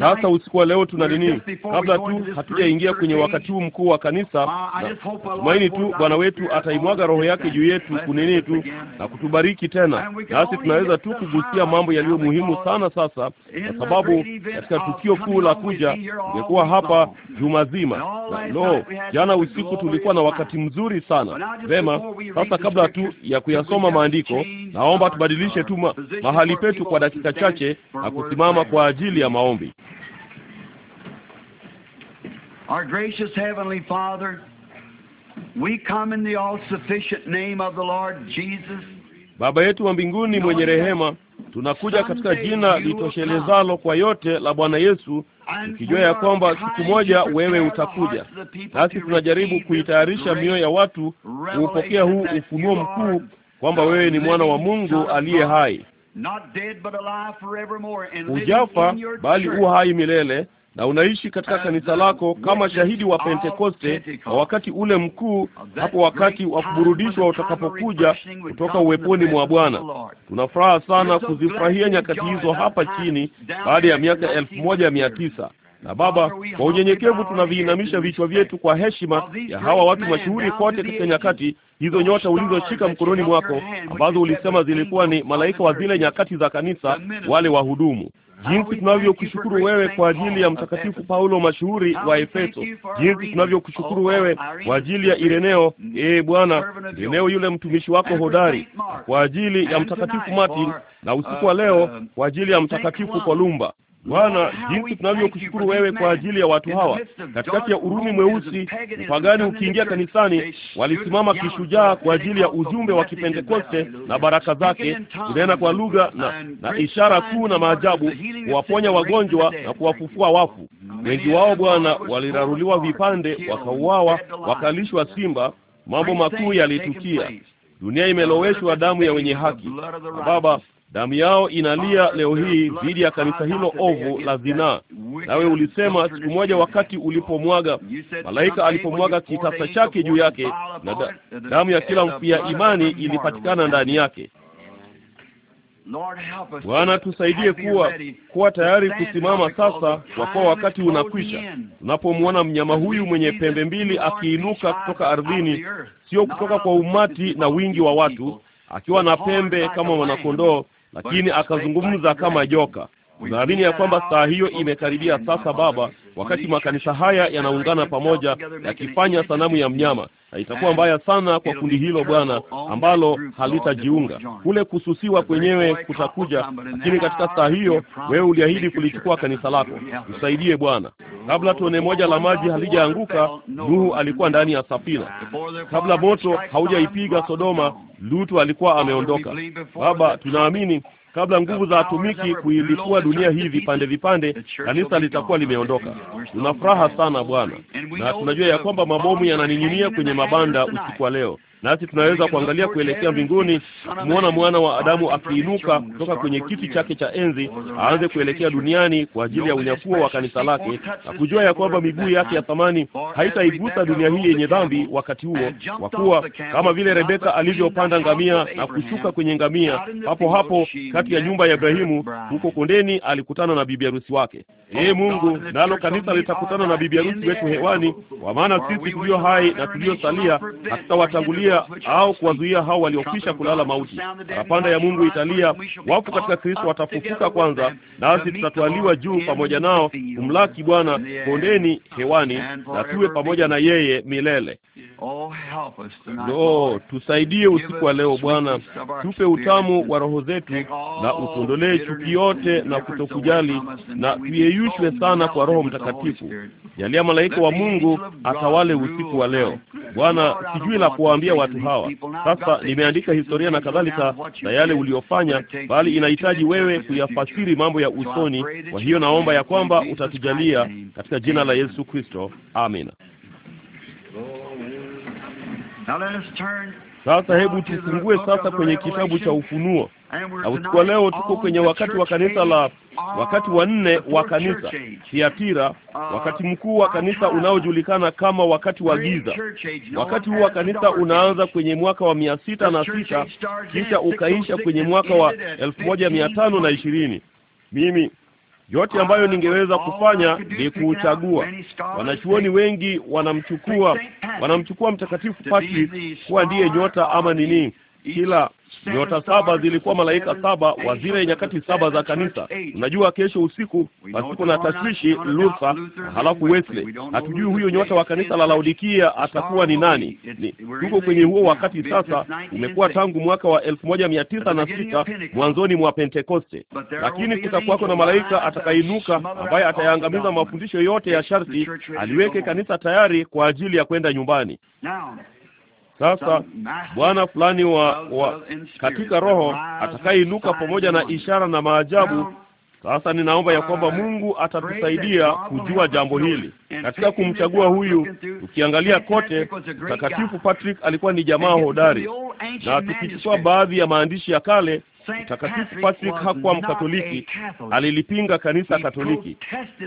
Sasa usiku wa leo tuna nini? Kabla tu hatujaingia kwenye wakati huu mkuu wa kanisa, uh, tumaini tu Bwana wetu ataimwaga roho yake juu yetu kunini tu na kutubariki tena, nasi tunaweza tu kugusia mambo yaliyo muhimu sana sasa, kwa sababu katika tukio kuu la kuja ingekuwa hapa juma zima. Na lo, jana usiku tulikuwa na wakati mzuri sana. Vema, sasa kabla tu ya kuyasoma maandiko, naomba tubadilishe tu uh, mahali petu kwa dakika chache na kusimama kwa ajili ya ya maombi. Our gracious heavenly Father, we come in the all sufficient name of the Lord Jesus. Baba yetu wa mbinguni mwenye rehema, tunakuja katika jina litoshelezalo kwa yote la Bwana Yesu, ukijua ya kwamba siku moja wewe utakuja. Nasi tunajaribu kuitayarisha mioyo ya watu kuupokea huu ufunuo mkuu kwamba wewe ni mwana wa Mungu aliye hai hujafa bali u hai milele na unaishi katika kanisa lako kama shahidi wa Pentekoste na wakati ule mkuu, hapo wakati wa kuburudishwa utakapokuja kutoka uweponi mwa Bwana. Tuna furaha sana kuzifurahia nyakati hizo hapa chini baada ya miaka elfu moja mia tisa. Na Baba, kwa unyenyekevu tunaviinamisha vichwa vyetu kwa heshima ya hawa watu mashuhuri kote katika nyakati hizo, nyota ulizoshika mkononi mwako, ambazo ulisema zilikuwa ni malaika wa zile nyakati za kanisa, wale wahudumu jinsi tunavyokushukuru wewe kwa ajili ya mtakatifu Paulo mashuhuri wa Efeso, jinsi tunavyokushukuru wewe kwa ajili ya Ireneo, ee Bwana Ireneo, yule mtumishi wako hodari, kwa ajili ya mtakatifu Martin, na usiku wa leo kwa ajili ya mtakatifu Kolumba, Bwana, jinsi tunavyokushukuru wewe kwa ajili ya watu hawa katikati ya Urumi mweusi, upagani ukiingia kanisani, walisimama kishujaa kwa ajili ya ujumbe wa Kipentekoste na baraka zake, kunena kwa lugha na, na ishara kuu na maajabu, kuwaponya wagonjwa na kuwafufua wafu. Wengi wao Bwana, waliraruliwa vipande, wakauawa, wakalishwa simba. Mambo makuu yalitukia. Dunia imeloweshwa damu ya wenye haki. Baba, Damu yao inalia ah, leo hii dhidi ya kanisa hilo ovu la zinaa. Nawe ulisema siku moja, wakati ulipomwaga malaika alipomwaga kitasa chake juu yake, na da, damu ya kila mfia imani ilipatikana ndani yake. Bwana, tusaidie kuwa kuwa tayari kusimama sasa, kwa kuwa wakati unakwisha. Tunapomwona mnyama huyu mwenye pembe mbili akiinuka kutoka ardhini, sio kutoka kwa umati na wingi wa watu, akiwa na pembe kama mwanakondoo lakini akazungumza kama joka unaamini ya kwamba saa hiyo imekaribia sasa, Baba, wakati makanisa haya yanaungana pamoja yakifanya sanamu ya mnyama, na itakuwa mbaya sana kwa kundi hilo Bwana, ambalo halitajiunga. Kule kususiwa kwenyewe kutakuja, lakini katika saa hiyo wewe uliahidi kulichukua kanisa lako. Tusaidie Bwana. Kabla tone moja la maji halijaanguka, Nuhu alikuwa ndani ya safina. Kabla moto haujaipiga Sodoma, Lutu alikuwa ameondoka. Baba, tunaamini kabla nguvu za atumiki kuilipua dunia hii vipande vipande, kanisa litakuwa limeondoka. Tuna furaha sana Bwana, na tunajua ya kwamba mabomu yananing'inia kwenye mabanda usiku wa leo, nasi tunaweza kuangalia kuelekea mbinguni kumwona mwana wa Adamu akiinuka kutoka kwenye kiti chake cha enzi aanze kuelekea duniani kwa ajili ya unyakuo wa kanisa lake na kujua ya kwamba miguu yake ya thamani haitaigusa dunia hii yenye dhambi wakati huo, kwa kuwa kama vile Rebeka alivyopanda ngamia na kushuka kwenye ngamia, hapo hapo kati ya nyumba ya Ibrahimu huko kondeni alikutana na bibi harusi wake. Ee Mungu, nalo kanisa litakutana na bibi harusi wetu hewani, kwa maana sisi tulio hai na tuliosalia hatutawatangulia kuwazuia au kuwazuia hao waliokwisha kulala mauti. Parapanda ya Mungu italia, wafu katika Kristo watafufuka kwanza, nasi tutatwaliwa juu pamoja nao kumlaki Bwana kondeni hewani, na tuwe pamoja na yeye milele. No, tusaidie usiku wa leo Bwana, tupe utamu wa roho zetu na utuondolee chuki yote na kutokujali, na tuyeyushwe sana kwa Roho Mtakatifu. Jalia malaika wa Mungu atawale usiku wa leo Bwana, sijui la kuwaambia watu hawa. Sasa nimeandika historia na kadhalika na yale uliofanya, bali inahitaji wewe kuyafasiri mambo ya usoni. Kwa hiyo naomba ya kwamba utatujalia katika jina la Yesu Kristo, amina. Sasa hebu tufungue sasa kwenye kitabu cha Ufunuo. Usiku leo tuko kwenye wakati wa kanisa la wakati wa nne wa kanisa Thiatira, uh, wakati mkuu wa kanisa unaojulikana kama wakati wa giza. Wakati huu wa kanisa unaanza kwenye mwaka wa mia sita na sita kisha ukaisha oh kwenye mwaka wa elfu moja mia tano na ishirini. Mimi yote ambayo ningeweza kufanya ni kuuchagua. Wanachuoni wengi wanamchukua wanamchukua Mtakatifu Patrick kuwa ndiye nyota ama nini, kila Nyota saba zilikuwa malaika saba wa zile nyakati saba za kanisa. Unajua, kesho usiku pasipo na tashwishi, Luther halafu Wesley. Hatujui huyo nyota wa kanisa la Laodikia atakuwa ni nani. Ni tuko kwenye huo wakati sasa, umekuwa tangu mwaka wa elfu moja mia tisa na sita mwanzoni mwa Pentekoste, lakini kutakuwako na malaika atakainuka ambaye atayaangamiza mafundisho yote ya sharti, aliweke kanisa tayari kwa ajili ya kwenda nyumbani. Sasa bwana fulani wa, wa katika roho atakayeinuka pamoja na ishara na maajabu. Sasa ninaomba ya kwamba uh, Mungu atatusaidia kujua jambo hili katika kumchagua huyu. Tukiangalia kote, Mtakatifu Patrick alikuwa ni jamaa hodari, na tukichukua baadhi ya maandishi ya kale Mtakatifu Patrick hakuwa Mkatoliki, alilipinga kanisa Katoliki,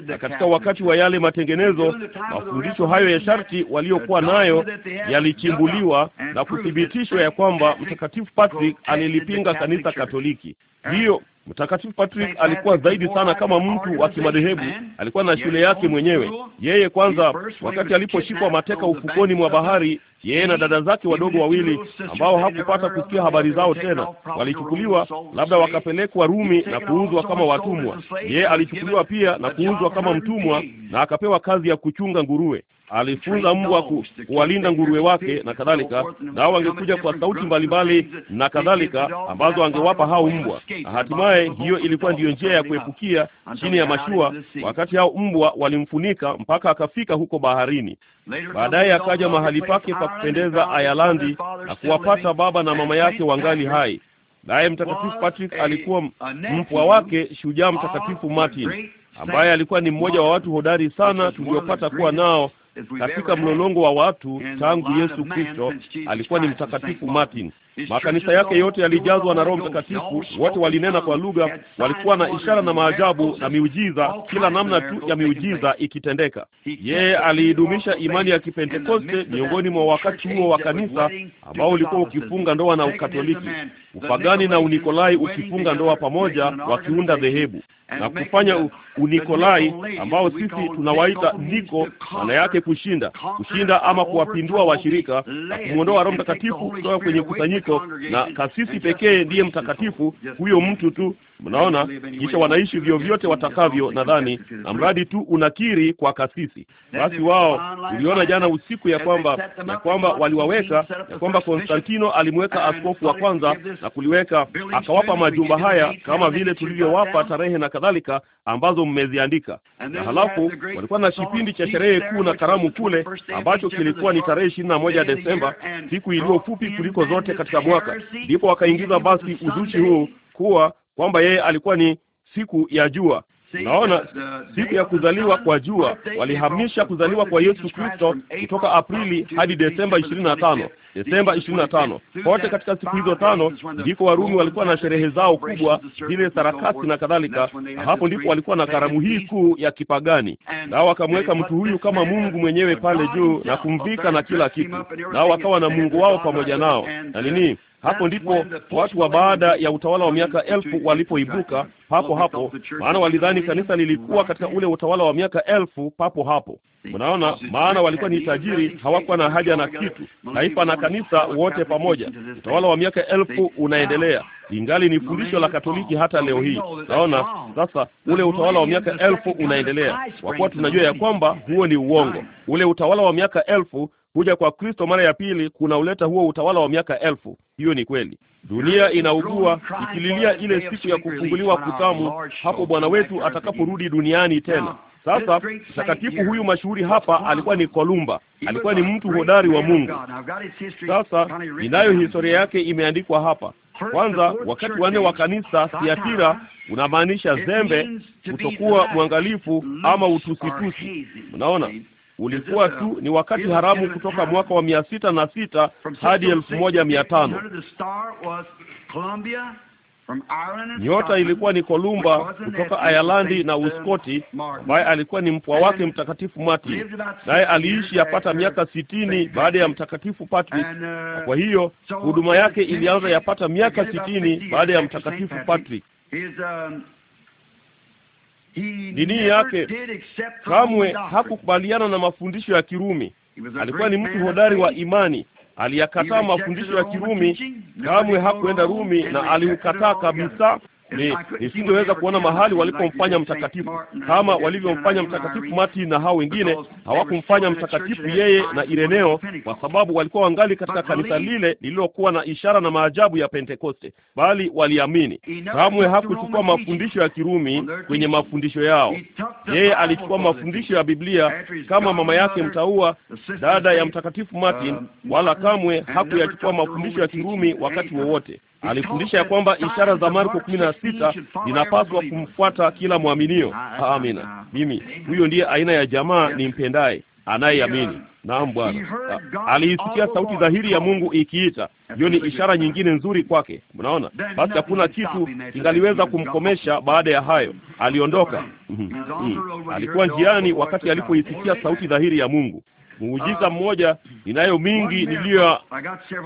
na katika wakati wa yale matengenezo, mafundisho hayo ya sharti waliokuwa nayo yalichimbuliwa na kuthibitishwa ya kwamba Mtakatifu Patrick alilipinga kanisa Katoliki. Hiyo Mtakatifu Patrick alikuwa zaidi sana kama mtu wa kimadhehebu, alikuwa na shule yake mwenyewe. Yeye kwanza, wakati aliposhikwa mateka ufukoni mwa bahari, yeye na dada zake wadogo wawili ambao hakupata kusikia habari zao tena, walichukuliwa labda wakapelekwa Rumi na kuuzwa kama watumwa. Yeye alichukuliwa pia na kuuzwa kama mtumwa na akapewa kazi ya kuchunga nguruwe alifunza mbwa kuwalinda nguruwe wake na kadhalika, nao wangekuja kwa sauti mbalimbali na kadhalika, ambazo angewapa hao mbwa, na hatimaye hiyo ilikuwa ndiyo njia ya kuepukia chini ya mashua, wakati hao mbwa walimfunika mpaka akafika huko baharini. Baadaye akaja mahali pake pa kupendeza Ayalandi na kuwapata baba na mama yake wangali hai, naye Mtakatifu Patrick alikuwa mpwa wake shujaa Mtakatifu Martin ambaye alikuwa ni mmoja wa watu hodari sana tuliopata kuwa nao katika mlolongo wa watu tangu Yesu Kristo alikuwa ni Mtakatifu Martin Makanisa yake yote yalijazwa na Roho Mtakatifu, wote walinena kwa lugha, walikuwa na ishara na maajabu na miujiza, kila namna tu ya miujiza ikitendeka. Yeye aliidumisha imani ya Kipentekoste miongoni mwa wakati huo wa kanisa ambao ulikuwa ukifunga ndoa na Ukatoliki, upagani na Unikolai ukifunga ndoa pamoja, wakiunda dhehebu na kufanya Unikolai ambao sisi tunawaita Niko, maana yake kushinda, kushinda ama kuwapindua washirika na kumwondoa Roho Mtakatifu kutoka kwenye kusanyiko Kristo na kasisi pekee ndiye mtakatifu, huyo mtu tu Mnaona, kisha wanaishi vyovyote watakavyo, nadhani na mradi tu unakiri kwa kasisi. Basi wao uliona jana usiku ya kwamba ya kwamba waliwaweka ya kwamba Konstantino alimweka askofu wa kwanza na kuliweka akawapa majumba haya kama vile tulivyowapa tarehe na kadhalika ambazo mmeziandika, na halafu walikuwa na kipindi cha sherehe kuu na karamu kule ambacho kilikuwa ni tarehe ishirini na moja Desemba, siku iliyo fupi kuliko zote katika mwaka. Ndipo wakaingiza basi uzushi huu kuwa kwamba yeye alikuwa ni siku ya jua. Naona siku ya kuzaliwa kwa jua, walihamisha kuzaliwa kwa Yesu Kristo kutoka Aprili hadi Desemba ishirini na tano. Desemba ishirini na tano kote katika siku hizo tano ndiko Warumi walikuwa na sherehe zao kubwa, zile sarakasi na kadhalika, na hapo ndipo walikuwa na karamu hii kuu ya kipagani. Nao wakamweka mtu huyu kama Mungu mwenyewe pale juu na kumvika na kila kitu, nao wakawa na Mungu wao pamoja nao na nini hapo ndipo watu wa baada ya utawala wa miaka elfu walipoibuka hapo hapo, maana walidhani kanisa lilikuwa katika ule utawala wa miaka elfu papo hapo. Unaona, maana walikuwa ni tajiri, hawakuwa na haja na kitu, taifa na kanisa wote pamoja. Utawala wa miaka elfu unaendelea ingali ni fundisho la Katoliki hata leo hii. Naona sasa ule utawala wa miaka elfu unaendelea, kwa kuwa tunajua ya kwamba huo ni uongo. Ule utawala wa miaka elfu Kuja kwa Kristo mara ya pili kunauleta huo utawala wa miaka elfu. Hiyo ni kweli. Dunia inaugua ikililia ile siku ya kufunguliwa kutamu, hapo Bwana wetu atakaporudi duniani tena. Sasa mtakatifu huyu mashuhuri hapa alikuwa ni Kolumba, alikuwa ni mtu hodari wa Mungu. Sasa ninayo historia yake imeandikwa hapa. Kwanza, wakati wanne wa kanisa Thiatira unamaanisha zembe, kutokuwa mwangalifu ama utusitusi. Unaona, ulikuwa tu ni wakati haramu kutoka mwaka wa mia sita na sita hadi elfu moja mia tano. Nyota ilikuwa ni Kolumba kutoka Ayalandi na uh, Uskoti, ambaye alikuwa ni mpwa wake Mtakatifu Martin, naye aliishi yapata miaka sitini baada ya Mtakatifu Patrick. Uh, Kwa hiyo huduma yake ilianza yapata miaka sitini baada ya Mtakatifu Patrick. Um, Dini yake kamwe hakukubaliana na mafundisho ya Kirumi. Alikuwa ni mtu hodari wa imani, aliyakataa mafundisho ya Kirumi, kamwe hakuenda Rumi na aliukataa kabisa, ni nisingeweza kuona mahali walipomfanya mtakatifu kama walivyomfanya mtakatifu Mati, na hao wengine hawakumfanya mtakatifu yeye na Ireneo, kwa sababu walikuwa wangali katika kanisa lile lililokuwa na ishara na maajabu ya Pentekoste, bali waliamini. Kamwe hakuchukua mafundisho ya Kirumi kwenye mafundisho yao. Yeye alichukua mafundisho ya Biblia kama mama yake mtaua, dada ya mtakatifu Martin, um, wala kamwe hakuyachukua mafundisho ya Kirumi wakati wowote alifundisha ya kwamba ishara za Marko kumi na sita zinapaswa kumfuata kila mwaminio. Amina. Mimi huyo ndiye aina ya jamaa nimpendaye, anayeamini. Naam Bwana aliisikia sauti dhahiri ya Mungu ikiita. Hiyo ni ishara nyingine nzuri kwake. Mnaona, basi hakuna kitu kingaliweza kumkomesha. Baada ya hayo aliondoka. Mhm. Mhm. Alikuwa njiani wakati alipoisikia sauti dhahiri ya Mungu muujiza mmoja. Ninayo mingi niliyo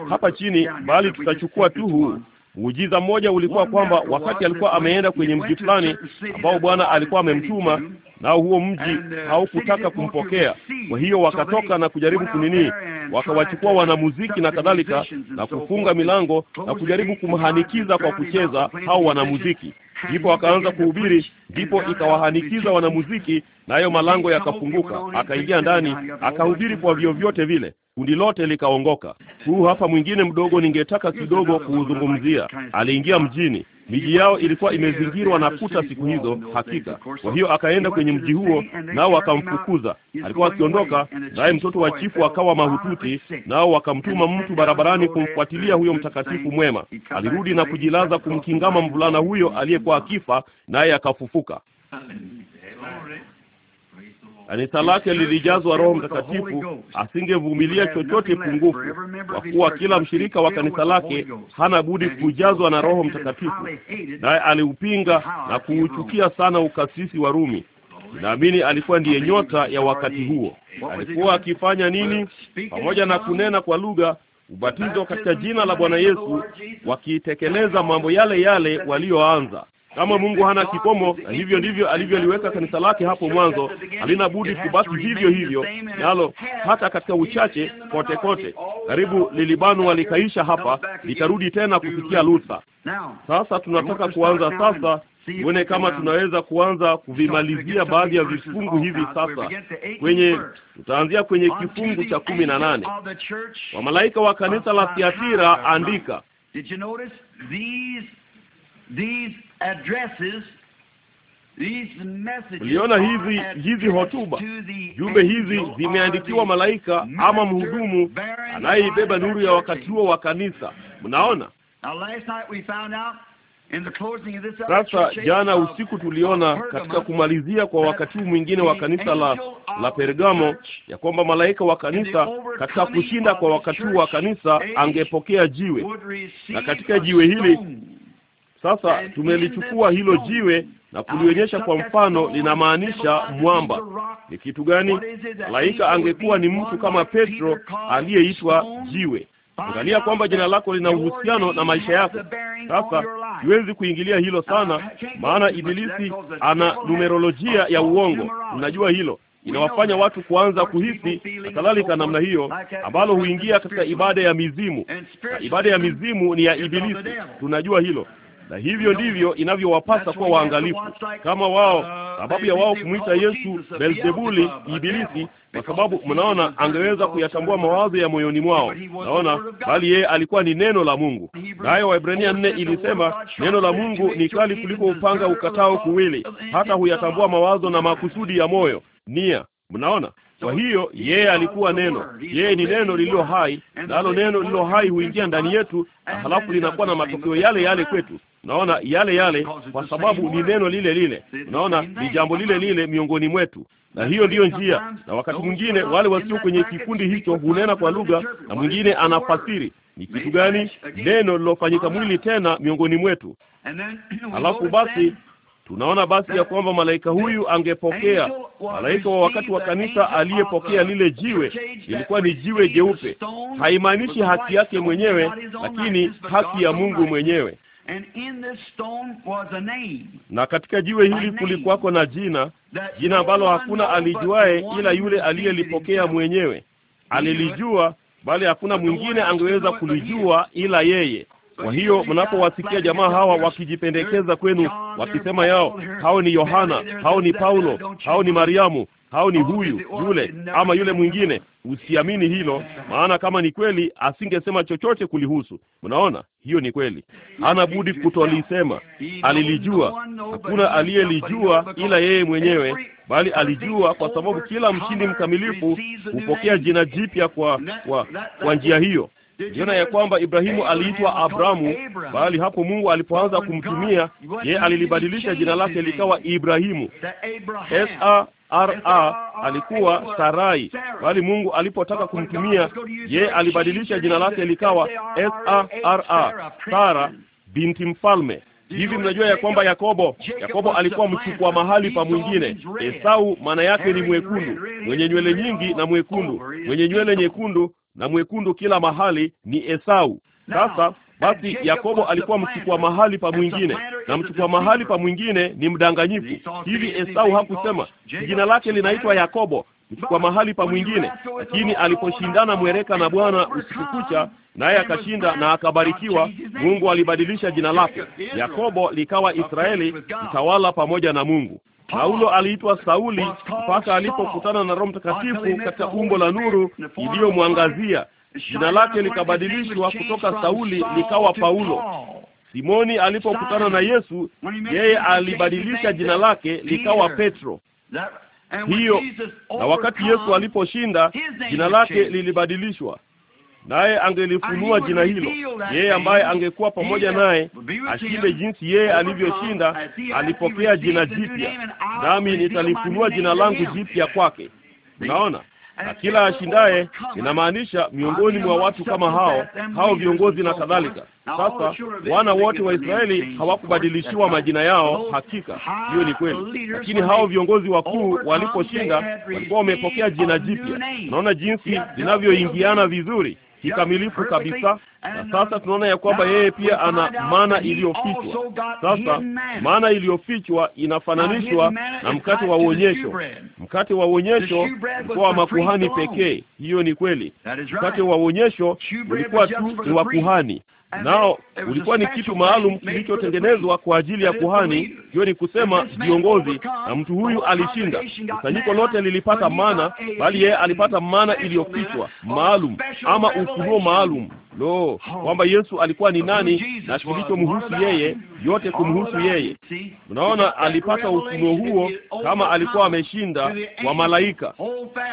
hapa chini, bali tutachukua tu huu. Muujiza mmoja ulikuwa kwamba wakati alikuwa ameenda kwenye mji fulani ambao Bwana alikuwa amemtuma nao, huo mji uh, haukutaka kumpokea. Kwa hiyo wakatoka na kujaribu kunini, wakawachukua wanamuziki na kadhalika, na kufunga milango na kujaribu kumhanikiza kwa kucheza hao wanamuziki. Ndipo wakaanza kuhubiri, ndipo ikawahanikiza wanamuziki nayo malango yakafunguka, akaingia ndani, akahubiri kwa vyovyote vile, kundi lote likaongoka. Huu hapa mwingine mdogo ningetaka kidogo kuuzungumzia. Aliingia mjini, miji yao ilikuwa imezingirwa na kuta siku hizo, hakika. Kwa hiyo akaenda kwenye mji huo, nao wakamfukuza. Alikuwa akiondoka, naye mtoto wa chifu akawa mahututi, nao wakamtuma mtu barabarani kumfuatilia huyo mtakatifu mwema. Alirudi na kujilaza kumkingama mvulana huyo aliyekuwa akifa, naye akafufuka. Kanisa lake lilijazwa Roho Mtakatifu, asingevumilia chochote pungufu, kwa kuwa kila mshirika wa kanisa lake hana budi kujazwa na Roho Mtakatifu. Naye aliupinga na kuuchukia sana ukasisi wa Rumi. Naamini alikuwa ndiye nyota ya wakati huo. Alikuwa akifanya nini? Pamoja na kunena kwa lugha, ubatizo katika jina la Bwana Yesu, wakitekeleza mambo yale yale walioanza. Kama Mungu hana kikomo, na hivyo ndivyo alivyoliweka kanisa lake hapo mwanzo, halina budi kubaki hivyo hivyo, nalo hata katika uchache kote kote, karibu lilibanwa likaisha hapa, litarudi tena kufikia Luther. Sasa tunataka kuanza sasa tuone kama tunaweza kuanza kuvimalizia baadhi ya vifungu hivi sasa. Kwenye tutaanzia kwenye kifungu cha kumi na nane wa malaika wa kanisa la Thiatira andika Uliona hizi hizi hotuba, jumbe hizi zimeandikiwa malaika ama mhudumu anayeibeba nuru ya wakati huo wa kanisa. Mnaona sasa, jana usiku tuliona katika kumalizia kwa wakati huu mwingine wa kanisa la la Pergamo ya kwamba malaika wa kanisa katika kushinda kwa wakati huu wa kanisa angepokea jiwe, na katika jiwe hili sasa tumelichukua hilo jiwe na kulionyesha kwa mfano, linamaanisha mwamba. Ni kitu gani? Malaika angekuwa ni mtu kama Petro aliyeitwa jiwe. Angalia kwamba jina lako lina uhusiano na maisha yako. Sasa siwezi kuingilia hilo ah, sana, maana Ibilisi ana numerolojia ah, ya uongo. unajua hilo inawafanya watu kuanza kuhisi na kadhalika namna hiyo, ambalo huingia katika ibada ya mizimu, na ibada ya mizimu ni ya Ibilisi. Tunajua hilo, na hivyo ndivyo inavyowapasa kuwa waangalifu kama wao, sababu ya wao kumwita Yesu belzebuli Ibilisi, kwa sababu mnaona angeweza kuyatambua mawazo ya moyoni mwao. Naona bali yeye alikuwa ni neno la Mungu, nayo Waebrania nne ilisema neno la Mungu ni kali kuliko upanga ukatao kuwili, hata huyatambua mawazo na makusudi ya moyo nia. Mnaona kwa hiyo yeye alikuwa neno, yeye ni neno lililo hai, nalo neno lililo hai huingia ndani yetu, na halafu linakuwa na matokeo yale yale kwetu. naona yale yale, kwa sababu ni neno lile lile. Unaona, ni jambo lile lile miongoni mwetu, na hiyo ndiyo njia. Na wakati mwingine wale wasio kwenye kikundi hicho hunena kwa lugha, na mwingine anafasiri ni kitu gani, neno lilofanyika mwili tena miongoni mwetu. alafu basi Tunaona basi ya kwamba malaika huyu angepokea, malaika wa wakati wa kanisa aliyepokea lile jiwe ilikuwa ni jiwe jeupe. Haimaanishi haki yake mwenyewe, lakini haki ya Mungu mwenyewe. Na katika jiwe hili kulikuwako na jina, jina ambalo hakuna alijuae ila yule aliyelipokea mwenyewe. Alilijua, bali hakuna mwingine angeweza kulijua ila yeye. Kwa hiyo mnapowasikia jamaa hawa wakijipendekeza kwenu, wakisema yao, hao ni Yohana, hao ni Paulo, hao ni Mariamu, hao ni huyu yule ama yule mwingine, usiamini hilo, maana kama ni kweli asingesema chochote kulihusu. Mnaona, hiyo ni kweli, hana budi kutolisema. Alilijua, hakuna aliyelijua ila yeye mwenyewe, bali alijua, kwa sababu kila mshindi mkamilifu hupokea jina jipya kwa, kwa, kwa njia hiyo. Uliona ya kwamba Ibrahimu aliitwa abrahamu bali hapo Mungu alipoanza kumtumia yeye, alilibadilisha jina lake likawa Ibrahimu. R A alikuwa Sarai, bali Mungu alipotaka kumtumia yeye, alibadilisha jina lake likawa A, Sara binti mfalme. Hivi mnajua ya kwamba Yakobo Yakobo alikuwa mchukua mahali pa mwingine. Esau maana yake ni mwekundu, mwenye nywele nyingi na mwekundu, mwenye nywele nyekundu na mwekundu kila mahali ni Esau. Sasa basi, Yakobo alikuwa mchukua mahali pa mwingine, na mchukua mahali pa mwingine ni mdanganyifu. Hivi Esau hakusema jina lake linaitwa Yakobo, mchukua mahali pa mwingine, lakini aliposhindana mwereka na Bwana usiku kucha naye akashinda na akabarikiwa. Mungu alibadilisha jina lake Yakobo likawa Israeli, mtawala pamoja na Mungu. Paulo aliitwa Sauli mpaka alipokutana na Roho Mtakatifu katika umbo la nuru iliyomwangazia. Jina lake likabadilishwa kutoka Sauli likawa Paulo. Simoni alipokutana na Yesu, yeye alibadilisha jina lake likawa Petro. Hiyo na wakati Yesu aliposhinda, jina lake lilibadilishwa naye angelifunua jina hilo, yeye ambaye angekuwa pamoja naye ashinde jinsi yeye alivyoshinda alipokea jina jipya, nami nitalifunua jina langu jipya kwake. Unaona, na kila ashindaye inamaanisha miongoni mwa watu kama hao hao viongozi na kadhalika. Sasa wana wote wa Israeli hawakubadilishiwa majina yao, hakika hiyo ni kweli, lakini hao viongozi wakuu waliposhinda walikuwa wamepokea jina jipya. Naona jinsi linavyoingiana vizuri kikamilifu kabisa, na sasa um, tunaona ya kwamba yeye pia ana maana iliyofichwa. Sasa maana iliyofichwa inafananishwa na mkate wa uonyesho. Mkate wa uonyesho ulikuwa wa makuhani pekee, hiyo ni kweli. Mkate wa uonyesho ulikuwa tu ni wa kuhani, nao ulikuwa ni kitu maalum kilichotengenezwa kwa ajili ya kuhani, hiyo ni kusema viongozi, na mtu huyu alishinda. Kusanyiko lote lilipata mana, bali yeye alipata mana iliyofichwa maalum, ama ufunuo maalum, Lo, kwamba Yesu alikuwa ni nani na kilichomhusu yeye, yote kumhusu yeye. Unaona, alipata ufunuo huo kama alikuwa ameshinda wa malaika.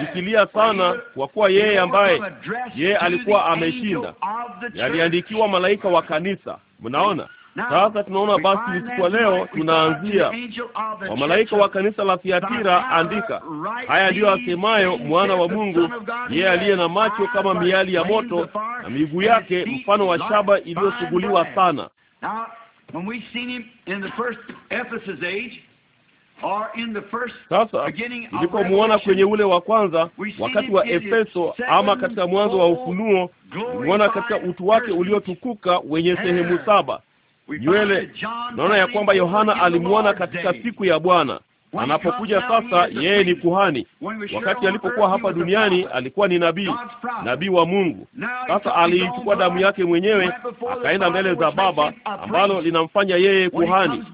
Shikilia sana, kwa kuwa yeye ambaye yeye alikuwa ameshinda yaliandikiwa malaika wa kanisa. Mnaona sasa tunaona basi usiku wa leo tunaanzia kwa malaika wa kanisa la Thiatira, andika haya ndiyo asemayo mwana wa Mungu, yeye aliye na macho kama miali ya moto na miguu yake mfano wa shaba iliyosuguliwa sana. Sasa tulipomuona kwenye ule wa kwanza wakati wa Efeso, ama katika mwanzo wa Ufunuo, muona katika utu wake uliotukuka wenye sehemu saba nywele. Naona ya kwamba Yohana alimwona katika siku ya Bwana anapokuja sasa. Yeye ni kuhani. Wakati alipokuwa hapa duniani alikuwa ni nabii, nabii wa Mungu. Sasa aliichukua damu yake mwenyewe akaenda mbele za Baba, ambalo linamfanya yeye kuhani.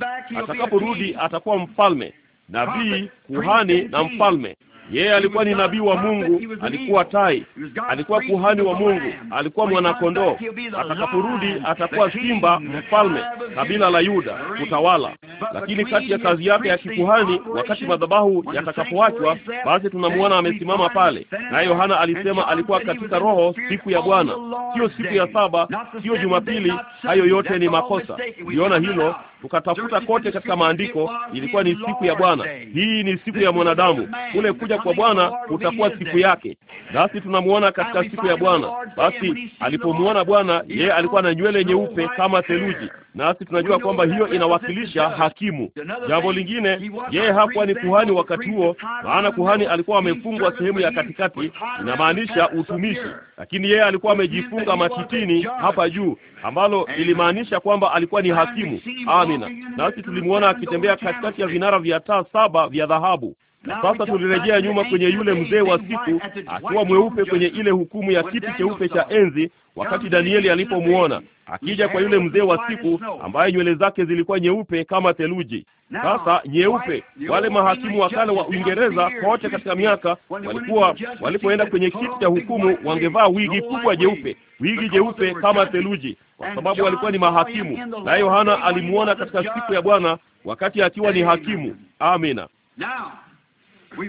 Atakaporudi atakuwa mfalme, nabii, kuhani na mfalme. Yeye alikuwa ni nabii wa Mungu, alikuwa tai, alikuwa kuhani wa Mungu, alikuwa mwanakondoo. Atakaporudi atakuwa simba, mfalme kabila la Yuda, kutawala. Lakini kati ya kazi yake ya kikuhani, wakati madhabahu yatakapoachwa basi tunamwona amesimama pale. Naye Yohana alisema alikuwa katika Roho siku ya Bwana, sio siku ya saba, sio Jumapili. Hayo yote ni makosa. Uliona hilo? tukatafuta kote katika maandiko, ilikuwa ni siku ya Bwana. Hii ni siku ya mwanadamu, kule kuja kwa Bwana kutakuwa siku yake, nasi tunamwona katika siku ya Bwana. Basi alipomwona Bwana, yeye alikuwa na nywele nyeupe kama theluji, nasi tunajua kwamba hiyo inawakilisha hakimu. Jambo lingine, yeye hakuwa ni kuhani wakati huo, maana kuhani alikuwa amefungwa sehemu ya katikati, inamaanisha utumishi, lakini yeye alikuwa amejifunga matitini hapa juu ambalo lilimaanisha kwamba alikuwa ni hakimu. Amina. Nasi tulimwona akitembea katikati ya vinara vya taa saba vya dhahabu, sasa tulirejea nyuma kwenye yule mzee wa siku akiwa mweupe kwenye ile hukumu ya kiti cheupe cha enzi, wakati Danieli alipomuona akija kwa yule mzee wa siku ambaye nywele zake zilikuwa nyeupe kama theluji. Sasa nyeupe, wale mahakimu wa kale wa Uingereza kote katika miaka walikuwa walipoenda kwenye kiti cha hukumu wangevaa wigi kubwa jeupe, wigi jeupe kama theluji, kwa sababu walikuwa ni mahakimu. Na Yohana alimuona katika siku ya Bwana wakati akiwa ni hakimu. Amina.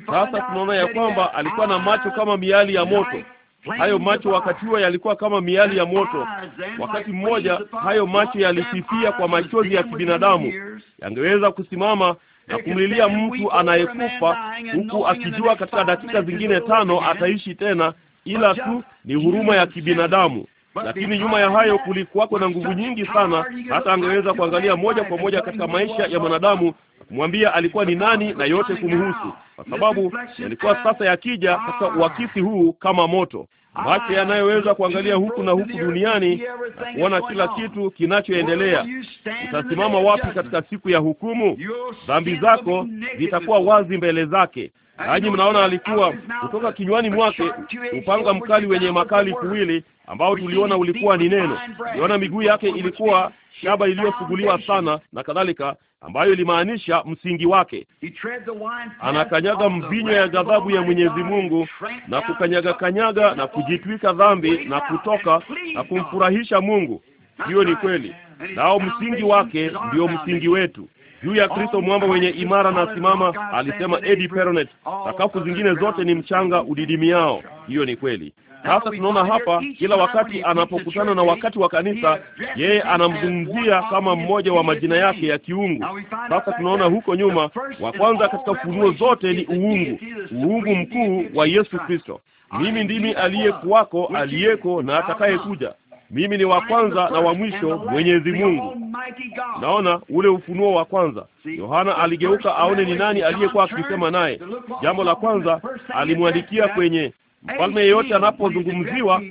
Sasa tunaona ya kwamba alikuwa na macho kama miali ya moto. Hayo macho wakati huo yalikuwa kama miali ya moto. Wakati mmoja hayo macho yalisifia kwa machozi ya kibinadamu, yangeweza kusimama na kumlilia mtu anayekufa huku akijua katika dakika zingine tano ataishi tena, ila tu ni huruma ya kibinadamu. Lakini nyuma ya hayo kulikuwako na nguvu nyingi sana, hata angeweza kuangalia moja kwa moja katika maisha ya mwanadamu kumwambia alikuwa ni nani na yote kumhusu, kwa sababu yalikuwa sasa yakija katika uakisi huu kama moto, macho yanayoweza kuangalia huku na huku duniani na kuona kila kitu kinachoendelea. Utasimama wapi katika siku ya hukumu? Dhambi zako zitakuwa wazi mbele zake. Nanyi mnaona alikuwa kutoka kinywani mwake upanga mkali wenye makali kuwili, ambao tuliona ulikuwa ni neno. Tuliona miguu yake ilikuwa shaba iliyosuguliwa sana na kadhalika, ambayo ilimaanisha msingi wake. Anakanyaga mvinyo ya ghadhabu ya Mwenyezi Mungu na kukanyaga kanyaga na kujitwika dhambi na kutoka na kumfurahisha Mungu. Hiyo ni kweli, nao msingi wake ndio msingi wetu juu ya Kristo mwamba wenye imara na simama, alisema Eddie Peronet. Sakafu zingine zote ni mchanga udidimiao. Hiyo ni kweli. Sasa tunaona hapa, kila wakati anapokutana na wakati wa kanisa, yeye anamzungumzia kama mmoja wa majina yake ya kiungu. Sasa tunaona huko nyuma, wa kwanza katika funuo zote ni uungu, uungu mkuu wa Yesu Kristo. Mimi ndimi aliyekuwako, aliyeko na atakayekuja mimi ni wa kwanza na wa mwisho, Mwenyezi Mungu. Naona ule ufunuo wa kwanza. Yohana aligeuka aone ni nani aliyekuwa akisema naye. Jambo la kwanza alimwandikia kwenye Mfalme yeyote anapozungumziwa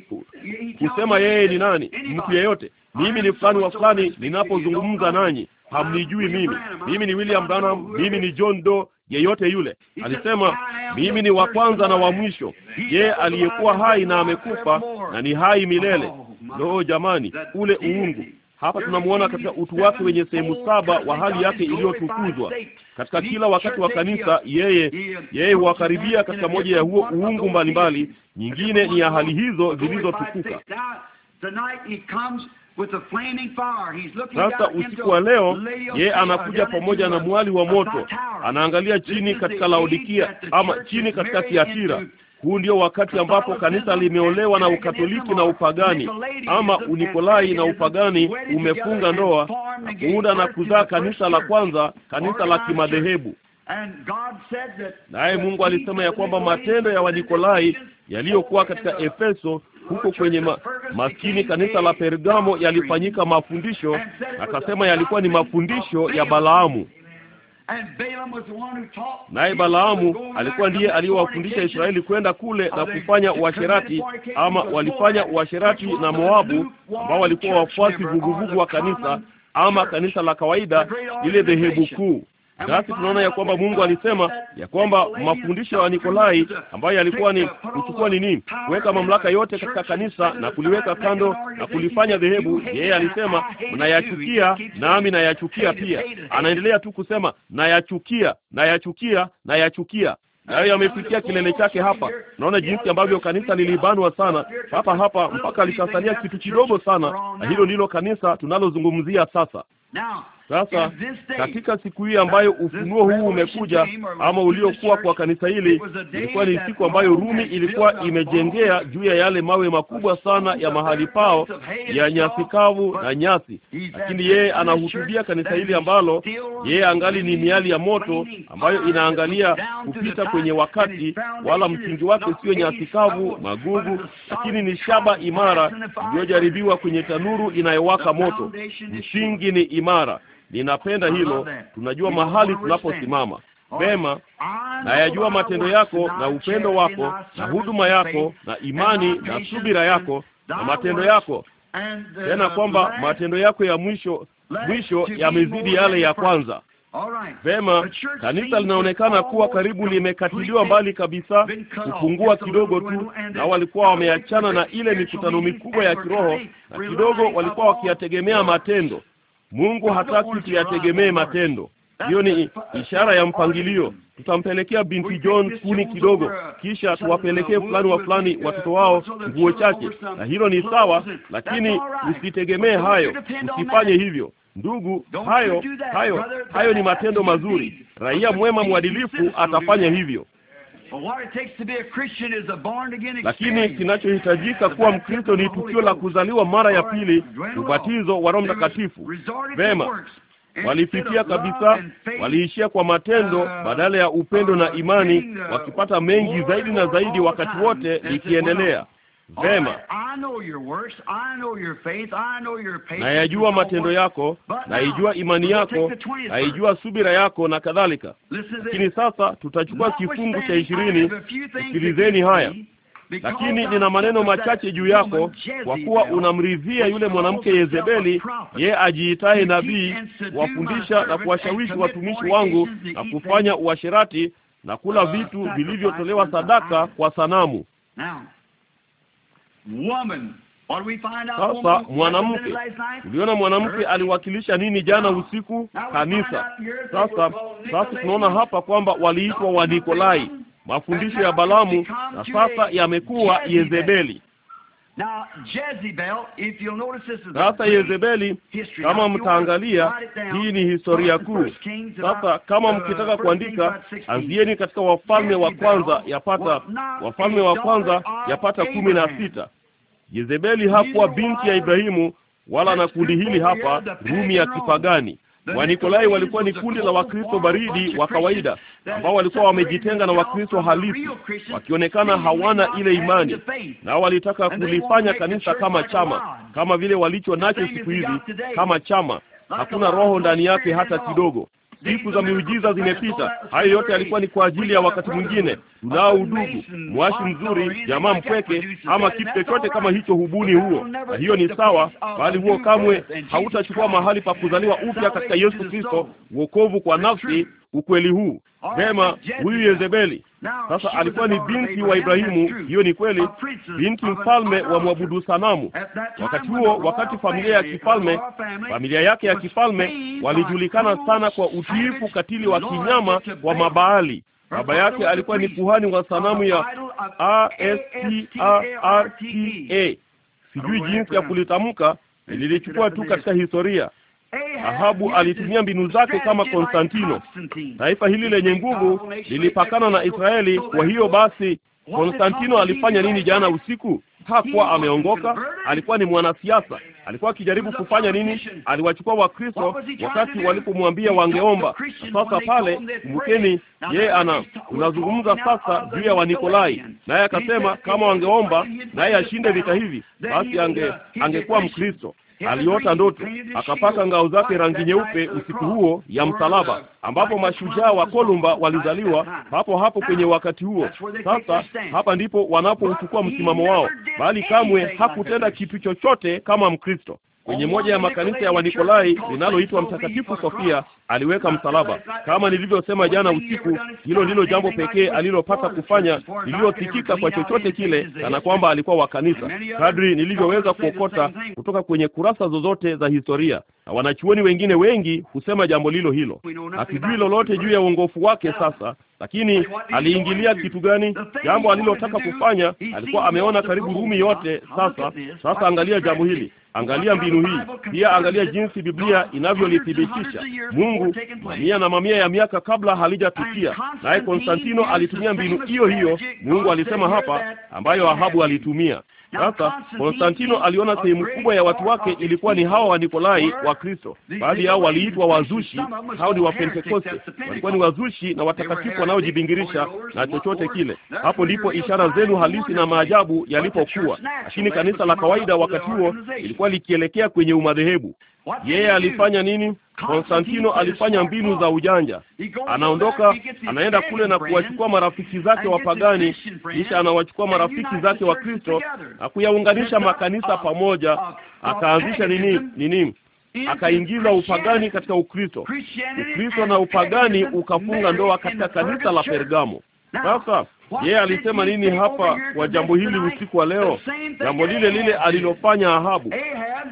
kusema yeye ni nani, mtu yeyote, mimi ni fulani wa fulani, ninapozungumza nanyi hamnijui mimi, mimi ni William Branham, mimi ni John Doe, yeyote yule. Alisema mimi ni wa kwanza na wa mwisho, yeye aliyekuwa hai na amekufa na ni hai milele. Loo jamani, ule uungu hapa tunamwona katika utu wake wenye sehemu saba wa hali yake iliyotukuzwa, katika kila wakati wa kanisa, yeye yeye huwakaribia katika moja ya huo uungu mbalimbali, nyingine ni ya hali hizo zilizotukuka. Sasa usiku wa leo yeye anakuja pamoja na mwali wa moto, anaangalia chini katika Laodikia ama chini katika Kiatira, huu ndio wakati ambapo kanisa limeolewa na ukatoliki na upagani, ama unikolai na upagani umefunga ndoa na kuunda na kuzaa kanisa la kwanza, kanisa la kimadhehebu. Naye Mungu alisema ya kwamba matendo ya Wanikolai yaliyokuwa katika Efeso huko kwenye ma, maskini kanisa la Pergamo yalifanyika mafundisho, akasema yalikuwa ni mafundisho ya Balaamu naye Balaamu alikuwa ndiye aliyowafundisha Israeli kwenda kule na kufanya uasherati, ama walifanya uasherati na Moabu, ambao walikuwa wafuasi vuguvugu wa kanisa ama kanisa la kawaida, ile dhehebu kuu. Nasi tunaona ya kwamba Mungu alisema ya kwamba mafundisho ya Nikolai ambayo alikuwa ni kuchukua nini, kuweka mamlaka yote katika kanisa na kuliweka kando na kulifanya dhehebu, yeye alisema mnayachukia, nami nayachukia pia. Anaendelea tu kusema nayachukia, nayachukia, nayachukia nayo yamefikia kilele chake hapa. Naona jinsi ambavyo kanisa lilibanwa sana hapa hapa mpaka likasalia kitu kidogo sana, na hilo ndilo kanisa tunalozungumzia sasa. Sasa katika siku hii ambayo ufunuo huu umekuja ama uliokuwa kwa kanisa hili, ilikuwa ni siku ambayo Rumi ilikuwa imejengea juu ya yale mawe makubwa sana ya mahali pao ya nyasi kavu na nyasi, lakini yeye anahutubia kanisa hili ambalo yeye angali ni miali ya moto ambayo inaangalia kupita kwenye wakati, wala msingi wake sio nyasi kavu magugu, lakini ni shaba imara iliyojaribiwa kwenye tanuru inayowaka moto. Msingi ni imara ninapenda hilo. Tunajua mahali tunaposimama oh, Vema, nayajua matendo yako na upendo wako na huduma yako na imani na subira yako na matendo yako, tena kwamba matendo yako ya mwisho mwisho yamezidi yale ya kwanza. Vema, kanisa linaonekana kuwa karibu limekatiliwa mbali kabisa, kupungua kidogo tu, na walikuwa wameachana na ile mikutano mikubwa ya kiroho, na kidogo walikuwa wakiyategemea matendo Mungu hataki tuyategemee matendo. Hiyo ni ishara ya mpangilio. Tutampelekea binti John kuni kidogo, kisha tuwapelekee fulani wa fulani watoto wao nguo chache, na hilo ni sawa, lakini usitegemee hayo, usifanye hivyo. Ndugu, hayo hayo hayo ni matendo mazuri. Raia mwema mwadilifu atafanya hivyo. Lakini kinachohitajika kuwa Mkristo ni tukio la kuzaliwa mara ya pili, ubatizo wa Roho Mtakatifu. Vema, walifikia kabisa, waliishia kwa matendo uh, badala ya upendo na uh, imani, uh, wakipata mengi zaidi na zaidi wakati wote likiendelea. Vema, nayajua matendo yako, naijua imani yako, naijua subira yako na kadhalika. Lakini sasa tutachukua kifungu cha ishirini. Sikilizeni haya lakini nina maneno machache juu yako, kwa kuwa unamridhia yule mwanamke Yezebeli, ye ajiitaye nabii, kuwafundisha na kuwashawishi watumishi wangu na kufanya uasherati na kula uh, vitu vilivyotolewa sadaka kwa sanamu. Sasa mwanamke, uliona mwanamke aliwakilisha nini jana usiku? Kanisa. Sasa sasa tunaona hapa kwamba waliitwa Wanikolai, mafundisho ya Balamu na sasa yamekuwa Yezebeli. Sasa Yezebeli, kama mtaangalia, hii ni historia kuu. Sasa kama uh, mkitaka kuandika, anzieni katika Wafalme wa Kwanza, yapata Wafalme wa Kwanza yapata kumi na sita. Yezebeli hakuwa binti ya Ibrahimu wala na kundi hili hapa Rumi ya kipagani. Wanikolai walikuwa ni kundi la Wakristo baridi wa kawaida ambao walikuwa wamejitenga na Wakristo halisi, wakionekana hawana ile imani, na walitaka kulifanya kanisa kama chama, kama vile walicho nacho siku hizi, kama chama. Hakuna roho ndani yake hata kidogo siku za miujiza zimepita. Hayo yote yalikuwa ni kwa ajili ya wakati mwingine. tunao udugu, mwashi mzuri, jamaa mpweke, ama kitu chochote kama hicho, hubuni huo, na hiyo ni sawa, bali huo kamwe hautachukua mahali pa kuzaliwa upya katika Yesu Kristo, wokovu kwa nafsi, ukweli huu. vema huyu Yezebeli sasa alikuwa ni binti wa Ibrahimu, hiyo ni kweli, binti mfalme wa mwabudu sanamu. Wakati huo, wakati familia ya kifalme, familia yake ya kifalme walijulikana sana kwa utiifu katili wa kinyama wa mabaali. Baba yake alikuwa ni kuhani wa sanamu ya Astarta. E e Sijui jinsi ya kulitamka, nililichukua tu katika historia. Ahabu alitumia mbinu zake kama Konstantino. Taifa hili lenye nguvu lilipakana na Israeli. Kwa hiyo basi, Konstantino alifanya nini jana usiku? Hakuwa ameongoka, alikuwa ni mwanasiasa. Alikuwa akijaribu kufanya nini? Aliwachukua Wakristo wakati walipomwambia wangeomba. Sasa pale, kumbukeni, yeye ana unazungumza sasa juu ya Wanikolai, naye akasema kama wangeomba naye ashinde vita hivi, basi ange- angekuwa Mkristo aliota ndoto, akapaka ngao zake rangi nyeupe usiku huo ya msalaba, ambapo mashujaa wa Kolumba walizaliwa hapo hapo kwenye wakati huo. Sasa hapa ndipo wanapouchukua msimamo wao, bali kamwe hakutenda kitu chochote kama Mkristo. Kwenye moja ya makanisa ya Wanikolai linaloitwa Mtakatifu Sofia aliweka msalaba. Kama nilivyosema jana usiku, hilo ndilo jambo pekee alilopata kufanya lililosikika kwa chochote kile, kana kwamba alikuwa wa kanisa, kadri nilivyoweza kuokota kutoka kwenye kurasa zozote za historia, na wanachuoni wengine wengi husema jambo lilo hilo. Hatujui lolote juu ya uongofu wake sasa, lakini aliingilia kitu gani? Jambo alilotaka kufanya alikuwa ameona karibu Rumi yote. Sasa sasa, angalia jambo hili. Angalia mbinu hii pia, angalia jinsi Biblia inavyolithibitisha. Mungu mamia na mamia ya miaka kabla halijatukia, naye Konstantino alitumia mbinu hiyo hiyo Mungu alisema hapa, ambayo Ahabu alitumia. Sasa Konstantino aliona sehemu kubwa ya watu wake ilikuwa ni hawa wa nikolai wa Kristo. Baadhi yao waliitwa wazushi, hao ni Wapentekoste, walikuwa ni wazushi na watakatifu wanaojibingirisha na chochote kile. Hapo ndipo ishara zenu halisi na maajabu yalipokuwa. Lakini kanisa la kawaida wakati huo ilikuwa likielekea kwenye umadhehebu. Yeye alifanya nini? Konstantino alifanya mbinu za ujanja. Anaondoka, anaenda kule na kuwachukua marafiki zake wapagani, kisha anawachukua marafiki zake wa Kristo na kuyaunganisha makanisa pamoja, akaanzisha nini nini akaingiza upagani katika Ukristo. Ukristo na upagani ukafunga ndoa katika kanisa la Pergamo. Sasa yeye alisema nini hapa kwa jambo hili usiku wa leo? Jambo lile lile alilofanya Ahabu.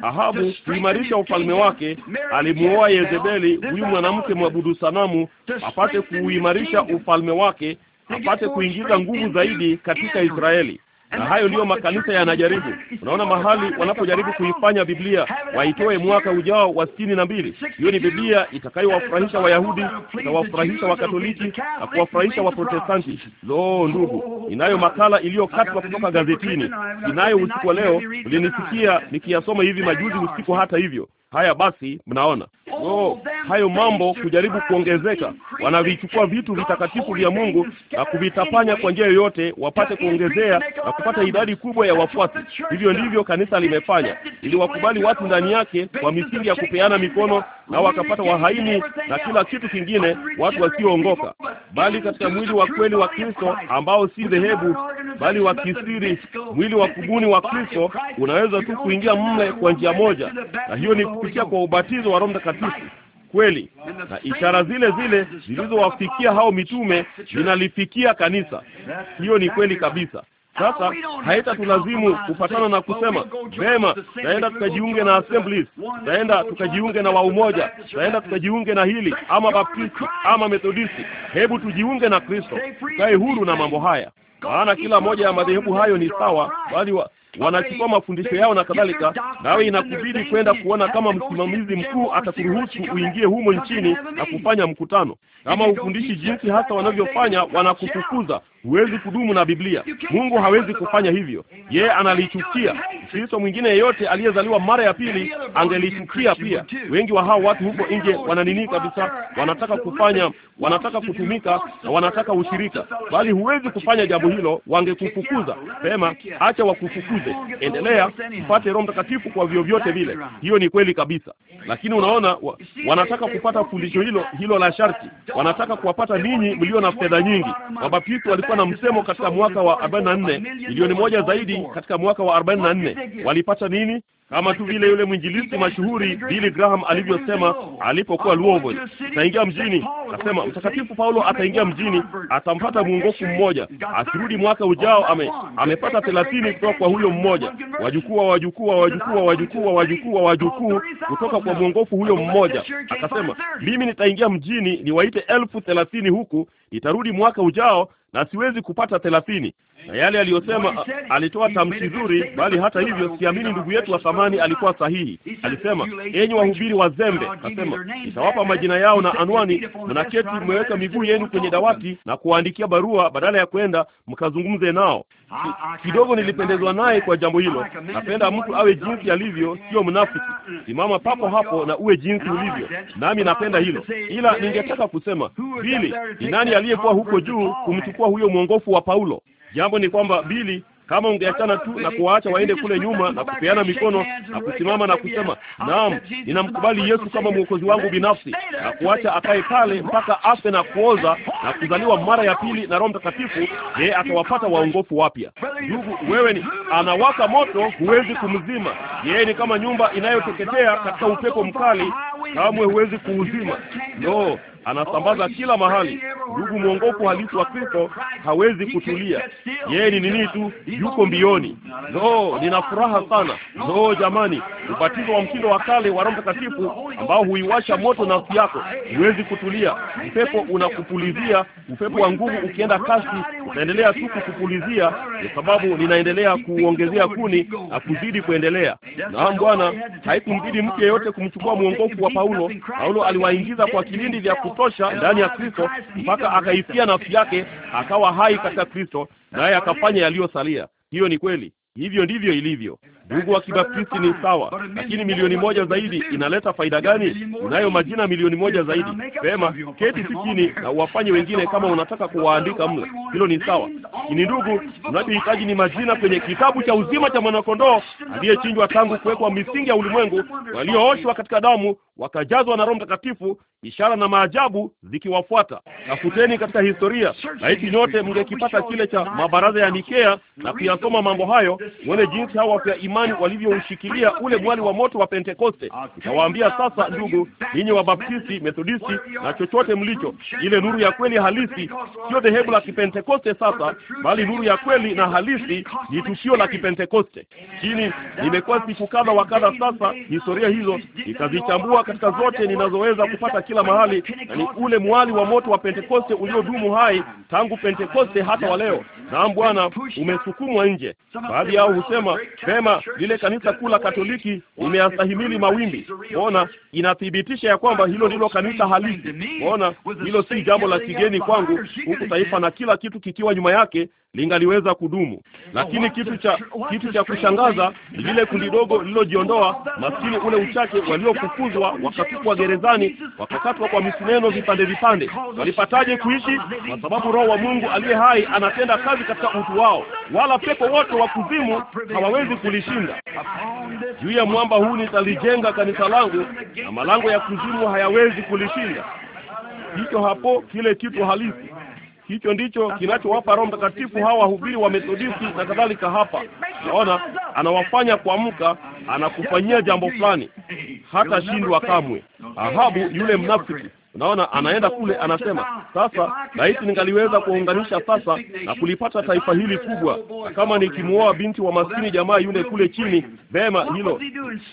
Ahabu kuimarisha ufalme wake, alimuoa Yezebeli, huyu mwanamke mwabudu sanamu, apate kuimarisha ufalme wake, apate kuingiza nguvu zaidi katika Israeli na hayo ndiyo makanisa yanajaribu. Unaona, mahali wanapojaribu kuifanya Biblia waitoe mwaka ujao wa sitini na mbili, hiyo ni Biblia itakayowafurahisha Wayahudi, itawafurahisha Wakatoliki na kuwafurahisha Waprotestanti. Lo, ndugu, inayo makala iliyokatwa kutoka gazetini, inayo usiku wa leo. Ulinisikia nikiyasoma hivi majuzi usiku. Hata hivyo Haya basi, mnaona oh, hayo mambo kujaribu kuongezeka, wanavichukua vitu vitakatifu vya Mungu na kuvitapanya kwa njia yoyote wapate kuongezea na kupata idadi kubwa ya wafuasi. Hivyo ndivyo kanisa limefanya, ili wakubali watu ndani yake kwa misingi ya kupeana mikono, na wakapata wahaini na kila kitu kingine, watu wasioongoka, bali katika mwili wa kweli wa Kristo ambao si dhehebu, bali wa kisiri, mwili wa kubuni wa Kristo unaweza tu kuingia mle kwa njia moja, na hiyo ni kupitia kwa ubatizo wa Roho Mtakatifu kweli, na ishara zile zile zilizowafikia hao mitume zinalifikia kanisa. Hiyo ni kweli kabisa. Sasa haitatulazimu kupatana na kusema vema, taenda tukajiunge na assemblies, taenda tukajiunge na waumoja, tutaenda tukajiunge na hili ama baptisti ama methodisti. Hebu tujiunge na Kristo, tukae huru na mambo haya, maana kila moja ya madhehebu hayo ni sawa, bali wanachukua mafundisho yao na kadhalika, nawe inakubidi kwenda kuona kama msimamizi mkuu atakuruhusu uingie humo nchini na kufanya mkutano. Kama hufundishi jinsi hasa wanavyofanya, wanakufukuza. Huwezi kudumu na Biblia. Mungu hawezi kufanya hivyo, yeye analichukia. Mkristo mwingine yeyote aliyezaliwa mara ya pili angelichukia pia. Wengi wa hao watu huko nje wananini kabisa, wanataka kufanya, wanataka kutumika na wanataka ushirika, bali huwezi kufanya jambo hilo, wangekufukuza. Sema acha wakufukuza yote, endelea mpate Roho Mtakatifu kwa vyovyote vile. Hiyo ni kweli kabisa, lakini unaona wa, wanataka kupata fundisho hilo hilo la sharti, wanataka kuwapata ninyi mlio na fedha nyingi. Wabaptisti walikuwa na msemo katika mwaka wa 44 milioni moja zaidi katika mwaka wa 44 walipata nini? kama tu vile yule mwinjilisti mashuhuri Billy Graham alivyosema alipokuwa Louisville, ataingia mjini. Akasema mtakatifu Paulo ataingia mjini, atampata mwongofu mmoja, akirudi mwaka ujao ame, amepata thelathini kutoka kwa huyo mmoja, wajukuu wa wajukuu wa wajukuu wa wajukuu wa wajukuu wa wajukuu kutoka kwa mwongofu huyo mmoja. Akasema mimi nitaingia mjini niwaite elfu thelathini huku, nitarudi mwaka ujao na siwezi kupata thelathini na yale aliyosema, alitoa tamshi nzuri, bali hata hivyo siamini ndugu yetu wa thamani alikuwa sahihi. Alisema, enyi wahubiri wazembe, akasema nitawapa majina yao na anwani, mnaketi mmeweka miguu yenu kwenye dawati na kuwaandikia barua badala ya kwenda mkazungumze nao. Kidogo nilipendezwa naye kwa jambo hilo. Napenda mtu awe jinsi alivyo, sio mnafiki. Uh, uh, Simama papo hapo na uwe jinsi ulivyo, nami napenda hilo, ila ningetaka kusema, pili, ni nani aliyekuwa huko juu kumchukua huyo mwongofu wa Paulo? Jambo ni kwamba Bili, kama ungeachana tu na kuwaacha waende kule nyuma na kupeana mikono na kusimama na kusema naam, ninamkubali Yesu kama mwokozi wangu binafsi, na kuacha akae pale mpaka afe na kuoza na kuzaliwa mara ya pili na Roho Mtakatifu, yeye atawapata waongofu wapya. Ndugu, wewe ni anawaka moto, huwezi kumzima yeye. Ni kama nyumba inayoteketea katika upepo mkali, kamwe huwezi kuuzima. No, anasambaza kila mahali, Ndugu mwongofu halisi wa Kristo hawezi kutulia. Yeye ni nini tu, yuko mbioni. No, nina furaha sana. No jamani, ubatizo wa mtindo wa kale wa Roho Mtakatifu ambao huiwasha moto nafsi yako, huwezi kutulia. Upepo unakupulizia, upepo wa nguvu ukienda kasi, utaendelea tu kukupulizia, kwa sababu ninaendelea kuongezea kuni na kuzidi kuendelea. Naam Bwana, haikumbidi mtu yeyote kumchukua mwongofu wa Paulo. Paulo aliwaingiza kwa kilindi vya kutosha ndani ya Kristo mpaka kisha akaifia nafsi yake, akawa hai katika Kristo, naye akafanya yaliyosalia. Hiyo ni kweli, hivyo ndivyo ilivyo. Ndugu wa kibaptisti ni sawa, lakini milioni moja zaidi inaleta faida gani? Unayo majina milioni moja zaidi. Sema keti si chini na uwafanye wengine kama unataka kuwaandika mle, hilo ni sawa. Lakini ndugu, unachohitaji ni majina kwenye kitabu cha uzima cha mwanakondoo aliyechinjwa tangu kuwekwa misingi ya ulimwengu, waliooshwa katika damu, wakajazwa na Roho Mtakatifu, ishara na maajabu zikiwafuata. Tafuteni katika historia, laiti nyote mngekipata kile cha mabaraza ya Nikea na kuyasoma mambo hayo, muone jinsi hao wafia imani walivyoushikilia ule mwali wa moto wa Pentekoste. Nawaambia sasa, ndugu ninyi Wabaptisti, Methodisti na chochote mlicho, ile nuru ya kweli halisi, sio dhehebu la Kipentekoste sasa, bali nuru ya kweli na halisi ni tukio la Kipentekoste. Chini nimekuwa siku kadha wa kadha sasa, historia hizo nikazichambua katika zote ninazoweza kupata kila mahali, na ni ule mwali wa moto wa Pentekoste uliodumu hai tangu Pentekoste hata wa leo. Naam Bwana, umesukumwa nje. Baadhi yao husema vema, lile kanisa kuu la Katoliki limeastahimili mawimbi. Ona, inathibitisha ya kwamba hilo ndilo kanisa halisi. Ona, hilo si jambo la kigeni kwangu, huku taifa na kila kitu kikiwa nyuma yake lingaliweza kudumu. Lakini kitu cha kitu cha kushangaza ni lile kundi dogo lililojiondoa, maskini ule uchache waliofukuzwa, wakatupwa gerezani, wakakatwa kwa misineno vipande vipande, walipataje kuishi? Kwa sababu Roho wa Mungu aliye hai anatenda kazi katika utu wao, wala pepo wote wa kuzimu hawawezi kulishinda. Juu ya mwamba huu nitalijenga kanisa langu, na malango ya kuzimu hayawezi kulishinda. Hicho hapo kile kitu halisi Hicho ndicho kinachowapa Roho Mtakatifu hawa wahubiri wa Methodisti na kadhalika. Hapa naona anawafanya kuamka, anakufanyia jambo fulani, hata shindwa kamwe. Ahabu yule mnafiki Unaona, anaenda kule, anasema sasa, laiti ningaliweza kuunganisha sasa na kulipata taifa hili kubwa, na kama nikimuoa binti wa maskini jamaa yule kule chini. Vema, hilo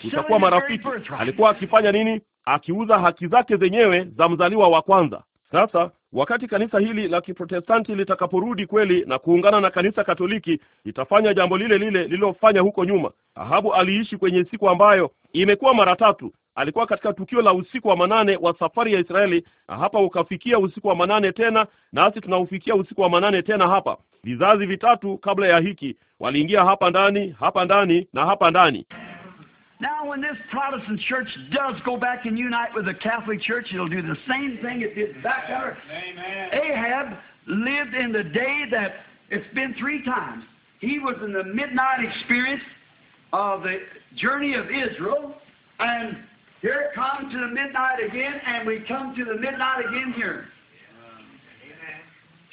utakuwa marafiki. Alikuwa akifanya nini? Akiuza haki zake zenyewe za mzaliwa wa kwanza. Sasa wakati kanisa hili la Kiprotestanti litakaporudi kweli na kuungana na kanisa Katoliki, litafanya jambo lile lile lililofanya huko nyuma. Ahabu aliishi kwenye siku ambayo imekuwa mara tatu. Alikuwa katika tukio la usiku wa manane wa safari ya Israeli, na hapa ukafikia usiku wa manane tena, nasi tunaufikia usiku wa manane tena hapa. Vizazi vitatu kabla ya hiki waliingia hapa ndani, hapa ndani na hapa ndani. Now, when this Protestant church does go back and unite with the Catholic Church, it'll do the same thing it did back there. Amen. Ahab lived in the day that it's been three times. He was in the midnight experience of the journey of Israel, and here it comes to the midnight again, and we come to the midnight again here.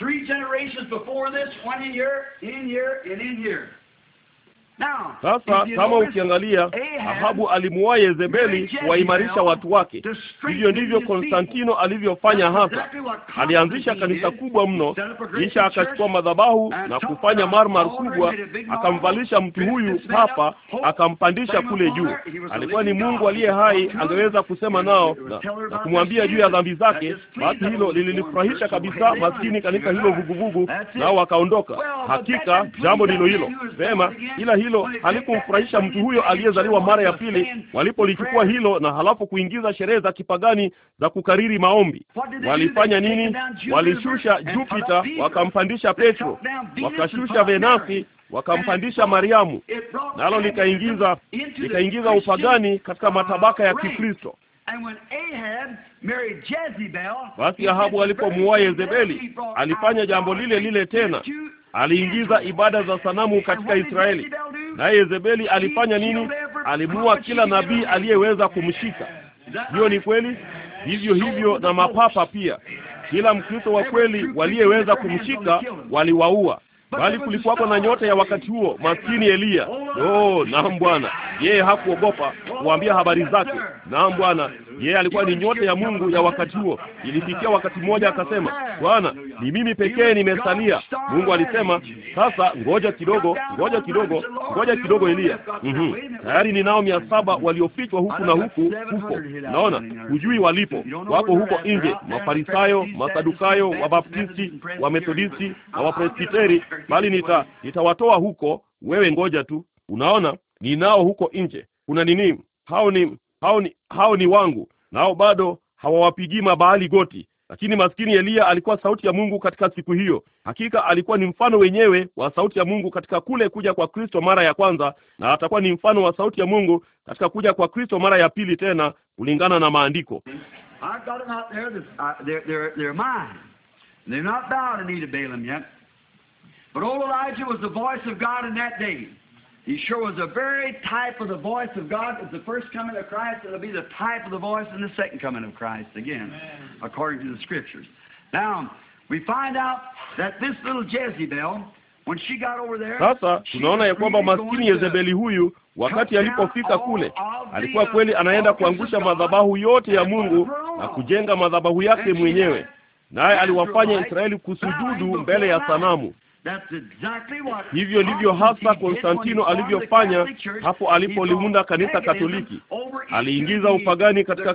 Three generations before this, one in here, in here, and in here. Sasa kama ukiangalia, Ahabu alimuoa Yezebeli kuwaimarisha watu wake. Hivyo ndivyo Konstantino alivyofanya hasa. Alianzisha kanisa kubwa mno, kisha akachukua madhabahu na kufanya marmar kubwa, akamvalisha mtu huyu papa, akampandisha kule juu. Alikuwa ni Mungu aliye hai, angeweza kusema nao na, na kumwambia juu ya dhambi zake. Basi hilo lililifurahisha kabisa maskini kanisa hilo vuguvugu, nao wakaondoka. Hakika jambo ndilo hilo, Vema, ila hilo hilo halikumfurahisha mtu huyo aliyezaliwa mara ya pili, walipolichukua hilo na halafu kuingiza sherehe za kipagani za kukariri maombi. Walifanya nini? Walishusha Jupiter wakampandisha Petro, wakashusha Venasi wakampandisha Mariamu, nalo likaingiza likaingiza upagani katika matabaka ya Kikristo. Basi Ahabu alipomuua Yezebeli alifanya jambo lile lile tena, aliingiza ibada za sanamu katika Israeli. Naye Yezebeli alifanya nini? Alimuua kila nabii aliyeweza kumshika. Hiyo ni kweli, vivyo hivyo na mapapa pia. Kila Mkristo wa kweli waliyeweza kumshika waliwaua bali kulikuwako na nyota ya wakati huo. Maskini Eliya. Oh, naam Bwana, yeye hakuogopa kuambia habari zake. Naam Bwana, yeye alikuwa ni nyota ya Mungu ya wakati huo. Ilifikia wakati mmoja akasema, Bwana, ni mimi pekee nimesalia. Mungu alisema, sasa ngoja kidogo, ngoja kidogo, ngoja kidogo, Eliya. -hmm. tayari ninao mia saba waliofichwa huku na huku huko. Naona hujui walipo, wako huko nje, Mafarisayo, Masadukayo, Wabaptisti, Wamethodisti na Wapresbiteri bali nita nitawatoa huko. Wewe ngoja tu, unaona ninao huko nje. Kuna nini? Hao ni hao ni hao ni wangu, nao bado hawawapigii Mabaali goti. Lakini maskini Eliya alikuwa sauti ya Mungu katika siku hiyo. Hakika alikuwa ni mfano wenyewe wa sauti ya Mungu katika kule kuja kwa Kristo mara ya kwanza, na atakuwa ni mfano wa sauti ya Mungu katika kuja kwa Kristo mara ya pili, tena kulingana na maandiko. I've got them out there, uh, they're, they're, they're mine. They're not bowed to Balaam yet. But old Elijah was the voice of God in that day. He sure was the very type of the voice of God It's the first coming of Christ. It'll be the type of the voice in the second coming of Christ again, Amen. according to the Scriptures. Now, we find out that this little Jezebel, when she got over there, sasa tunaona ya kwamba maskini Jezebeli huyu wakati alipofika kule alikuwa kweli anaenda kuangusha madhabahu yote ya Mungu na kujenga madhabahu yake mwenyewe, naye aliwafanya Israeli kusujudu mbele ya sanamu. Hivyo ndivyo hasa Konstantino alivyofanya hapo alipoliunda kanisa Katoliki. Aliingiza upagani katika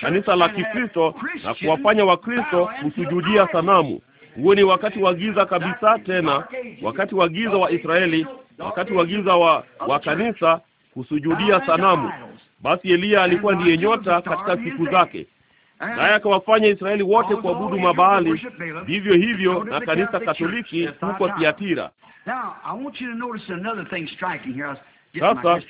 kanisa la Kikristo na kuwafanya Wakristo kusujudia sanamu. Huo ni wakati wa giza kabisa, tena wakati wa giza wa Israeli, wakati wa giza wa, wa kanisa kusujudia sanamu. Basi Eliya alikuwa ndiye nyota katika siku zake naye akawafanya Israeli wote kuabudu mabaali, vivyo hivyo na kanisa Katoliki huko Thiatira. Sasa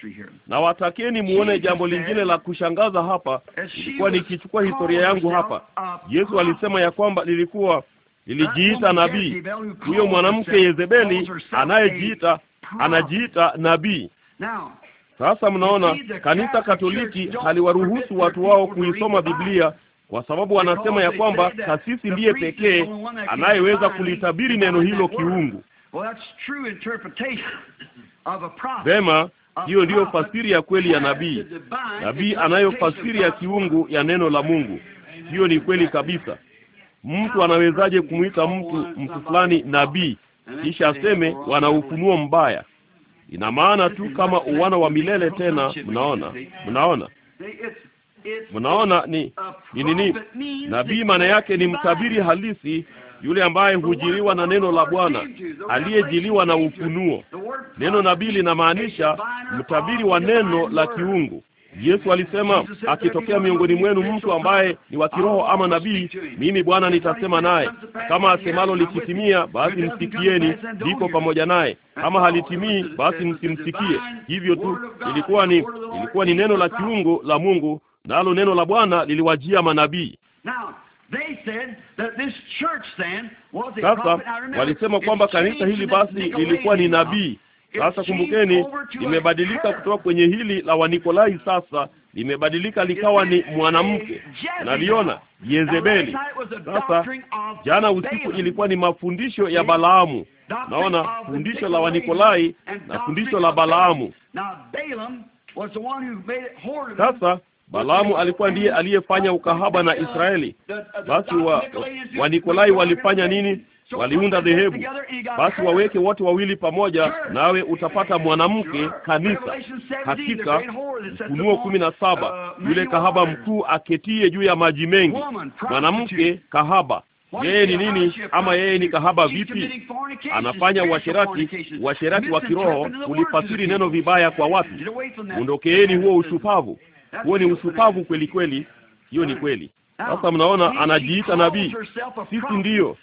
nawatakieni muone jambo lingine la kushangaza hapa. Nilikuwa nikichukua historia yangu hapa. Yesu alisema ya kwamba nilikuwa nilijiita nabii. Huyo mwanamke Yezebeli anayejiita anajiita nabii. Sasa mnaona kanisa Katoliki haliwaruhusu watu wao kuisoma Biblia kwa sababu wanasema ya kwamba kasisi ndiye pekee anayeweza kulitabiri neno hilo kiungu. Vema, hiyo ndiyo fasiri ya kweli ya nabii. Nabii anayo fasiri ya kiungu ya neno la Mungu. Hiyo ni kweli kabisa. Mtu anawezaje kumwita mtu mtu fulani nabii kisha aseme wana ufunuo mbaya? Ina maana tu kama uwana wa milele tena. Mnaona, mnaona Mnaona ni ni nini? Nabii maana yake ni mtabiri halisi, yule ambaye hujiliwa na neno la Bwana, aliyejiliwa na ufunuo. Neno nabii linamaanisha mtabiri wa neno la kiungu. Yesu alisema, akitokea miongoni mwenu mtu ambaye ni wa kiroho ama nabii, mimi Bwana nitasema naye, kama asemalo likitimia, basi msikieni, ndipo pamoja naye; kama halitimii, basi msimsikie. Hivyo tu, ilikuwa ni ilikuwa ni neno la kiungu la Mungu nalo neno la Bwana liliwajia manabii. Sasa walisema kwamba kanisa hili basi lilikuwa ni nabii. Sasa kumbukeni, limebadilika kutoka kwenye hili la Wanikolai, sasa limebadilika likawa ni mwanamke. Naliona Yezebeli. Sasa jana usiku ilikuwa ni mafundisho ya Balaamu. Naona fundisho la Wanikolai na fundisho la Balaamu. Sasa Balaamu alikuwa ndiye aliyefanya ukahaba na Israeli. Basi wa Wanikolai walifanya nini? Waliunda dhehebu. Basi waweke wote wawili pamoja, nawe utapata mwanamke kanisa. Hakika Ufunuo kumi na saba, yule kahaba mkuu aketie juu ya maji mengi, mwanamke kahaba yeye ni nini? Ama yeye ni kahaba vipi? Anafanya uasherati, uasherati wa kiroho. Ulifasiri neno vibaya kwa watu. Ondokeeni huo ushupavu. Huo ni ushupavu kweli kweli, hiyo ni kweli. Sasa mnaona, anajiita nabii. Sisi ndiyo,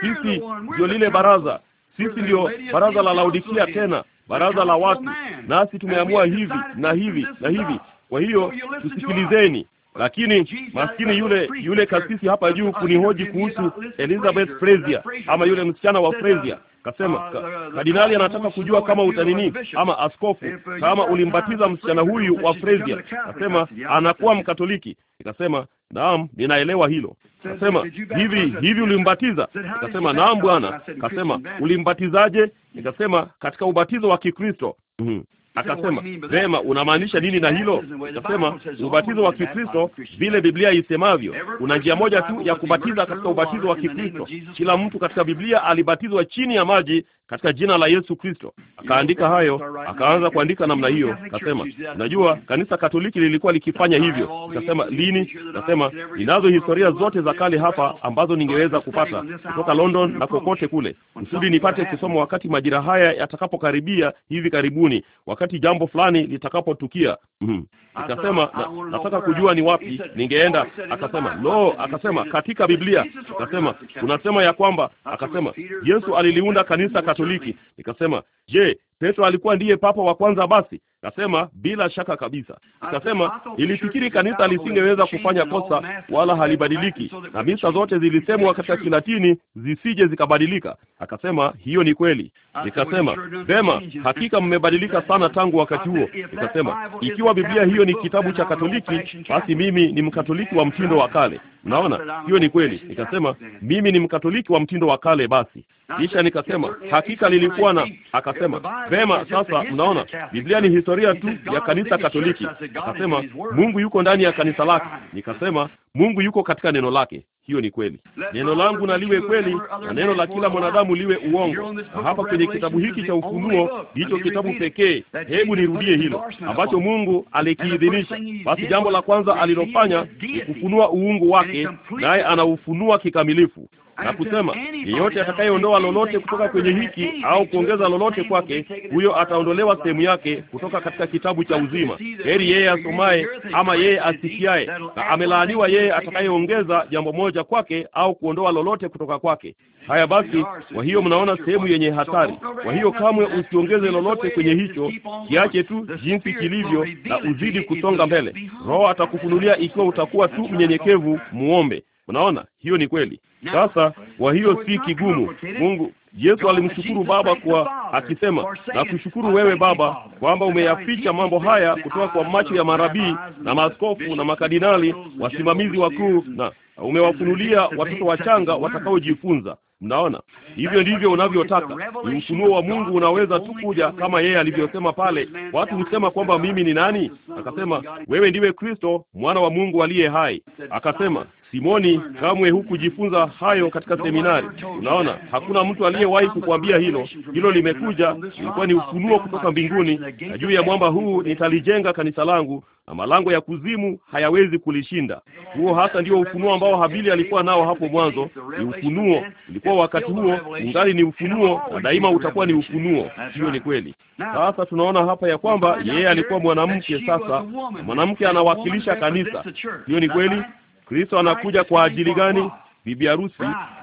sisi ndio lile baraza, sisi ndio baraza la Laodikia, tena baraza la watu, nasi tumeamua hivi na hivi na hivi. Kwa hiyo tusikilizeni. Lakini maskini yule yule kasisi hapa juu kunihoji kuhusu Elizabeth Frazier ama yule msichana wa Frazier Kasema ah, kardinali anataka kujua kama utanini ama askofu, uh, kama ulimbatiza msichana huyu wa Frezia. Kasema anakuwa Mkatoliki. Nikasema naam, ninaelewa hilo. Kasema hivi hivi, ulimbatiza? Nikasema naam, bwana. Kasema ulimbatizaje? Nikasema katika ubatizo wa Kikristo. Mhm. Akasema, vema, unamaanisha nini na hilo? Akasema, ubatizo wa Kikristo vile Biblia isemavyo. Kuna njia moja tu ya kubatiza katika ubatizo wa Kikristo. Kila mtu katika Biblia alibatizwa chini ya maji katika jina la Yesu Kristo. Akaandika hayo, akaanza kuandika namna hiyo. Kasema, najua kanisa Katoliki lilikuwa likifanya hivyo. Kasema lini? Akasema ninazo historia zote za kale hapa ambazo ningeweza kupata kutoka London na kokote kule, kusudi nipate kusoma wakati majira haya yatakapokaribia hivi karibuni, wakati jambo fulani litakapotukia. Mm. Akasema na, nataka kujua ni wapi ningeenda. Akasema lo, akasema katika Biblia. Akasema unasema ya kwamba, akasema Yesu aliliunda kanisa Katoliki. Nikasema, je, Petro alikuwa ndiye papa wa kwanza? Basi Kasema bila shaka kabisa. Kasema ilifikiri kanisa lisingeweza kufanya kosa wala halibadiliki, na misa zote zilisemwa katika Kilatini zisije zikabadilika. Akasema hiyo ni kweli. Nikasema vema, hakika mmebadilika sana tangu wakati huo. Nikasema ikiwa Biblia hiyo ni kitabu cha Katoliki, basi mimi ni Mkatoliki wa mtindo wa kale. Mnaona, hiyo ni kweli. Nikasema mimi ni Mkatoliki wa mtindo wa kale. Basi kisha nikasema hakika lilikuwa na, akasema vema, sasa mnaona Biblia ni historia historia tu ya kanisa Katoliki. Akasema Mungu yuko ndani ya kanisa lake. Nikasema Mungu yuko katika neno lake. Hiyo ni kweli. Neno langu na liwe kweli, na neno la kila mwanadamu liwe uongo. Na hapa kwenye kitabu hiki cha Ufunuo ndicho kitabu pekee, hebu nirudie hilo, ambacho Mungu alikiidhinisha. Basi jambo la kwanza alilofanya ni kufunua uungu wake, naye anaufunua kikamilifu na kusema yeyote atakayeondoa lolote kutoka kwenye hiki au kuongeza lolote kwake, huyo ataondolewa sehemu yake kutoka katika kitabu cha uzima. Heri yeye asomaye ama yeye asikiaye, na amelaaniwa yeye yeye atakayeongeza jambo moja kwake au kuondoa lolote kutoka kwake. Haya basi, kwa hiyo mnaona sehemu yenye hatari. Kwa hiyo kamwe usiongeze lolote kwenye hicho, kiache tu jinsi kilivyo na uzidi kusonga mbele. Roho atakufunulia ikiwa utakuwa tu mnyenyekevu, muombe. Unaona, hiyo ni kweli. Sasa kwa hiyo si kigumu. Mungu Yesu alimshukuru Baba kwa akisema, na kushukuru wewe Baba kwamba umeyaficha mambo haya kutoka kwa macho ya marabii na maaskofu na makadinali wasimamizi wakuu, na umewafunulia watoto wachanga watakaojifunza. Mnaona, hivyo ndivyo unavyotaka. Ni ufunuo wa Mungu unaweza tu kuja kama yeye alivyosema pale. Watu husema kwamba mimi ni nani? Akasema, wewe ndiwe Kristo mwana wa Mungu aliye hai. Akasema, Simoni, kamwe hukujifunza hayo katika seminari. Unaona, hakuna mtu aliyewahi kukuambia hilo. Hilo limekuja, ilikuwa ni ufunuo kutoka mbinguni, na juu ya mwamba huu nitalijenga kanisa langu na malango ya kuzimu hayawezi kulishinda. Huo hasa ndio ufunuo ambao Habili alikuwa nao hapo mwanzo. Ni ufunuo, ilikuwa wakati huo ungali ni ufunuo, na daima utakuwa ni ufunuo. Hiyo ni kweli. Sasa tunaona hapa ya kwamba yeye alikuwa mwanamke, sasa mwanamke anawakilisha kanisa. Hiyo ni kweli. Kristo anakuja kwa ajili gani? Bibi harusi,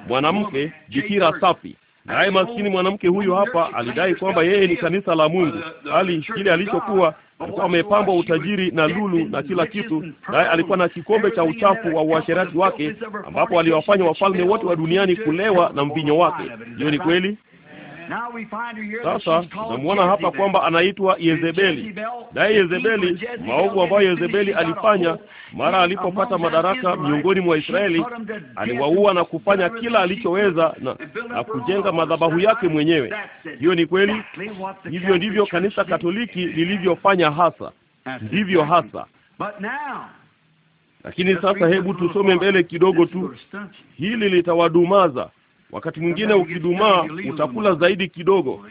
mwanamke bikira safi. Naye maskini mwanamke huyu hapa alidai kwamba yeye ni kanisa la Mungu, hali kile alichokuwa alikuwa amepambwa utajiri na lulu na kila kitu, naye alikuwa na kikombe cha uchafu wa uasherati wake, ambapo aliwafanya wafalme wote wa duniani kulewa na mvinyo wake. Hiyo ni kweli. Sasa namwona hapa kwamba anaitwa Yezebeli, naye Yezebeli, maovu ambayo Yezebeli alifanya mara alipopata madaraka miongoni mwa Israeli, aliwaua na kufanya kila alichoweza na, na kujenga madhabahu yake mwenyewe. Hiyo ni kweli, hivyo ndivyo kanisa Katoliki lilivyofanya hasa, ndivyo hasa lakini sasa hebu tusome mbele kidogo tu, hili litawadumaza. Wakati mwingine ukidumaa utakula zaidi kidogo.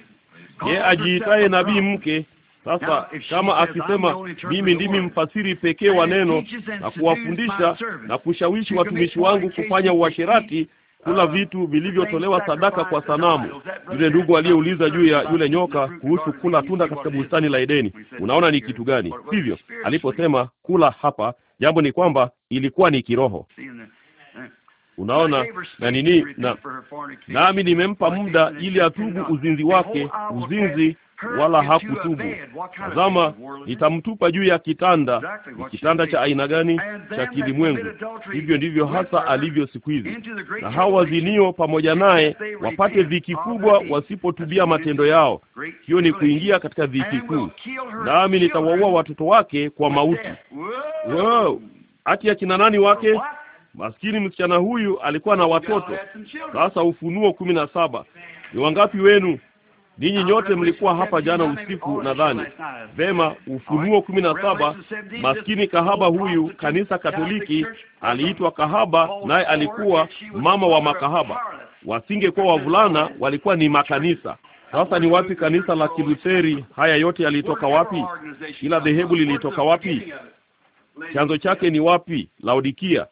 Ye ajiitaye nabii mke sasa kama akisema mimi ndimi mfasiri pekee wa neno na kuwafundisha na kushawishi watumishi wangu kufanya uasherati, kula vitu vilivyotolewa sadaka kwa sanamu. Yule ndugu aliyeuliza juu ya yule nyoka kuhusu kula tunda katika bustani la Edeni, unaona ni kitu gani? Hivyo aliposema kula hapa, jambo ni kwamba ilikuwa ni kiroho. Unaona na nini, na nami nimempa muda ili atubu uzinzi wake, uzinzi wala hakutubu. Tazama, nitamtupa juu ya kitanda. Ni kitanda cha aina gani? Cha kilimwengu. Hivyo ndivyo hasa alivyo siku hizi, na hawa wazinio pamoja naye wapate dhiki kubwa wasipotubia matendo yao. Hiyo ni kuingia katika dhiki kuu, nami nitawaua watoto wake kwa mauti. Wow. Ati ya kina nani wake? Maskini msichana huyu alikuwa na watoto. Sasa Ufunuo kumi na saba. Ni wangapi wenu ninyi nyote mlikuwa hapa jana usiku nadhani? Vema, Ufunuo kumi na saba. Maskini kahaba huyu, kanisa Katoliki aliitwa kahaba, naye alikuwa mama wa makahaba. Wasingekuwa wavulana, walikuwa ni makanisa. Sasa ni wapi kanisa la Kilutheri? Haya yote yalitoka wapi? Kila dhehebu lilitoka wapi? Chanzo chake ni wapi? Laodikia.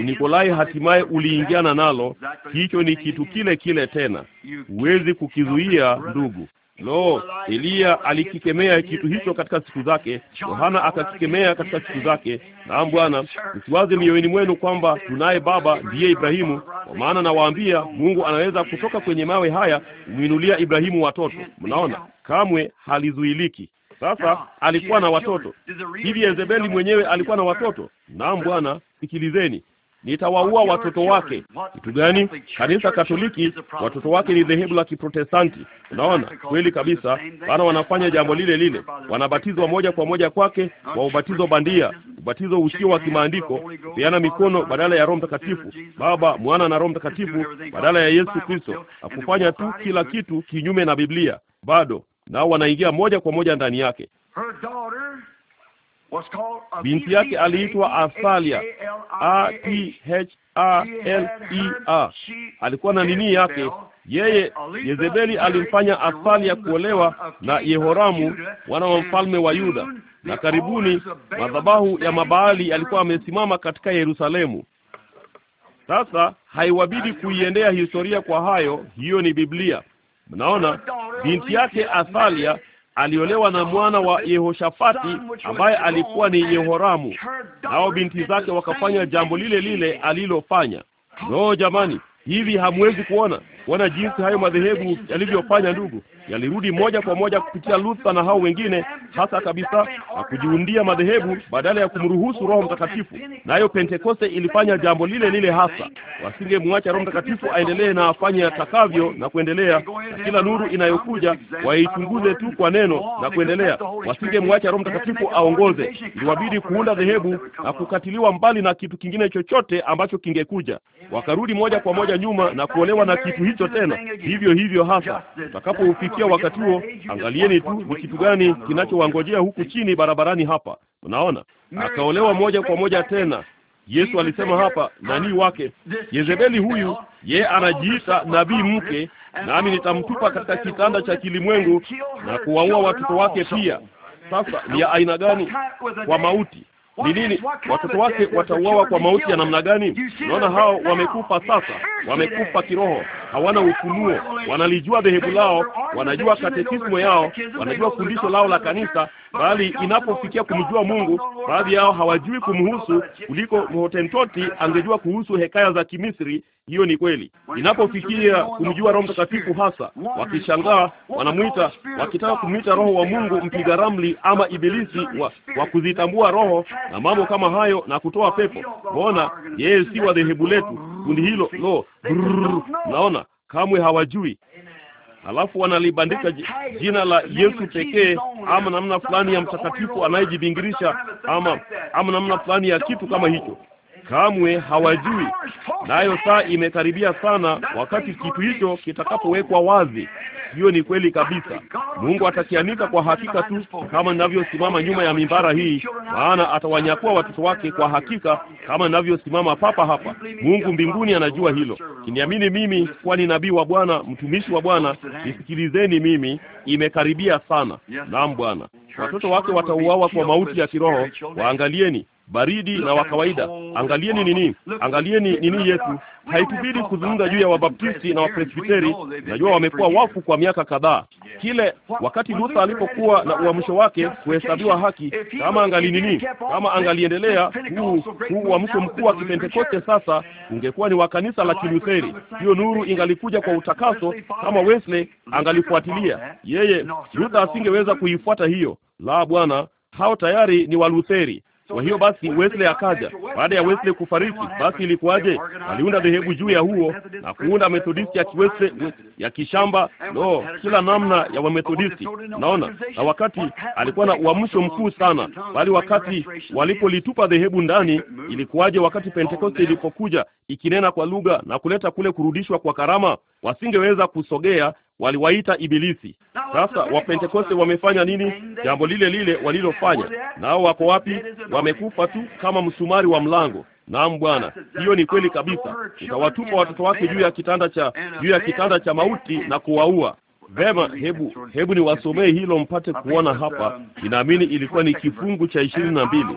Unikolai hatimaye uliingiana nalo. Hicho ni kitu kile kile tena, huwezi kukizuia ndugu. Lo, Eliya alikikemea kitu hicho katika siku zake, Yohana akakikemea katika siku zake. Naam Bwana, msiwaze mioyoni mwenu kwamba tunaye baba ndiye Ibrahimu, kwa maana nawaambia, Mungu anaweza kutoka kwenye mawe haya kumwinulia Ibrahimu watoto. Mnaona, kamwe halizuiliki. Sasa alikuwa na watoto. hivi Yezebeli mwenyewe alikuwa na watoto. Naam Bwana, sikilizeni, nitawaua watoto wake. Kitu gani? Kanisa Katoliki, watoto wake ni dhehebu la Kiprotestanti. Unaona, kweli kabisa, maana wanafanya jambo lile lile, wanabatizwa moja kwa moja kwake, wa ubatizo bandia, ubatizo usio wa kimaandiko, peana mikono badala ya Roho Mtakatifu, Baba, Mwana na Roho Mtakatifu badala ya Yesu Kristo, na kufanya tu kila kitu kinyume na Biblia. Bado nao wanaingia moja kwa moja ndani yake. E Binti yake aliitwa Athalia, A T H A L E A. Alikuwa na nini yake yeye? Yezebeli alimfanya Athalia kuolewa na Yehoramu, wana wa mfalme wa Yuda, na karibuni madhabahu ya Mabaali yalikuwa amesimama katika Yerusalemu. Sasa haiwabidi kuiendea historia kwa hayo, hiyo ni Biblia. Mnaona Binti yake Athalia aliolewa na mwana wa Yehoshafati ambaye alikuwa ni Yehoramu, nao binti zake wakafanya jambo lile lile alilofanya. Loo jamani, hivi hamwezi kuona kuona jinsi hayo madhehebu yalivyofanya, ndugu, yalirudi moja kwa moja kupitia Luther na hao wengine hasa kabisa na kujiundia madhehebu badala ya kumruhusu Roho Mtakatifu. Nayo Pentekoste ilifanya jambo lile lile hasa, wasingemwacha Roho Mtakatifu aendelee na afanye atakavyo na kuendelea, na kila nuru inayokuja waichunguze tu kwa neno na kuendelea. Wasingemwacha Roho Mtakatifu aongoze, iliwabidi kuunda dhehebu na kukatiliwa mbali na kitu kingine chochote ambacho kingekuja. Wakarudi moja kwa moja nyuma na kuolewa na kitu hicho Kristo tena. Vivyo hivyo hasa tutakapofikia wakati huo, angalieni tu ni kitu gani kinachowangojea huku chini barabarani hapa. Unaona, akaolewa moja kwa moja tena. Yesu alisema hapa, nani wake Yezebeli huyu, ye anajiita nabii mke, nami nitamtupa katika kitanda cha kilimwengu na kuwaua watoto wake pia. Sasa ni ya aina gani? Kwa mauti ni nini? Watoto wake watauawa kwa mauti ya namna gani? Unaona, hao wamekufa sasa, wamekufa kiroho, hawana ufunuo, wanalijua dhehebu lao, wanajua katekismo yao, wanajua fundisho lao la kanisa, bali inapofikia kumjua Mungu, baadhi yao hawajui kumhusu kuliko mhotentoti angejua kuhusu hekaya za Kimisri. Hiyo ni kweli. Inapofikia kumjua Roho Mtakatifu, hasa wakishangaa, wanamwita wakitaka kumwita Roho wa Mungu mpiga ramli ama ibilisi wa, wa kuzitambua roho na mambo kama hayo na kutoa pepo. Mbona yeye si wa dhehebu letu kundi hilo lo, naona kamwe hawajui alafu wanalibandika jina la Yesu pekee, ama namna fulani ya mtakatifu anayejibingirisha, ama ama namna fulani ya kitu kama hicho kamwe hawajui, nayo saa imekaribia sana, wakati kitu hicho kitakapowekwa wazi. Hiyo ni kweli kabisa. Mungu atakianika kwa hakika tu, kama ninavyosimama nyuma ya mimbara hii, maana atawanyakua watoto wake kwa hakika, kama ninavyosimama papa hapa. Mungu mbinguni anajua hilo. Kiniamini mimi kuwa ni nabii wa Bwana, mtumishi wa Bwana, nisikilizeni mimi, imekaribia sana. Naam Bwana, watoto wake watauawa kwa mauti ya kiroho. Waangalieni baridi na wa kawaida. Angalieni nini, angalieni nini Yesu. Haitubidi kuzungumza juu ya Wabaptisti na Wapresbiteri. Najua wamekuwa wafu kwa miaka kadhaa. Kile wakati Luther alipokuwa na uamsho wake kuhesabiwa haki, kama angali nini, kama angaliendelea huu huu uamsho mkuu wa Kipentekoste, sasa ungekuwa ni wa kanisa la Kilutheri. Hiyo nuru ingalikuja kwa utakaso, kama Wesley angalifuatilia yeye. Luther asingeweza kuifuata hiyo. La, bwana hao tayari ni Walutheri kwa hiyo basi Wesley akaja. Baada ya Wesley kufariki, basi ilikuwaje? Aliunda dhehebu juu ya huo na kuunda Methodisti ya kiwesle ya kishamba, no, kila namna ya Wamethodisti, naona. Na wakati alikuwa na uamsho mkuu sana, bali wakati walipolitupa dhehebu ndani, ilikuwaje? Wakati Pentekoste ilipokuja ikinena kwa lugha na kuleta kule kurudishwa kwa karama, wasingeweza kusogea waliwaita Ibilisi. Sasa Wapentekoste wamefanya nini? Jambo lile lile walilofanya. Nao wako wapi? Wamekufa tu kama msumari wa mlango. Naam Bwana, hiyo ni kweli kabisa. Utawatupa watoto wake juu ya kitanda cha juu ya kitanda cha mauti na kuwaua. Vema, hebu hebu niwasomee hilo mpate kuona hapa. Um, Ninaamini ilikuwa ni kifungu cha ishirini na mbili.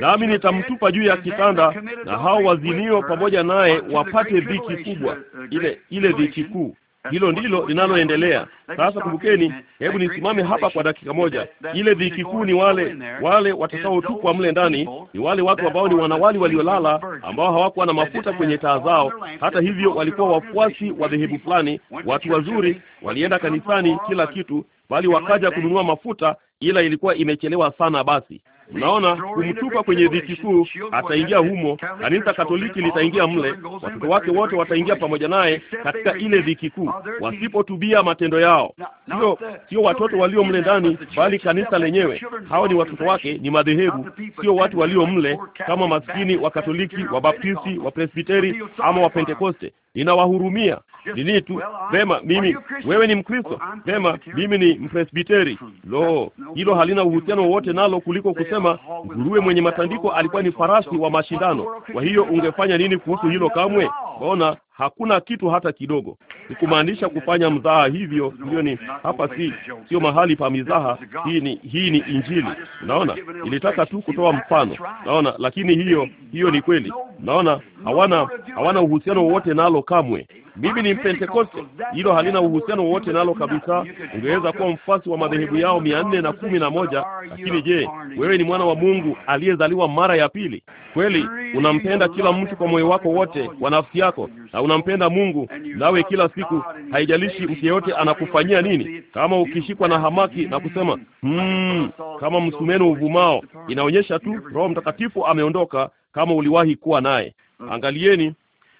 Nami nitamtupa juu ya kitanda, na hao wazinio pamoja naye wapate dhiki kubwa, uh, ile ile dhiki kuu. Hilo ndilo linaloendelea sasa. Kumbukeni, hebu nisimame hapa kwa dakika moja. Ile dhiki kuu ni wale wale watakaotupwa mle ndani, ni wale watu ambao ni wanawali waliolala, ambao hawakuwa na mafuta kwenye taa zao. Hata hivyo, walikuwa wafuasi wa dhehebu fulani, watu wazuri, walienda kanisani, kila kitu, bali wakaja kununua mafuta, ila ilikuwa imechelewa sana. Basi Mnaona, kumtupa kwenye dhiki kuu, ataingia humo. Kanisa Katoliki litaingia mle, watoto wake wote wataingia pamoja naye katika ile dhiki kuu, wasipotubia matendo yao. Sio sio watoto walio mle ndani, bali kanisa lenyewe. Hao ni watoto wake, ni madhehebu, sio watu walio mle, kama maskini wa Katoliki, wa Baptisti, wa Presbiteri ama wa Pentekoste. Ninawahurumia nini tu. Vema, mimi wewe ni Mkristo, vema, mimi ni Mpresbiteri. Lo, hilo halina uhusiano wowote nalo kuliko kusema alisema nguruwe mwenye matandiko alikuwa ni farasi wa mashindano. Kwa hiyo ungefanya nini kuhusu hilo kamwe? mbona hakuna kitu hata kidogo. Sikumaanisha kufanya mzaha hivyo, hiyo ni hapa, si sio mahali pa mizaha. Hii ni hii ni Injili, unaona. Ilitaka tu kutoa mfano, naona, lakini hiyo hiyo ni kweli, naona. Hawana hawana uhusiano wowote nalo kamwe. Mimi ni Pentekoste, hilo halina uhusiano wowote nalo kabisa. Ungeweza kuwa mfasi wa madhehebu yao mia nne na kumi na moja, lakini je, wewe ni mwana wa Mungu aliyezaliwa mara ya pili? Kweli unampenda kila mtu kwa moyo wako wote, kwa nafsi yako na unampenda Mungu nawe kila siku, haijalishi mtu yeyote anakufanyia nini, kama ukishikwa na hamaki na kusema mmm, kama msumeno uvumao, inaonyesha tu Roho Mtakatifu ameondoka, kama uliwahi kuwa naye. Mm. Angalieni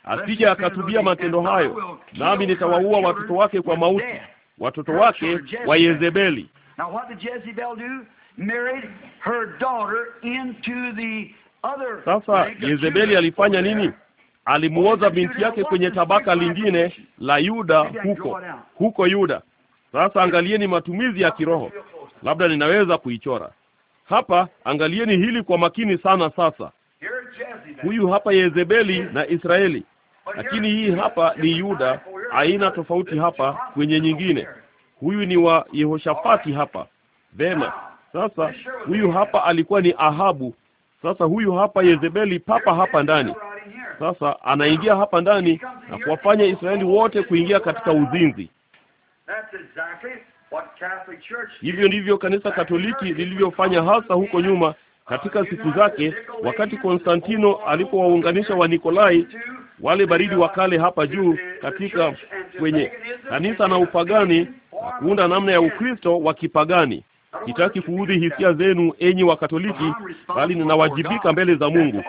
asije akatubia matendo hayo, nami nitawaua watoto wake kwa mauti, watoto wake wa Yezebeli. Sasa Yezebeli alifanya nini? alimuoza binti yake kwenye tabaka lingine la Yuda huko huko Yuda. Sasa angalieni matumizi ya kiroho, labda ninaweza kuichora hapa. Angalieni hili kwa makini sana. Sasa huyu hapa Yezebeli na Israeli, lakini hii hapa ni Yuda, aina tofauti hapa kwenye nyingine. Huyu ni wa Yehoshafati hapa. Vema, sasa huyu hapa alikuwa ni Ahabu. Sasa huyu hapa Yezebeli, papa hapa ndani sasa anaingia hapa ndani na kuwafanya Israeli wote kuingia katika uzinzi. Hivyo ndivyo kanisa Katoliki lilivyofanya hasa huko nyuma katika siku zake, wakati Konstantino alipowaunganisha wa Nikolai wale baridi wa kale hapa juu katika kwenye kanisa na upagani na kuunda namna ya Ukristo wa kipagani. Sitaki kuudhi hisia zenu, enyi katoliki bali ninawajibika mbele za Mungu.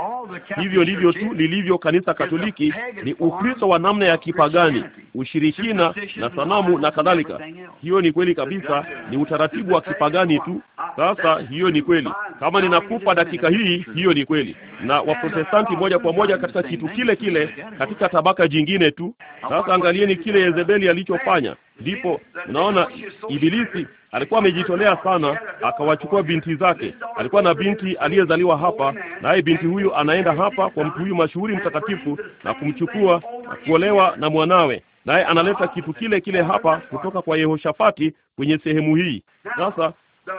Hivyo livyo tu lilivyo kanisa Katoliki, ni Ukristo wa namna ya kipagani, ushirikina na sanamu na kadhalika. Hiyo ni kweli kabisa, ni utaratibu wa kipagani tu. Sasa hiyo ni kweli, kama ninakupa dakika hii, hiyo ni kweli. Na Waprotestanti moja kwa moja katika kitu kile kile, katika tabaka jingine tu. Sasa angalieni kile Yezebeli alichofanya. Ndipo naona Ibilisi alikuwa amejitolea sana, akawachukua binti zake. Alikuwa na binti aliyezaliwa hapa, naye binti huyu anaenda hapa kwa mtu huyu mashuhuri mtakatifu na kumchukua na kuolewa na mwanawe, naye analeta kitu kile kile hapa kutoka kwa Yehoshafati kwenye sehemu hii. Sasa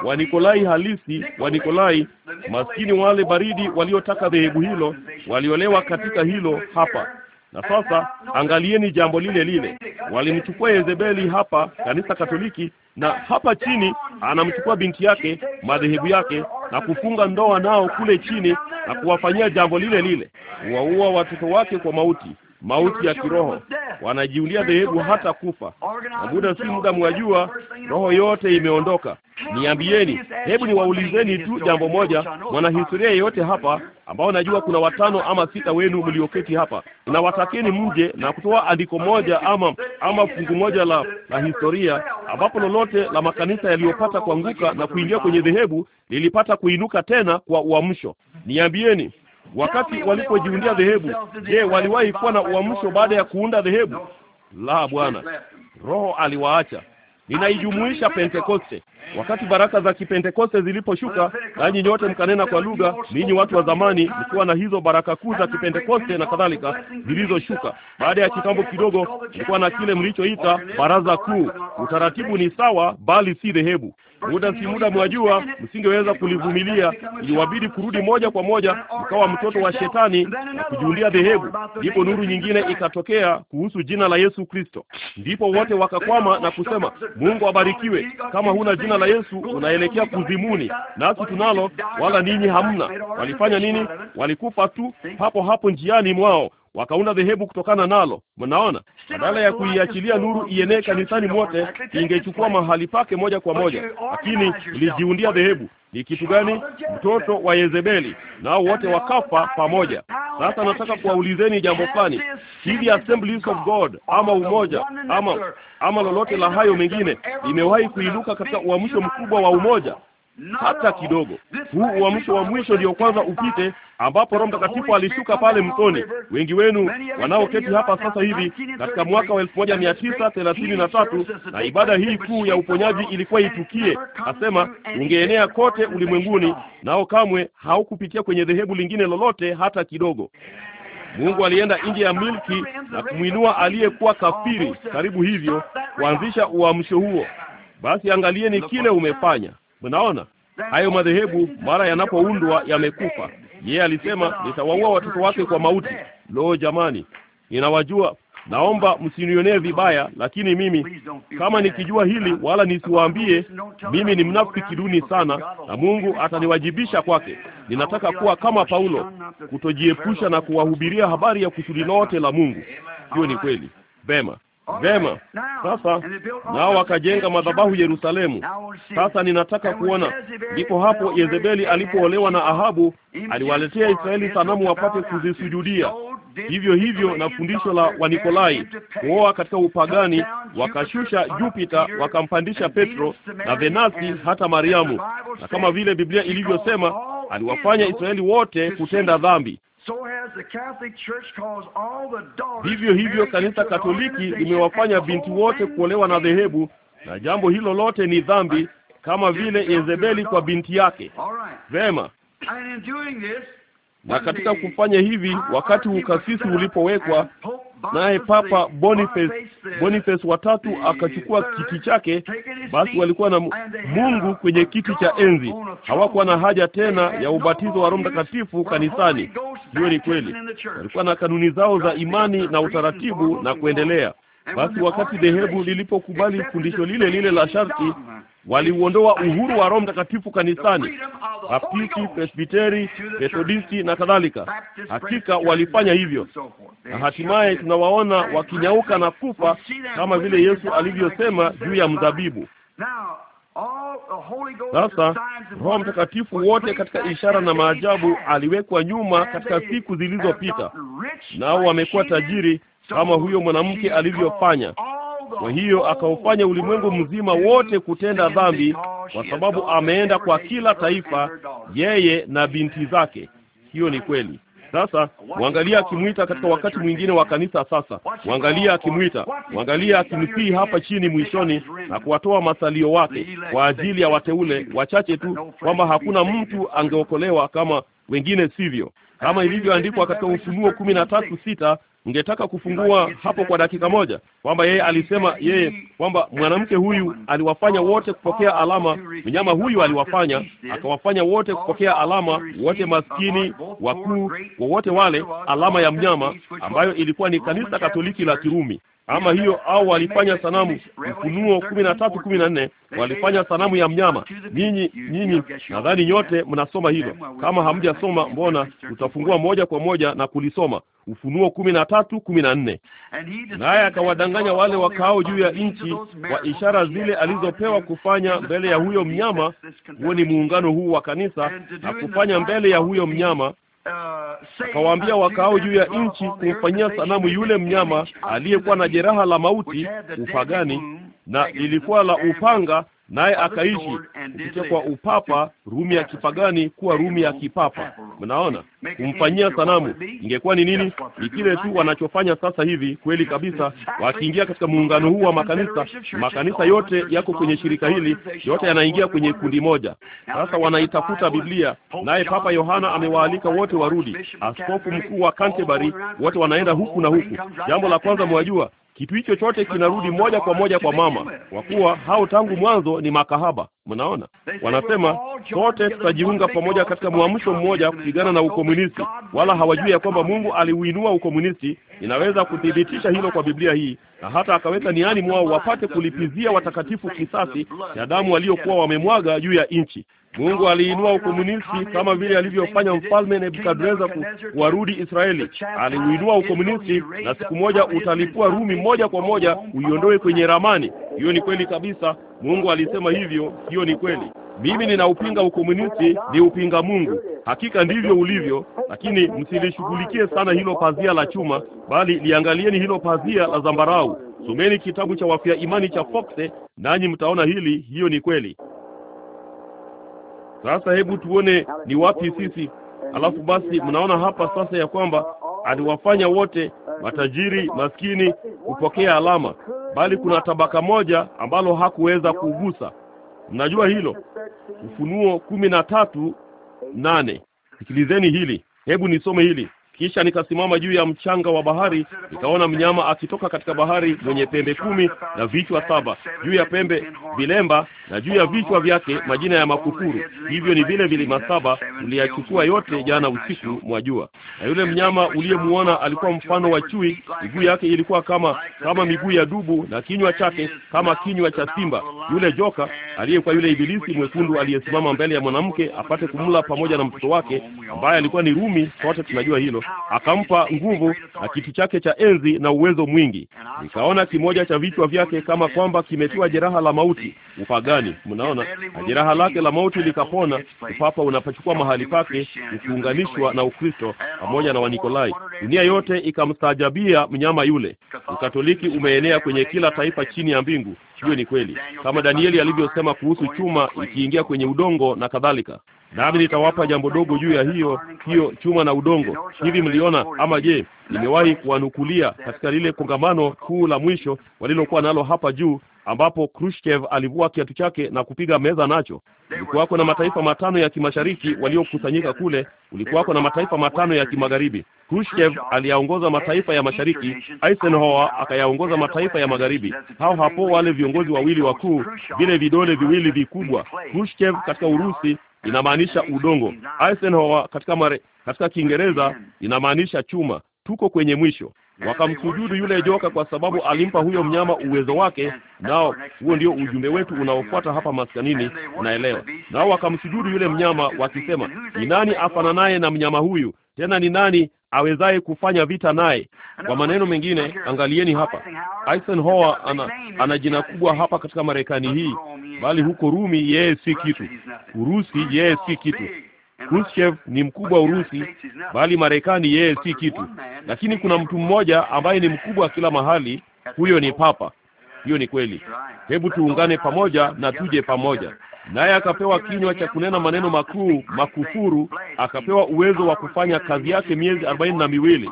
Wanikolai halisi Wanikolai maskini, wale baridi waliotaka dhehebu hilo waliolewa katika hilo hapa na sasa angalieni jambo lile lile, walimchukua Yezebeli hapa kanisa Katoliki, na hapa chini anamchukua binti yake madhehebu yake na kufunga ndoa nao kule chini na kuwafanyia jambo lile lile, kuwaua watoto wake kwa mauti mauti ya kiroho, wanajiundia dhehebu hata kufa, na muda si muda mwajua roho yote imeondoka. Niambieni, hebu niwaulizeni tu jambo moja, mwanahistoria yeyote hapa, ambao najua kuna oh, watano ama sita wenu mlioketi hapa, na mje na kutoa andiko moja ama ama fungu moja la, la historia ambapo lolote la makanisa yaliyopata kuanguka na kuingia kwenye dhehebu lilipata kuinuka tena kwa uamsho. Niambieni wakati walipojiundia dhehebu. Je, waliwahi kuwa na uamsho baada ya kuunda dhehebu? La, Bwana. Roho aliwaacha. Ninaijumuisha Pentekoste. Wakati baraka za Kipentekoste ziliposhuka, nanyi nyote mkanena kwa lugha, ninyi watu wa zamani, mkiwa na hizo baraka kuu za Kipentekoste na kadhalika zilizoshuka. Baada ya kitambo kidogo, mlikuwa na kile mlichoita baraza kuu. Utaratibu ni sawa, bali si dhehebu muda si muda, mwajua, msingeweza kulivumilia, iliwabidi kurudi moja kwa moja, mkawa mtoto wa shetani na kujiundia dhehebu. Ndipo nuru nyingine ikatokea kuhusu jina la Yesu Kristo, ndipo wote wakakwama na kusema, Mungu abarikiwe, kama huna jina la Yesu unaelekea kuzimuni, nasi tunalo, wala ninyi hamna. Walifanya nini? Walikufa tu hapo hapo njiani mwao wakaunda dhehebu kutokana nalo. Mnaona, badala ya kuiachilia nuru ienee kanisani mote ingechukua mahali pake moja kwa moja, lakini ilijiundia dhehebu. Ni kitu gani? Mtoto wa Yezebeli, nao wote wakafa pamoja. Sasa nataka kuwaulizeni jambo fulani. Hivi Assemblies of God ama umoja ama ama lolote la hayo mengine imewahi kuinuka katika uamsho mkubwa wa umoja hata kidogo. Huu uamsho wa mwisho ndio kwanza upite, ambapo Roho Mtakatifu alishuka pale mtoni. Wengi wenu wanaoketi hapa sasa hivi katika mwaka wa elfu moja mia tisa thelathini na tatu na ibada hii kuu ya uponyaji ilikuwa itukie, asema ungeenea kote ulimwenguni, nao kamwe haukupitia kwenye dhehebu lingine lolote hata kidogo. Mungu alienda nje ya milki na kumwinua aliyekuwa kafiri, karibu hivyo kuanzisha uamsho huo. Basi angalieni kile umefanya. Mnaona hayo madhehebu mara yanapoundwa yamekufa. Yeye alisema nitawaua watoto wake kwa mauti. Lo, jamani, ninawajua. Naomba msinionee vibaya, lakini mimi kama nikijua hili wala nisiwaambie, mimi ni mnafiki duni sana, na Mungu ataniwajibisha kwake. Ninataka kuwa kama Paulo, kutojiepusha na kuwahubiria habari ya kusudi lote la Mungu. Hiyo ni kweli. Vema. Vema. Sasa nao wakajenga madhabahu Yerusalemu. Sasa ninataka kuona, ndipo hapo Yezebeli alipoolewa na Ahabu, aliwaletea Israeli sanamu wapate kuzisujudia. Hivyo hivyo na fundisho la Wanikolai kuoa katika upagani, wakashusha Jupita wakampandisha Petro na Venasi hata Mariamu, na kama vile Biblia ilivyosema aliwafanya Israeli wote kutenda dhambi hivyo hivyo kanisa Katoliki limewafanya binti wote kuolewa na dhehebu, na jambo hilo lote ni dhambi, kama vile Yezebeli kwa binti yake. Vema, na katika kufanya hivi, wakati ukasisi ulipowekwa, naye Papa Boniface Boniface watatu akachukua kiti chake, basi walikuwa na Mungu kwenye kiti cha enzi. Hawakuwa na haja tena ya ubatizo wa Roho Mtakatifu kanisani. Hiyo ni kweli, walikuwa na kanuni zao za imani na utaratibu na kuendelea. Basi wakati dhehebu lilipokubali fundisho lile lile la sharti waliuondoa uhuru wa Roho Mtakatifu kanisani, Baptisti, Presbiteri, Methodisti na kadhalika. Hakika walifanya hivyo, na hatimaye tunawaona wakinyauka na kufa kama vile Yesu alivyosema juu ya mzabibu. Sasa Roho Mtakatifu wote katika ishara na maajabu aliwekwa nyuma katika siku zilizopita, nao wamekuwa tajiri kama huyo mwanamke alivyofanya kwa hiyo akaufanya ulimwengu mzima wote kutenda dhambi, kwa sababu ameenda kwa kila taifa, yeye na binti zake. Hiyo ni kweli. Sasa mwangalia akimwita katika wakati mwingine wa kanisa. Sasa mwangalia akimwita, mwangalia akimsii hapa chini mwishoni, na kuwatoa masalio wake kwa ajili ya wateule wachache tu, kwamba hakuna mtu angeokolewa kama wengine sivyo, kama ilivyoandikwa katika Ufunuo kumi na tatu sita. Ungetaka kufungua hapo kwa dakika moja kwamba yeye alisema yeye kwamba mwanamke huyu aliwafanya wote kupokea alama, mnyama huyu aliwafanya, akawafanya wote kupokea alama, wote maskini, wakuu, wowote wale, alama ya mnyama ambayo ilikuwa ni kanisa Katoliki la Kirumi ama hiyo au walifanya sanamu. Ufunuo kumi na tatu kumi na nne walifanya sanamu ya mnyama. Nyinyi nyinyi, nadhani nyote mnasoma hilo. Kama hamjasoma, mbona utafungua moja kwa moja na kulisoma Ufunuo kumi na tatu kumi na nne. Naye akawadanganya kuwadanganya wale wakao juu ya nchi kwa ishara zile alizopewa kufanya mbele ya huyo mnyama. Huo ni muungano huu wa kanisa na kufanya mbele ya huyo mnyama akawaambia wakao juu ya nchi kumfanyia sanamu yule mnyama aliyekuwa na jeraha la mauti, ufagani na lilikuwa la upanga naye akaishi kupitia kwa upapa Rumi ya kipagani kuwa Rumi ya kipapa. Mnaona, kumfanyia sanamu ingekuwa ni nini? Ni kile tu wanachofanya sasa hivi, kweli kabisa. Wakiingia katika muungano huu wa makanisa, makanisa yote yako kwenye shirika hili, yote yanaingia kwenye kundi moja. Sasa wanaitafuta Biblia, naye Papa Yohana amewaalika wote warudi, askofu mkuu wa Canterbury, wote wanaenda huku na huku. Jambo la kwanza mwajua kitu hicho chote kinarudi moja kwa moja kwa mama, kwa kuwa hao tangu mwanzo ni makahaba. Mnaona, wanasema sote tutajiunga pamoja katika mwamsho mmoja kupigana na ukomunisti, wala hawajui ya kwamba Mungu aliuinua ukomunisti. Inaweza kuthibitisha hilo kwa Biblia hii, na hata akaweka niani mwao wapate kulipizia watakatifu kisasi ya damu waliokuwa wamemwaga juu ya nchi. Mungu aliinua ukomunisti kama vile alivyofanya mfalme Nebukadreza kuwarudi Israeli. Aliuinua ukomunisti, na siku moja utalipua Rumi moja kwa moja, uiondoe kwenye ramani. Hiyo ni kweli kabisa. Mungu alisema hivyo, hiyo ni kweli. Mimi ninaupinga ukomunisti, ni upinga Mungu. Hakika ndivyo ulivyo, lakini msilishughulikie sana hilo pazia la chuma, bali liangalieni hilo pazia la zambarau. Someni kitabu cha wafia imani cha Foxe nanyi mtaona hili. Hiyo ni kweli. Sasa hebu tuone ni wapi sisi. Alafu basi, mnaona hapa sasa ya kwamba aliwafanya wote matajiri, maskini kupokea alama, bali kuna tabaka moja ambalo hakuweza kugusa. Mnajua hilo? Ufunuo kumi na tatu nane. Sikilizeni hili, hebu nisome hili. Kisha nikasimama juu ya mchanga wa bahari, nikaona mnyama akitoka katika bahari mwenye pembe kumi na vichwa saba, juu ya pembe vilemba, na juu ya vichwa vyake majina ya makukuru. Hivyo ni vile vilima saba uliyachukua yote jana usiku, mwa jua Na yule mnyama uliyemuona alikuwa mfano wa chui, miguu yake ilikuwa kama kama miguu ya dubu, na kinywa chake kama kinywa cha simba. Yule joka aliyekuwa yule ibilisi mwekundu aliyesimama mbele ya mwanamke apate kumla pamoja na mtoto wake, ambaye alikuwa ni Rumi. Sote tunajua hilo akampa nguvu na kiti chake cha enzi na uwezo mwingi. Nikaona kimoja cha vichwa vyake kama kwamba kimetiwa jeraha la mauti, upagani. Mnaona, na jeraha lake la mauti likapona. Upapa unapachukua mahali pake, ukiunganishwa na Ukristo pamoja na Wanikolai. Dunia yote ikamstaajabia mnyama yule. Ukatoliki umeenea kwenye kila taifa chini ya mbingu sijue ni kweli, kama Danieli alivyosema kuhusu chuma ikiingia kwenye udongo na kadhalika. Nami nitawapa jambo dogo juu ya hiyo hiyo chuma na udongo. Hivi mliona ama je, nimewahi kuwanukulia katika lile kongamano kuu la mwisho walilokuwa nalo hapa juu ambapo Khrushchev alivua kiatu chake na kupiga meza nacho. ulikuwako na mataifa matano ya kimashariki waliokusanyika kule, ulikuwako na mataifa matano ya kimagharibi. Khrushchev aliyaongoza mataifa ya mashariki, Eisenhower akayaongoza mataifa ya magharibi. Hao hapo wale viongozi wawili wakuu, vile vidole viwili vikubwa. Khrushchev katika Urusi inamaanisha udongo. Eisenhower katika mare, katika Kiingereza inamaanisha chuma. Tuko kwenye mwisho wakamsujudu yule joka kwa sababu alimpa huyo mnyama uwezo wake. Nao huo ndio ujumbe wetu unaofuata hapa maskanini, unaelewa? Nao wakamsujudu yule mnyama wakisema, ni nani afananaye na mnyama huyu? Tena ni nani awezaye kufanya vita naye? Kwa maneno mengine, angalieni hapa, Eisenhower ana, ana jina kubwa hapa katika Marekani hii, bali huko Rumi yeye si kitu, Urusi yeye si kitu Khrushchev ni mkubwa Urusi, bali Marekani yeye si kitu. Lakini kuna mtu mmoja ambaye ni mkubwa kila mahali, huyo ni Papa. Hiyo ni kweli. Hebu tuungane pamoja na tuje pamoja naye. Akapewa kinywa cha kunena maneno makuu makufuru, akapewa uwezo wa kufanya kazi yake miezi arobaini na miwili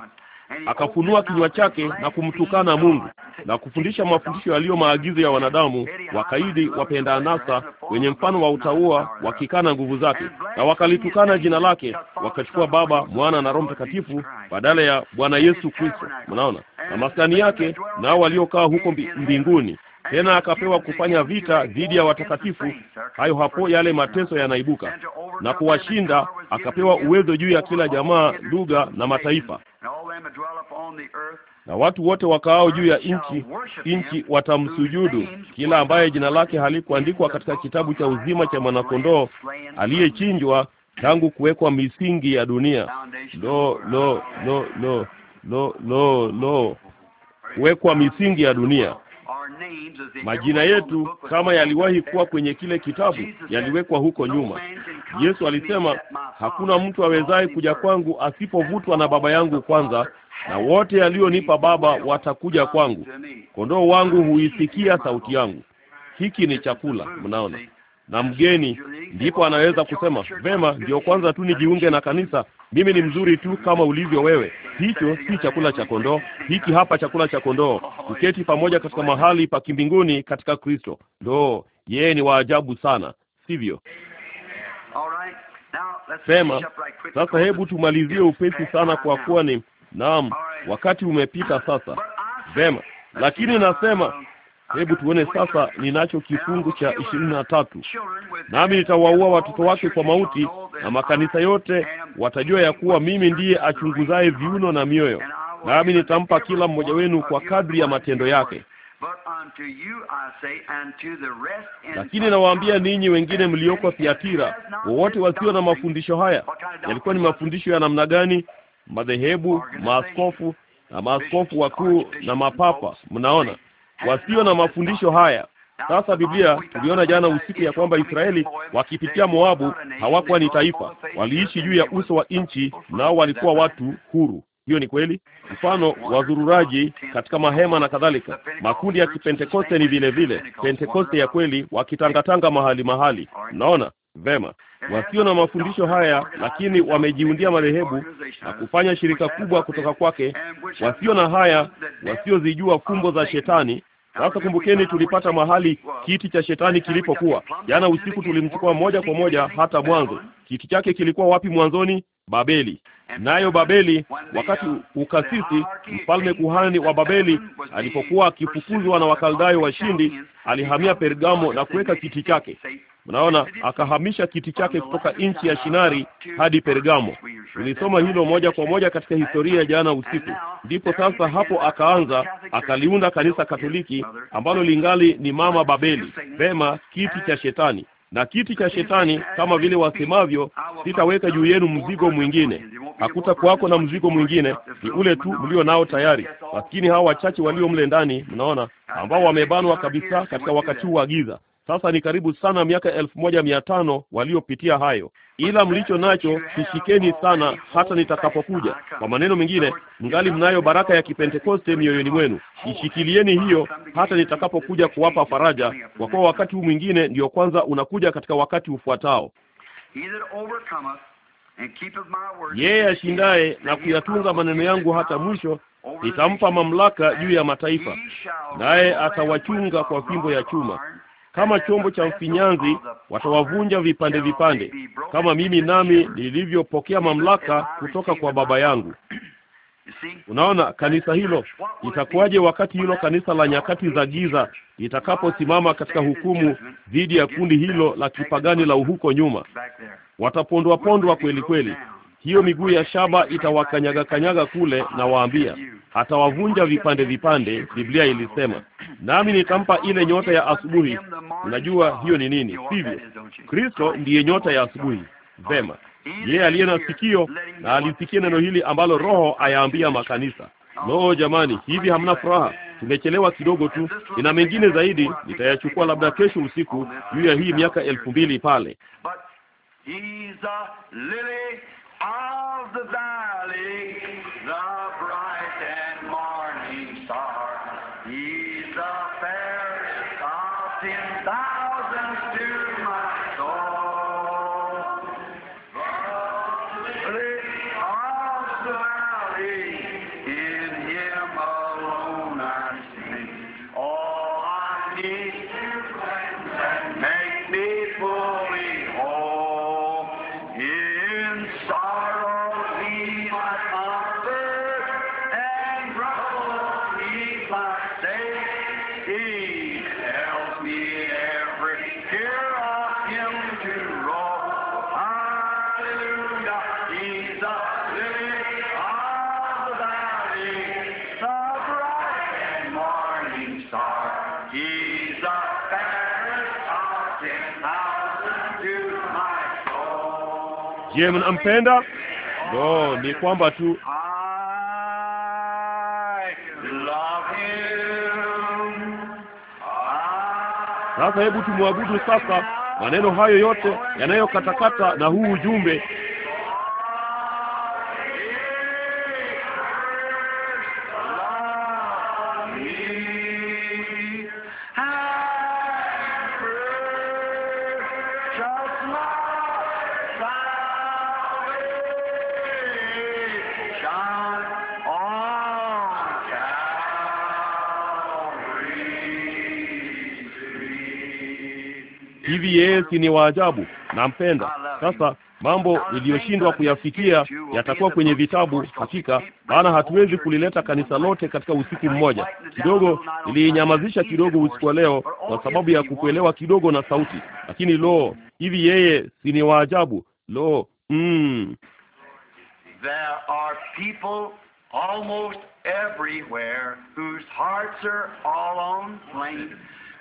akafunua kinywa chake na kumtukana Mungu na kufundisha mafundisho yaliyo maagizo ya wanadamu wakaidi, wapenda anasa, wenye mfano wa utaua, wakikana nguvu zake na wakalitukana jina lake, wakachukua Baba, Mwana na Roho Mtakatifu badala ya Bwana Yesu Kristo. Mnaona, na maskani yake nao waliokaa huko mbinguni tena akapewa kufanya vita dhidi ya watakatifu. Hayo hapo yale mateso yanaibuka na kuwashinda, akapewa uwezo juu ya kila jamaa, lugha na mataifa na watu wote wakaao juu ya nchi nchi watamsujudu, kila ambaye jina lake halikuandikwa katika kitabu cha uzima cha mwanakondoo aliyechinjwa tangu kuwekwa misingi ya dunia. Lo, lo, lo, lo, lo, lo, lo, kuwekwa misingi ya dunia. Majina yetu kama yaliwahi kuwa kwenye kile kitabu yaliwekwa huko nyuma. Yesu alisema, hakuna mtu awezaye kuja kwangu asipovutwa na Baba yangu kwanza, na wote alionipa Baba watakuja kwangu. Kondoo wangu huisikia sauti yangu. Hiki ni chakula, mnaona na mgeni, ndipo anaweza kusema vema, ndio kwanza tu nijiunge na kanisa, mimi ni mzuri tu kama ulivyo wewe. Hicho si chakula cha kondoo, hiki hapa chakula cha kondoo, kuketi pamoja katika mahali pa kimbinguni katika Kristo. Ndo yeye ni waajabu sana, sivyo? Sema sasa, hebu tumalizie upesi sana, kwa kuwa ni naam, wakati umepita sasa. Vema, lakini nasema um, Hebu tuone sasa, ninacho kifungu cha ishirini na tatu, nami nitawaua watoto wake kwa mauti, na makanisa yote watajua ya kuwa mimi ndiye achunguzaye viuno na mioyo, nami nitampa kila mmoja wenu kwa kadri ya matendo yake. Lakini nawaambia ninyi wengine mlioko Thiatira, wowote wasio na mafundisho haya. Yalikuwa ni mafundisho ya namna gani? Madhehebu, maaskofu na maaskofu wakuu na mapapa, mnaona wasio na mafundisho haya. Sasa Biblia tuliona jana usiku ya kwamba Israeli wakipitia Moabu hawakuwa ni taifa, waliishi juu ya uso wa nchi, nao walikuwa watu huru. Hiyo ni kweli. Mfano wazururaji katika mahema na kadhalika, makundi ya Kipentekoste ni vile vile Pentekoste ya kweli, wakitangatanga mahali mahali. naona Vema, wasio na mafundisho haya, lakini wamejiundia madhehebu na kufanya shirika kubwa kutoka kwake, wasio na haya, wasiozijua fumbo za Shetani. Sasa kumbukeni, tulipata mahali kiti cha Shetani kilipokuwa jana usiku. Tulimchukua moja kwa moja hata mwanzo. Kiti chake kilikuwa wapi mwanzoni? Babeli. Nayo Babeli, wakati ukasisi mfalme kuhani wa Babeli alipokuwa akifukuzwa na Wakaldayo washindi, alihamia Pergamo na kuweka kiti chake. Mnaona, akahamisha kiti chake kutoka nchi ya Shinari hadi Pergamo. Nilisoma hilo moja kwa moja katika historia jana usiku. Ndipo sasa hapo akaanza akaliunda kanisa Katoliki ambalo lingali ni mama Babeli. Vema, kiti cha shetani na kiti cha Shetani, kama vile wasemavyo, sitaweka juu yenu mzigo mwingine. hakuta kwako na mzigo mwingine, ni ule tu mlio nao tayari. Lakini hawa wachache walio mle ndani, mnaona, ambao wamebanwa kabisa katika wakati huu wa giza, sasa ni karibu sana miaka elfu moja mia tano waliopitia hayo, ila mlicho nacho kishikeni sana hata nitakapokuja. Kwa maneno mengine, ngali mnayo baraka ya Kipentekoste mioyoni mwenu, ishikilieni hiyo hata nitakapokuja kuwapa faraja, kwa kuwa wakati huu mwingine ndio kwanza unakuja katika wakati ufuatao. Yeye ashindaye na kuyatunza maneno yangu hata mwisho, nitampa mamlaka juu ya mataifa, naye atawachunga kwa fimbo ya chuma kama chombo cha mfinyanzi watawavunja vipande vipande, kama mimi nami nilivyopokea mamlaka kutoka kwa Baba yangu. Unaona, kanisa hilo itakuwaje wakati hilo kanisa la nyakati za giza litakaposimama katika hukumu dhidi ya kundi hilo la kipagani la uhuko nyuma? Watapondwa pondwa kweli kweli, hiyo miguu ya shaba itawakanyaga kanyaga kule, na waambia atawavunja vipande vipande. Biblia ilisema, nami nitampa ile nyota ya asubuhi. Unajua hiyo ni nini, sivyo? Kristo ndiye nyota ya asubuhi. Vema, yeye aliye na sikio na alisikia neno hili ambalo Roho ayaambia makanisa. no, jamani, hivi hamna furaha? Tumechelewa kidogo tu. Ina mengine zaidi, nitayachukua labda kesho usiku, juu ya hii miaka elfu mbili pale of the valley, the Je, mnampenda? No, ni kwamba tu sasa hebu tumwabudu sasa maneno hayo yote yanayokatakata na huu ujumbe basi ni waajabu, nampenda. Sasa mambo iliyoshindwa kuyafikia yatakuwa kwenye vitabu hakika, maana hatuwezi kulileta kanisa lote katika usiku mmoja. Kidogo niliinyamazisha kidogo usiku wa leo kwa sababu ya kukuelewa kidogo na sauti, lakini lo, hivi yeye si ni waajabu! Lo, mm.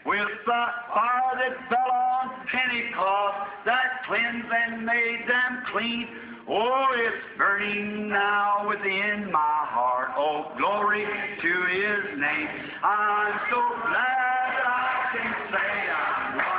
with the fire that fell on Pentecost that cleansed and made them clean. Oh, it's burning now within my heart. Oh, glory to His name. I'm so glad I can say I'm.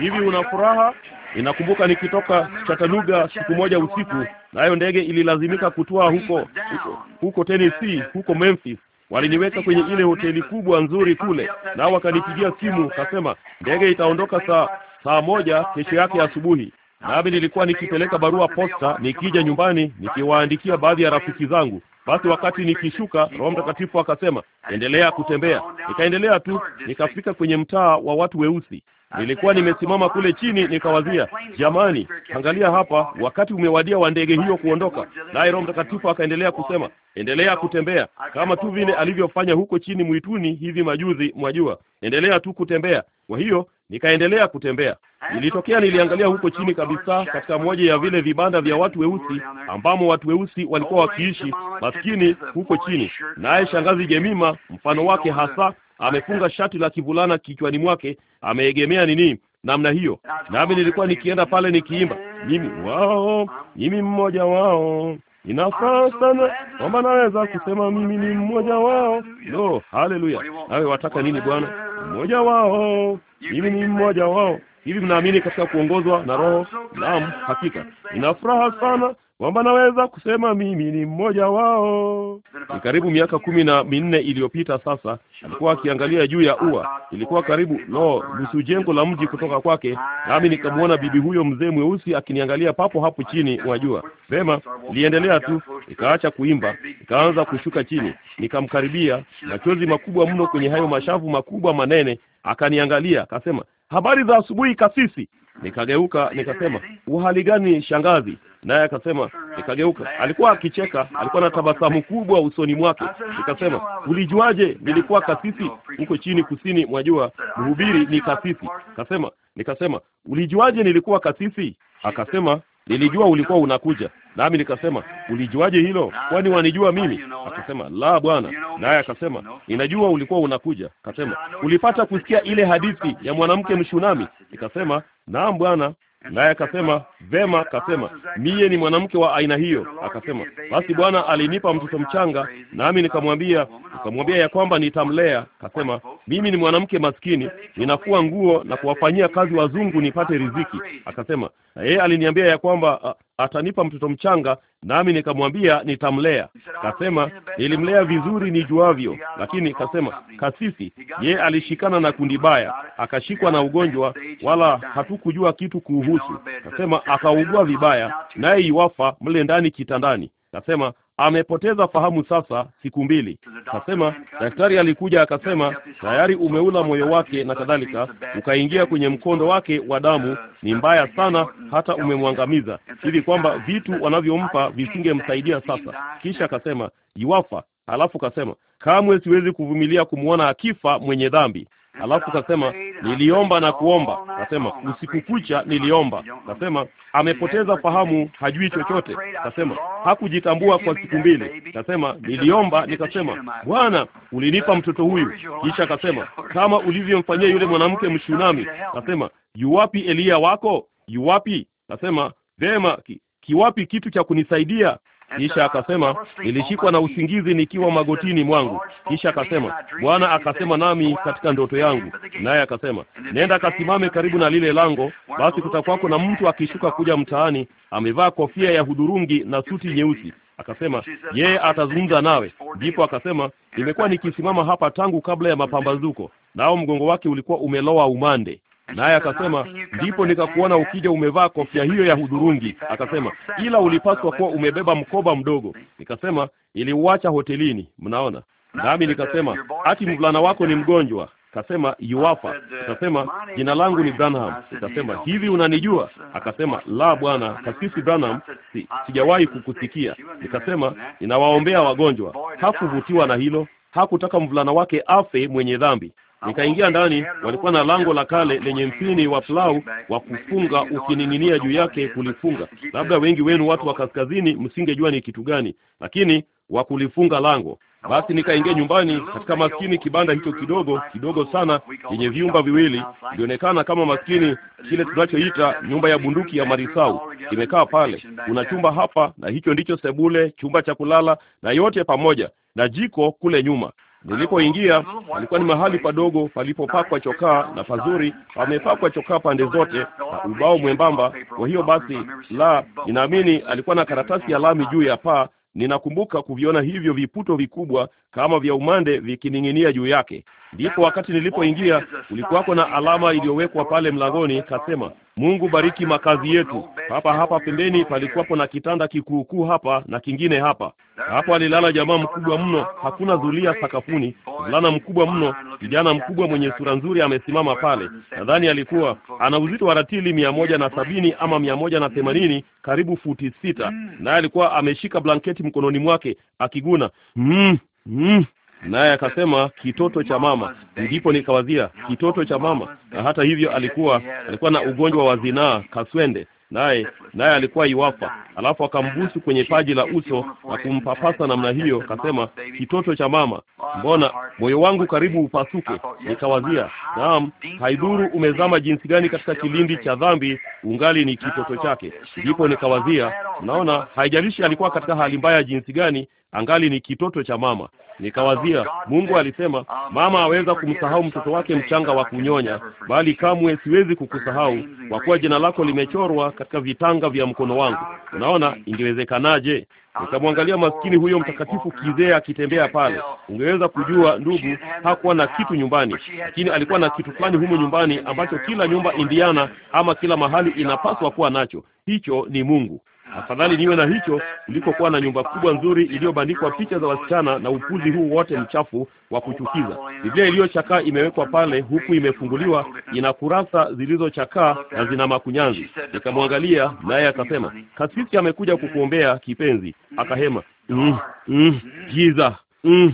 hivi una furaha? Inakumbuka nikitoka Chattanooga siku moja usiku, nayo ndege ililazimika kutua huko huko, huko Tennessee, huko Memphis waliniweka kwenye ile hoteli kubwa nzuri kule, na wakanipigia simu, kasema ndege itaondoka saa saa moja kesho yake asubuhi. Nami nilikuwa nikipeleka barua posta, nikija nyumbani nikiwaandikia baadhi ya rafiki zangu. Basi wakati nikishuka, Roho Mtakatifu akasema endelea kutembea. Nikaendelea tu, nikafika kwenye mtaa wa watu weusi. Nilikuwa nimesimama kule chini nikawazia, jamani, angalia hapa, wakati umewadia wa ndege hiyo kuondoka. Naye Roho Mtakatifu akaendelea kusema, endelea kutembea kama tu vile alivyofanya huko chini mwituni hivi majuzi, mwajua, endelea tu kutembea. Kwa hiyo nikaendelea kutembea. Ilitokea niliangalia huko chini kabisa katika moja ya vile vibanda vya watu weusi ambamo watu weusi walikuwa wakiishi maskini huko chini, naye shangazi Jemima mfano wake hasa amefunga shati la kivulana kichwani mwake, ameegemea nini namna hiyo. Nami nilikuwa nikienda pale nikiimba, mimi wao, mimi mmoja wao, inafaa sana kwamba naweza kusema mimi ni mmoja wao. Lo no, haleluya! Nawe wataka nini Bwana? Mmoja wao, mimi ni mmoja wao. Hivi mnaamini katika kuongozwa na Roho? Naam, hakika. Ina furaha sana kwamba naweza kusema mimi ni mmoja wao. Ni karibu miaka kumi na minne iliyopita sasa, alikuwa akiangalia juu ya ua, ilikuwa karibu no nusu jengo la mji kutoka kwake, nami nikamwona bibi huyo mzee mweusi akiniangalia papo hapo chini. Wajua vema, niliendelea tu, nikaacha kuimba, nikaanza kushuka chini, nikamkaribia, machozi makubwa mno kwenye hayo mashavu makubwa manene. Akaniangalia akasema, habari za asubuhi kasisi. Nikageuka nikasema, uhali gani shangazi? Naye akasema, nikageuka. Alikuwa akicheka, alikuwa na tabasamu kubwa usoni mwake. Nikasema, ulijuaje? Nilikuwa kasisi huko chini kusini, mwajua mhubiri ni kasisi. Kasema, nikasema, ulijuaje nilikuwa kasisi? Akasema, nilijua ulikuwa unakuja. Nami nikasema, ulijuaje hilo? Kwani wanijua mimi? Akasema, la bwana. Naye akasema, ninajua ulikuwa unakuja. Akasema, ulipata kusikia ile hadithi ya mwanamke mshunami? Nikasema, naam bwana. Naye akasema vema, akasema miye ni mwanamke wa aina hiyo. Akasema basi Bwana alinipa mtoto mchanga, nami nikamwambia, nikamwambia ya kwamba nitamlea. Akasema mimi ni mwanamke maskini, ninafua nguo na kuwafanyia kazi wazungu nipate riziki. Akasema na yeye aliniambia ya kwamba atanipa mtoto mchanga, nami nikamwambia nitamlea. Kasema nilimlea vizuri nijuavyo, lakini kasema kasisi, yeye alishikana na kundi baya, akashikwa na ugonjwa, wala hatukujua kitu kuuhusu. Kasema akaugua vibaya, naye iwafa mle ndani kitandani. Nasema amepoteza fahamu sasa siku mbili. Nasema daktari alikuja akasema tayari umeula moyo wake na kadhalika, ukaingia kwenye mkondo wake wa damu, ni mbaya sana, hata umemwangamiza, hivi kwamba vitu wanavyompa visingemsaidia sasa. Kisha akasema iwafa, alafu kasema kamwe siwezi kuvumilia kumwona akifa mwenye dhambi. Alafu kasema niliomba na kuomba, kasema usiku kucha niliomba, kasema amepoteza fahamu, hajui chochote, kasema hakujitambua kwa siku mbili, kasema niliomba, nikasema Bwana, ulinipa mtoto huyu, kisha kasema kama ulivyomfanyia yule mwanamke Mshunami, kasema yuwapi Eliya wako, yuwapi? Kasema vema, kiwapi kitu cha kunisaidia? Kisha uh, akasema nilishikwa na usingizi nikiwa magotini mwangu. Kisha akasema, Bwana akasema nami katika ndoto yangu, naye akasema, nenda kasimame karibu na lile lango, basi kutakuwako na mtu akishuka kuja mtaani, amevaa kofia ya hudhurungi na suti nyeusi. Akasema yeye atazungumza nawe. Ndipo akasema nimekuwa nikisimama hapa tangu kabla ya mapambazuko, nao mgongo wake ulikuwa umeloa umande. Naye akasema, ndipo nikakuona ukija umevaa kofia hiyo ya hudhurungi. Akasema, ila ulipaswa kuwa umebeba mkoba mdogo. Nikasema, iliuacha hotelini, mnaona. Nami nikasema, ati mvulana wako ni mgonjwa. Akasema, yuafa. Akasema, jina langu ni Branham. Nikasema, hivi unanijua? Akasema, la bwana, kasisi Branham, si, sijawahi kukusikia. Nikasema, ninawaombea wagonjwa. Hakuvutiwa na hilo, hakutaka mvulana wake afe mwenye dhambi. Nikaingia ndani, walikuwa na lango la kale lenye mpini wa plau wa kufunga ukining'inia juu yake kulifunga. Labda wengi wenu watu wa kaskazini msingejua ni kitu gani, lakini wa kulifunga lango. Basi nikaingia nyumbani katika maskini kibanda hicho kidogo kidogo sana yenye vyumba viwili, ilionekana kama maskini kile tunachoita nyumba ya bunduki ya Marisau. Kimekaa pale, kuna chumba hapa na hicho ndicho sebule, chumba cha kulala na yote pamoja na jiko kule nyuma. Nilipoingia palikuwa ni mahali padogo palipopakwa chokaa na pazuri, pamepakwa chokaa pande zote na ubao mwembamba. Kwa hiyo basi, la, ninaamini alikuwa na karatasi ya lami juu ya paa. Ninakumbuka kuviona hivyo viputo vikubwa kama vya umande vikining'inia juu yake. Ndipo wakati nilipoingia, kulikuwako na alama iliyowekwa pale mlangoni, kasema Mungu bariki makazi yetu. Hapa hapa pembeni palikuwapo na kitanda kikuukuu hapa na kingine hapa. Hapo alilala jamaa mkubwa mno, hakuna zulia sakafuni, mvulana mkubwa mno, kijana mkubwa mwenye sura nzuri amesimama pale. Nadhani alikuwa ana uzito wa ratili mia moja na sabini ama mia moja na themanini, karibu futi sita, naye alikuwa ameshika blanketi mkononi mwake akiguna mm mm. Naye akasema kitoto cha mama. Ndipo nikawazia kitoto cha mama, na hata hivyo alikuwa alikuwa na ugonjwa wa zinaa kaswende, naye naye alikuwa iwafa. Alafu akambusu kwenye paji la uso na kumpapasa namna hiyo, akasema kitoto cha mama. Mbona moyo wangu karibu upasuke, nikawazia, naam, haidhuru umezama jinsi gani katika kilindi cha dhambi, ungali ni kitoto chake. Ndipo nikawazia, naona haijalishi alikuwa katika hali mbaya jinsi gani angali ni kitoto cha mama. Nikawazia, Mungu alisema um, mama aweza kumsahau mtoto wake mchanga wa kunyonya, bali kamwe siwezi kukusahau, kwa kuwa jina lako limechorwa katika vitanga vya mkono wangu. Unaona, ingewezekanaje? Nikamwangalia maskini huyo mtakatifu kizee akitembea pale. Ungeweza kujua, ndugu, hakuwa na kitu nyumbani, lakini alikuwa na kitu fulani humo nyumbani ambacho kila nyumba Indiana ama kila mahali inapaswa kuwa nacho. Hicho ni Mungu. Afadhali niwe na hicho kuliko kuwa na nyumba kubwa nzuri iliyobandikwa picha za wasichana na upuzi huu wote mchafu wa kuchukiza. Biblia iliyochakaa imewekwa pale, huku imefunguliwa, ina kurasa zilizochakaa na zina makunyanzi. Nikamwangalia naye akasema, kasisi amekuja kukuombea kipenzi. Akahema, mm, mm, giza mm,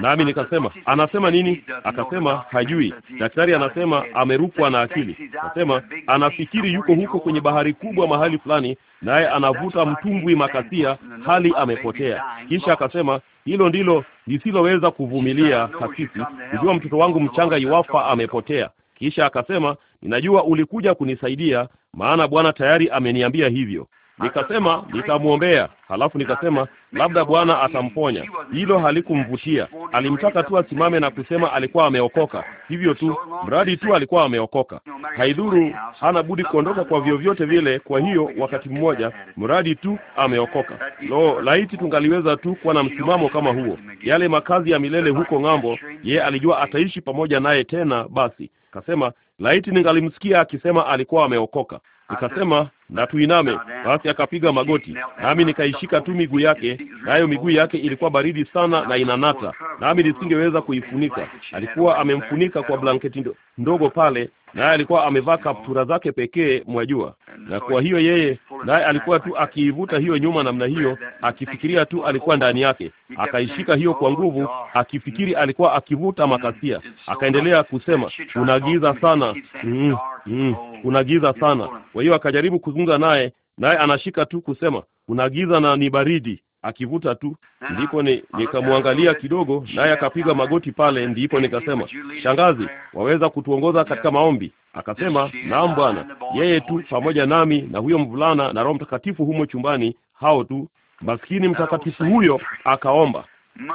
Nami nikasema anasema nini? Akasema hajui. Daktari anasema amerukwa na akili. Akasema anafikiri yuko huko kwenye bahari kubwa mahali fulani, naye anavuta mtumbwi makasia, hali amepotea. Kisha akasema hilo ndilo lisiloweza kuvumilia kasisi, kujua mtoto wangu mchanga iwafa amepotea. Kisha akasema ninajua ulikuja kunisaidia, maana Bwana tayari ameniambia hivyo. Nikasema nitamwombea, halafu nikasema labda Bwana atamponya. Hilo halikumvutia, alimtaka tu asimame na kusema alikuwa ameokoka, hivyo tu, mradi tu alikuwa ameokoka. Haidhuru, hana budi kuondoka kwa vyovyote vile. Kwa hiyo wakati mmoja, mradi tu ameokoka. Lo, laiti tungaliweza tu kuwa na msimamo kama huo, yale makazi ya milele huko ng'ambo. Ye alijua ataishi pamoja naye tena. Basi kasema laiti ningalimsikia akisema alikuwa ameokoka. Nikasema na tuiname. Basi akapiga magoti, nami nikaishika tu miguu yake, nayo miguu yake ilikuwa baridi sana na inanata, nami nisingeweza kuifunika. Alikuwa amemfunika kwa blanketi ndogo pale, naye alikuwa amevaa kaptura zake pekee, mwajua, na kwa hiyo yeye naye alikuwa tu akiivuta hiyo nyuma namna hiyo, akifikiria tu alikuwa ndani yake, akaishika hiyo kwa nguvu, akifikiri alikuwa akivuta makasia. Akaendelea kusema kuna giza sana, mm, mm-hmm. mm, mm-hmm. giza sana. Kwa hiyo akajaribu kuzungumza naye, naye anashika tu kusema kuna giza na ni baridi akivuta tu, ah, ndipo ni nikamwangalia kidogo, naye akapiga magoti pale. Ndipo nikasema, shangazi, waweza kutuongoza katika maombi? Akasema, naam bwana. Yeye tu pamoja nami na huyo mvulana na Roho Mtakatifu humo chumbani, hao tu. Maskini mtakatifu huyo akaomba.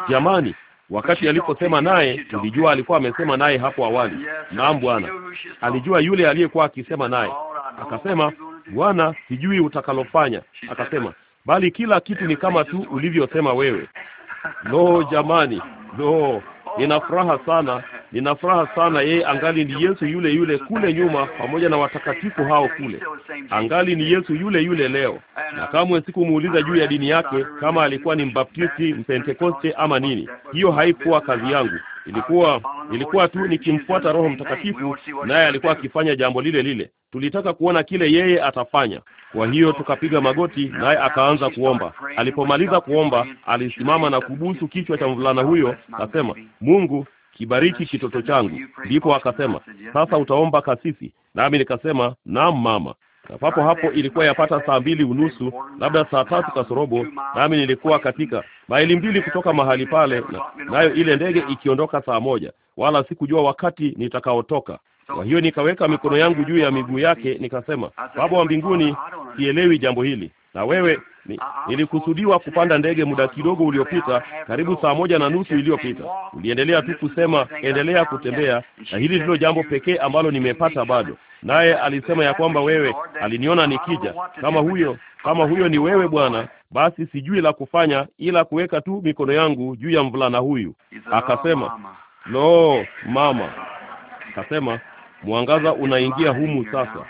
Jamani, wakati aliposema naye tulijua alikuwa amesema naye hapo awali. Naam bwana, alijua yule aliyekuwa akisema naye. Akasema, Bwana, sijui utakalofanya. Akasema bali kila kitu ni kama tu ulivyosema wewe. Lo, jamani, lo, nina furaha sana, nina furaha sana. Yeye angali ni Yesu yule yule kule nyuma, pamoja na watakatifu hao kule, angali ni Yesu yule yule leo, na kamwe sikumuuliza juu ya dini yake, kama alikuwa ni Mbaptisti, Mpentekoste ama nini. Hiyo haikuwa kazi yangu ilikuwa ilikuwa tu nikimfuata Roho Mtakatifu, naye alikuwa akifanya jambo lile lile. Tulitaka kuona kile yeye atafanya, kwa hiyo tukapiga magoti, naye akaanza kuomba. Alipomaliza kuomba, alisimama na kubusu kichwa cha mvulana huyo, akasema, Mungu kibariki kitoto changu. Ndipo akasema, sasa utaomba kasisi, nami nikasema, naam mama na papo hapo ilikuwa yapata saa mbili unusu labda saa tatu kasorobo, nami nilikuwa katika maili mbili kutoka mahali pale, nayo na ile ndege ikiondoka saa moja, wala sikujua wakati nitakaotoka. Kwa hiyo nikaweka mikono yangu juu ya miguu yake, nikasema, Baba wa mbinguni, sielewi jambo hili, na wewe nilikusudiwa kupanda ndege muda kidogo uliopita, karibu saa moja na nusu iliyopita. Uliendelea tu kusema endelea kutembea, na hili ndilo jambo pekee ambalo nimepata bado. Naye alisema ya kwamba wewe aliniona nikija. Kama huyo kama huyo ni wewe Bwana, basi sijui la kufanya ila kuweka tu mikono yangu juu ya mvulana huyu. Akasema lo, mama, akasema Mwangaza unaingia humu sasa.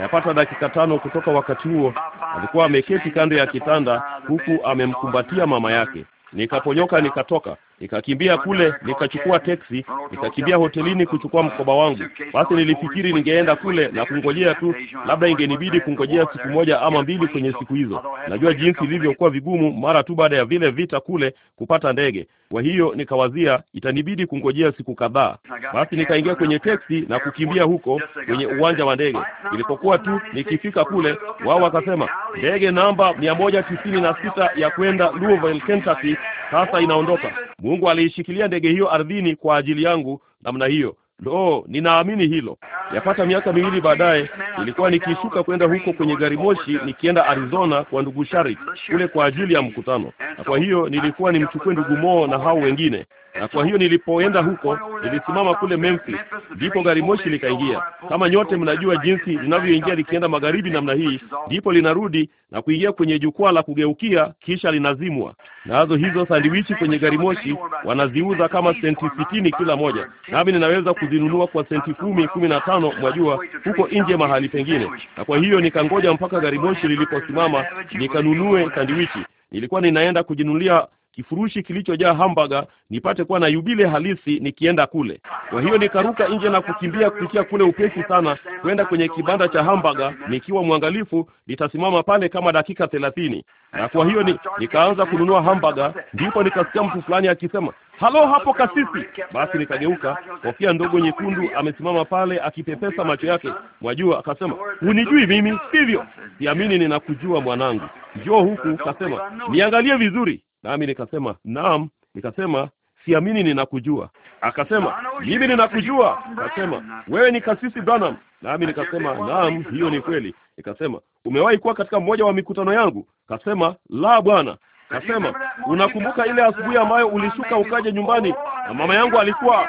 Yapata dakika tano kutoka wakati huo, alikuwa ameketi kando ya kitanda, huku amemkumbatia mama yake. Nikaponyoka nikatoka Nikakimbia kule nikachukua teksi, nikakimbia hotelini kuchukua mkoba wangu. Basi nilifikiri ningeenda kule na kungojea tu, labda ingenibidi kungojea siku moja ama mbili kwenye siku hizo. Najua jinsi ilivyokuwa vigumu mara tu baada ya vile vita kule kupata ndege. Kwa hiyo nikawazia itanibidi kungojea siku kadhaa. Basi nikaingia kwenye teksi na kukimbia huko kwenye uwanja wa ndege. ilipokuwa tu nikifika kule, wao wakasema ndege namba mia moja tisini na sita ya kwenda Louisville, Kentucky sasa inaondoka. Mungu aliishikilia ndege hiyo ardhini kwa ajili yangu namna hiyo. Lo, ninaamini hilo. Yapata miaka miwili baadaye, nilikuwa nikishuka kwenda huko kwenye gari moshi nikienda Arizona kwa ndugu Sharik kule kwa ajili ya mkutano, na kwa hiyo nilikuwa nimchukue ndugu Moo na hao wengine. Na kwa hiyo nilipoenda huko, nilisimama kule Memphis, ndipo gari moshi likaingia. Kama nyote mnajua jinsi linavyoingia likienda magharibi namna hii, ndipo linarudi na kuingia kwenye jukwaa la kugeukia, kisha linazimwa. Nazo hizo sandiwichi kwenye gari moshi wanaziuza kama senti sitini kila moja, nami ninaweza kuzinunua kwa senti kumi, kumi na tano, mwajua, huko nje mahali pengine. Na kwa hiyo nikangoja mpaka gari moshi liliposimama nikanunue sandiwichi. Nilikuwa ninaenda kujinunulia kifurushi kilichojaa hamburger nipate kuwa na yubile halisi nikienda kule. Kwa hiyo nikaruka nje na kukimbia kupitia kule upesi sana kwenda kwenye kibanda cha hamburger, nikiwa mwangalifu nitasimama pale kama dakika thelathini. Na kwa hiyo ni, nikaanza kununua hamburger, ndipo nikasikia mtu fulani akisema halo, hapo kasisi. Basi nikageuka, kofia ndogo nyekundu, amesimama pale akipepesa macho yake, mwajua, akasema unijui mimi sivyo? Siamini ninakujua mwanangu, njoo huku. Kasema niangalie vizuri Nami nikasema naam. Nikasema siamini, ninakujua. Akasema mimi ninakujua. Akasema wewe ni kasisi Branham? Nami nikasema naam, hiyo ni kweli. Nikasema umewahi kuwa katika mmoja wa mikutano yangu? Kasema la bwana. Kasema unakumbuka ile asubuhi ambayo ulishuka ukaja nyumbani na mama yangu alikuwa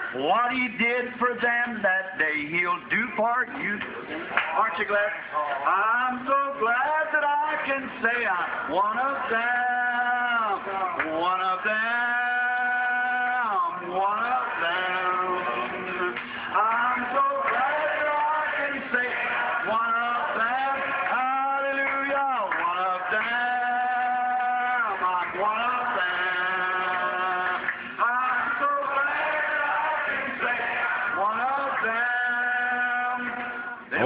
What he did for them that day, he'll do for you. Aren't you glad? I'm so glad that I can say I'm one of them. One of them.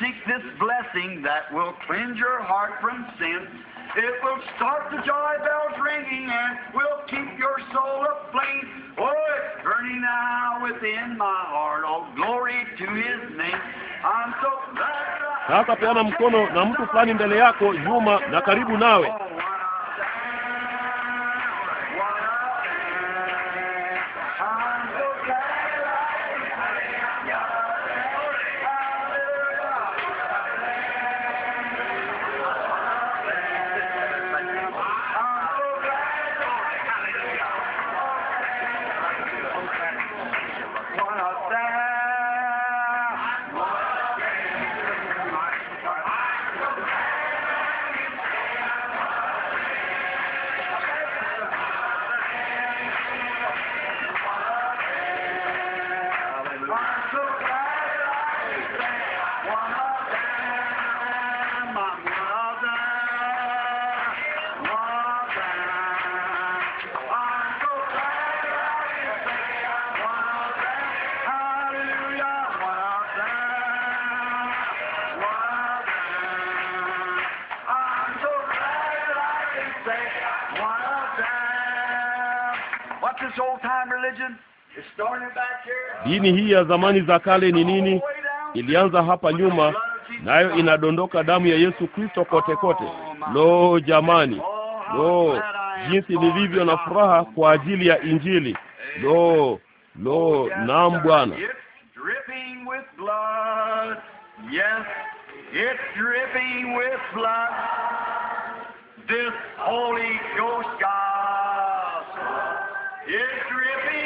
seek this blessing that will cleanse your heart from sin. It will start the joy bells ringing and will keep your soul aflame. Oh, it's burning now within my heart. Oh, glory to His name. I'm so glad. Sasa peana mkono na mtu fulani mbele yako, nyuma na karibu nawe. Dini hii ya zamani za kale ni nini? Ilianza hapa nyuma, nayo inadondoka damu ya Yesu Kristo kote kote. Lo, jamani, lo, jinsi nilivyo na furaha kwa ajili ya Injili! Lo, lo, naam Bwana. This Holy Ghost God It's dripping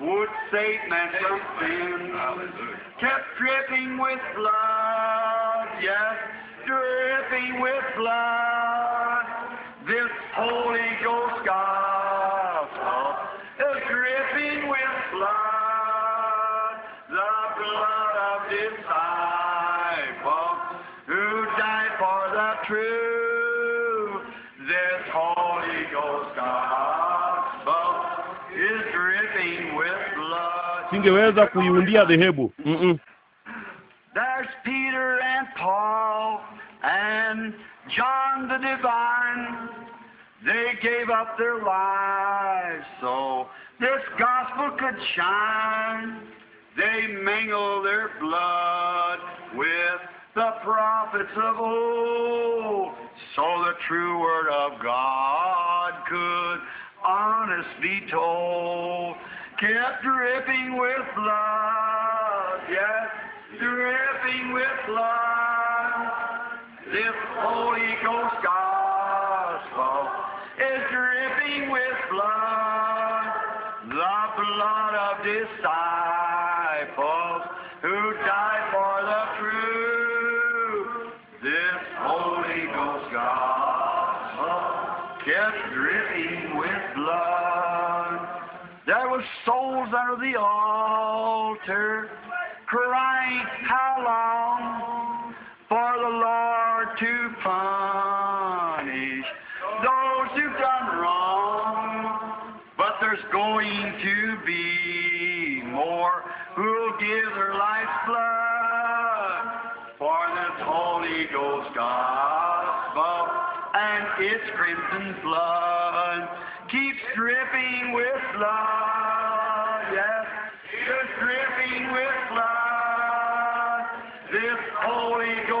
would Satan had some sin, kept dripping with blood, yes, dripping with blood. This Holy Ghost God. There's Peter and Paul and John the Divine. They gave up their lives so this gospel could shine. They mingle their blood with the prophets of old so the true word of God could honestly be told kept dripping with blood, yes, dripping with blood. This Holy Ghost God. gospel and its crimson blood keeps dripping with blood. Yes, it's dripping with blood. This Holy Ghost.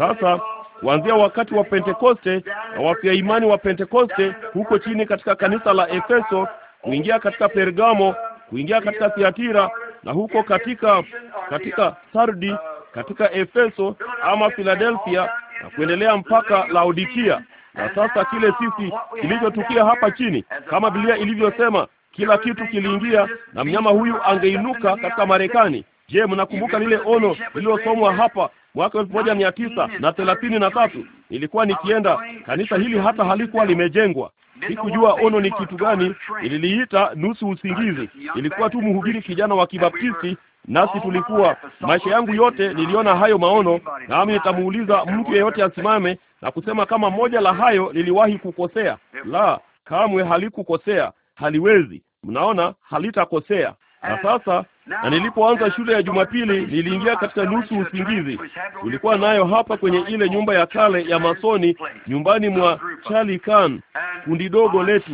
Sasa kuanzia wakati wa Pentekoste na wafia imani wa Pentekoste huko chini katika kanisa la Efeso, kuingia katika Pergamo, kuingia katika Thiatira na huko katika katika Sardi, katika Efeso ama Filadelfia na kuendelea mpaka Laodikia. Na sasa kile sisi kilichotukia hapa chini, kama Biblia ilivyosema, kila kitu kiliingia na mnyama huyu angeinuka katika Marekani. Je, mnakumbuka lile ono lililosomwa hapa mwaka elfu moja mia tisa na thelathini na tatu nilikuwa nikienda kanisa. Hili hata halikuwa limejengwa, sikujua ono ni kitu gani. ililiita nusu usingizi. Ilikuwa tu mhubiri kijana wa Kibaptisti, nasi tulikuwa maisha yangu yote niliona hayo maono, nami nitamuuliza mtu yeyote asimame na kusema kama moja la hayo liliwahi kukosea. La, kamwe halikukosea, haliwezi. Mnaona, halitakosea. Na sasa na nilipoanza shule ya Jumapili niliingia katika nusu usingizi. Tulikuwa nayo hapa kwenye ile nyumba ya kale ya Masoni nyumbani mwa Charlie Kahn, kundi dogo letu,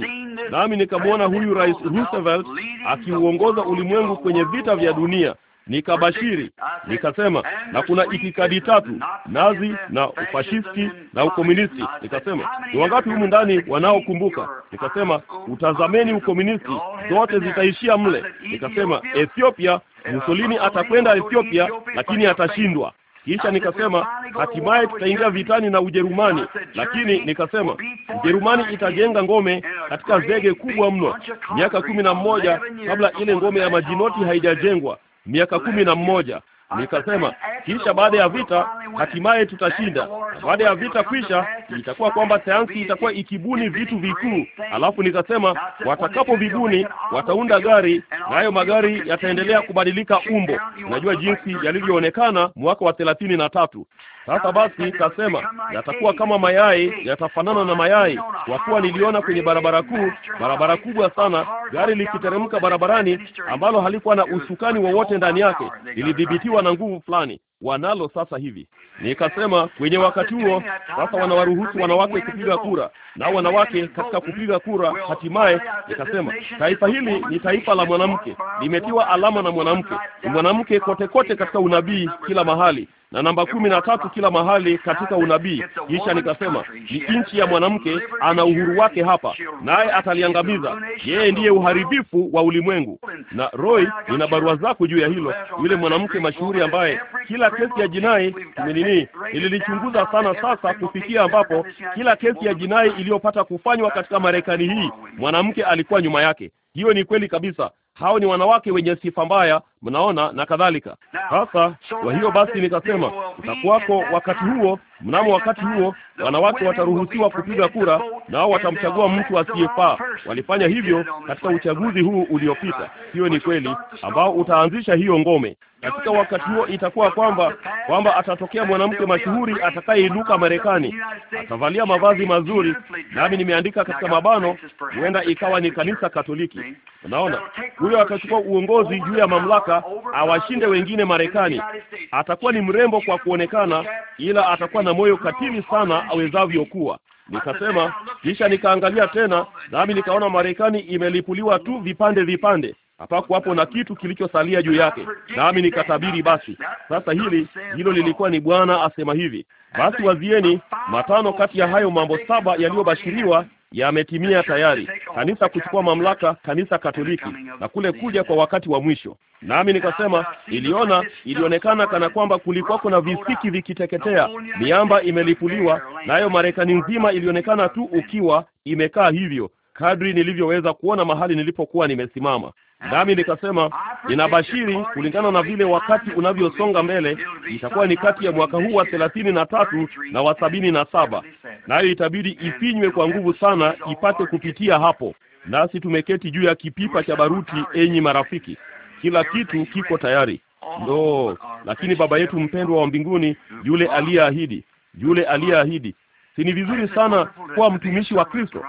nami nikamwona huyu Rais Roosevelt akiuongoza ulimwengu kwenye vita vya dunia nikabashiri nikasema, na kuna itikadi tatu, nazi na ufashisti na ukomunisti. Nikasema, ni wangapi humu ndani wanaokumbuka? Nikasema, utazameni ukomunisti, zote zitaishia mle. Nikasema, Ethiopia, Mussolini atakwenda Ethiopia, lakini atashindwa. Kisha nikasema hatimaye tutaingia vitani na Ujerumani, lakini nikasema Ujerumani itajenga ngome katika zege kubwa mno, miaka kumi na mmoja kabla ile ngome ya majinoti haijajengwa miaka kumi na mmoja. Nikasema kisha baada ya vita hatimaye tutashinda. Baada ya vita kwisha, itakuwa kwamba sayansi itakuwa ikibuni vitu vikuu, alafu nikasema watakapo vibuni wataunda gari, nayo magari yataendelea kubadilika umbo. Najua jinsi yalivyoonekana mwaka wa thelathini na tatu. Sasa basi kasema, yatakuwa kama mayai, yatafanana na mayai, kwa kuwa niliona kwenye barabara kuu, barabara kubwa sana, gari likiteremka barabarani, ambalo halikuwa na usukani wowote ndani yake, lilidhibitiwa na nguvu fulani wanalo sasa hivi. Nikasema kwenye wakati huo sasa wanawaruhusu wanawake kupiga kura, nao wanawake katika kupiga kura, hatimaye nikasema taifa hili ni taifa la mwanamke, limetiwa alama na mwanamke, ni mwanamke kote kote katika unabii, kila mahali na namba kumi na tatu kila mahali katika unabii. Kisha nikasema ni nchi ya mwanamke, ana uhuru wake hapa, naye ataliangamiza. Yeye ndiye uharibifu wa ulimwengu. Na Roy, nina barua zako juu ya hilo. Yule mwanamke mashuhuri ambaye kila kesi ya jinai nini ililichunguza sana, sasa kufikia ambapo kila kesi ya jinai iliyopata kufanywa katika Marekani hii mwanamke alikuwa nyuma yake. Hiyo ni kweli kabisa. Hao ni wanawake wenye sifa mbaya mnaona na kadhalika. Sasa kwa hiyo basi, nikasema utakuwako wakati huo, mnamo wakati huo wanawake wataruhusiwa kupiga kura, nao watamchagua mtu asiyefaa. Walifanya hivyo katika uchaguzi huu uliopita, hiyo ni kweli, ambao utaanzisha hiyo ngome. Katika wakati huo itakuwa kwamba kwamba atatokea mwanamke mashuhuri atakayeinuka Marekani, atavalia mavazi mazuri, nami nimeandika katika mabano, huenda ikawa ni kanisa Katoliki. Unaona, huyo atachukua uongozi juu ya mamlaka mpaka awashinde wengine Marekani. Atakuwa ni mrembo kwa kuonekana, ila atakuwa na moyo katili sana awezavyo kuwa. Nikasema, kisha nikaangalia tena, nami nikaona Marekani imelipuliwa tu vipande vipande hapakuwapo na kitu kilichosalia juu yake, nami nikatabiri. Basi sasa, hili hilo lilikuwa ni Bwana asema hivi. Basi wazieni matano kati ya hayo mambo saba yaliyobashiriwa yametimia tayari, kanisa kuchukua mamlaka, kanisa Katoliki na kule kuja kwa wakati wa mwisho. Nami nikasema, niliona, ilionekana kana kwamba kulikuwa na visiki vikiteketea, miamba imelipuliwa, nayo Marekani nzima ilionekana tu ukiwa imekaa hivyo, kadri nilivyoweza kuona mahali nilipokuwa nimesimama. Nami nikasema ninabashiri, kulingana na vile wakati unavyosonga mbele, itakuwa ni kati ya mwaka huu wa thelathini na tatu na wa sabini na saba, nayo itabidi ifinywe kwa nguvu sana ipate kupitia hapo. Nasi tumeketi juu ya kipipa cha baruti, enyi marafiki, kila kitu kiko tayari. Ndoo, lakini Baba yetu mpendwa wa mbinguni, yule aliyeahidi, yule aliyeahidi, si ni vizuri sana kuwa mtumishi wa Kristo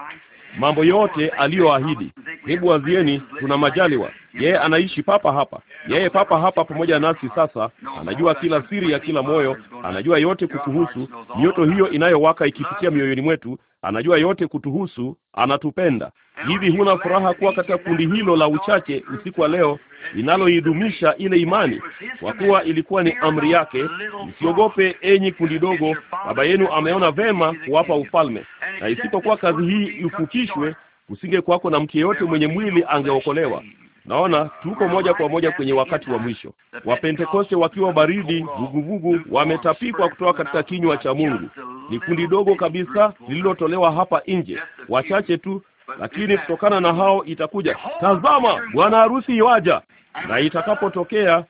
mambo yote aliyoahidi. Hebu wazieni, tuna majaliwa. Yeye anaishi papa hapa, yeye papa hapa pamoja nasi sasa. Anajua kila siri ya kila moyo, anajua yote kukuhusu, nyoto hiyo inayowaka ikipitia mioyoni mwetu, anajua yote kutuhusu, anatupenda. Hivi huna furaha kuwa katika kundi hilo la uchache usiku wa leo linaloidumisha ile imani, kwa kuwa ilikuwa ni amri yake, msiogope enyi kundi dogo, baba yenu ameona vema kuwapa ufalme. Na isipokuwa kazi hii ifukishwe, kusinge kwako na mtu yeyote mwenye mwili angeokolewa. Naona tuko moja kwa moja kwenye wakati wa mwisho. Wapentekoste wakiwa baridi vuguvugu, wametapikwa kutoka katika kinywa cha Mungu. Ni kundi dogo kabisa lililotolewa hapa nje, wachache tu, lakini kutokana na hao itakuja, tazama, bwana harusi iwaja Na itakapotokea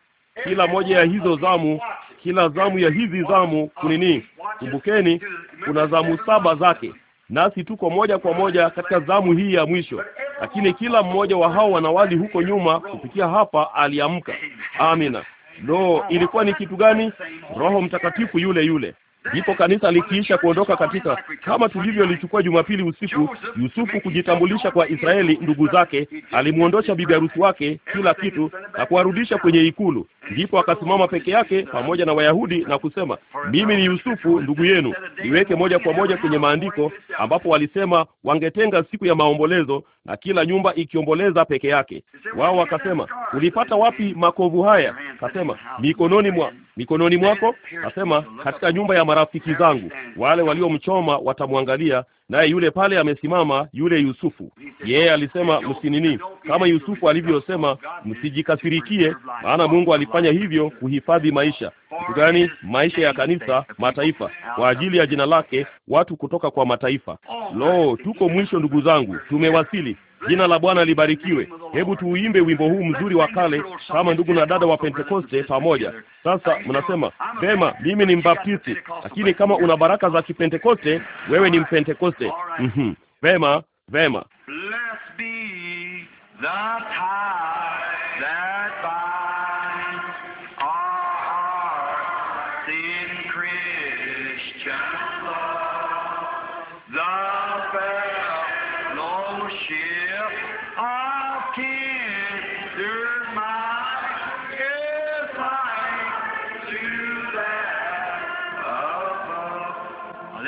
kila moja ya hizo zamu, kila zamu ya hizi zamu kunini, kumbukeni, kuna zamu saba zake nasi tuko moja kwa moja katika zamu hii ya mwisho, lakini kila mmoja wa hao wanawali huko nyuma kufikia hapa aliamka. Amina. Lo, ilikuwa ni kitu gani? Roho Mtakatifu yule yule. Ndipo kanisa likiisha kuondoka katika, kama tulivyolichukua Jumapili usiku, Yusufu kujitambulisha kwa Israeli ndugu zake, alimwondosha bibi harusi wake, kila kitu, na kuwarudisha kwenye ikulu. Ndipo akasimama peke yake pamoja na Wayahudi na kusema, mimi ni Yusufu ndugu yenu. Niweke moja kwa moja kwenye maandiko, ambapo walisema wangetenga siku ya maombolezo na kila nyumba ikiomboleza peke yake. Wao wakasema, ulipata wapi makovu haya? Kasema, mikononi mwa mikononi mwako. Akasema, katika nyumba ya marafiki zangu wale waliomchoma watamwangalia, naye yule pale amesimama yule Yusufu. Yeye alisema msinini, kama Yusufu alivyosema, msijikasirikie, maana Mungu alifanya hivyo kuhifadhi maisha gani? Maisha ya kanisa, mataifa kwa ajili ya jina lake, watu kutoka kwa mataifa. Lo, tuko mwisho ndugu zangu, tumewasili. Jina la Bwana libarikiwe. Hebu tuuimbe wimbo huu mzuri wa kale kama ndugu na dada wa Pentekoste pamoja. Sasa mnasema vema, mimi ni Mbaptisti, lakini kama una baraka za Kipentekoste wewe ni Mpentekoste. Mhm, vema, vema.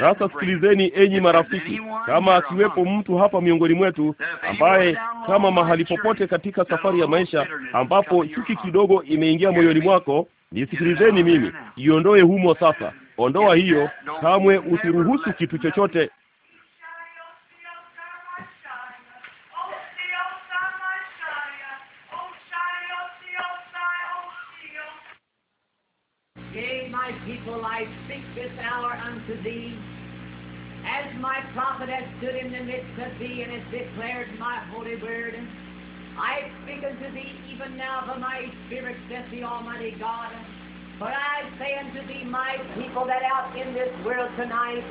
Sasa sikilizeni, enyi marafiki, kama akiwepo mtu hapa miongoni mwetu ambaye kama mahali popote katika safari ya maisha ambapo chuki kidogo imeingia moyoni mwako, nisikilizeni mimi, iondoe humo sasa. Ondoa hiyo, kamwe usiruhusu kitu chochote my people, I speak this hour unto thee. as my prophet has stood in the midst of thee and has declared my holy word, I speak unto thee even now by my spirit, saith the Almighty God. For I say unto thee, my people that out in this world tonight,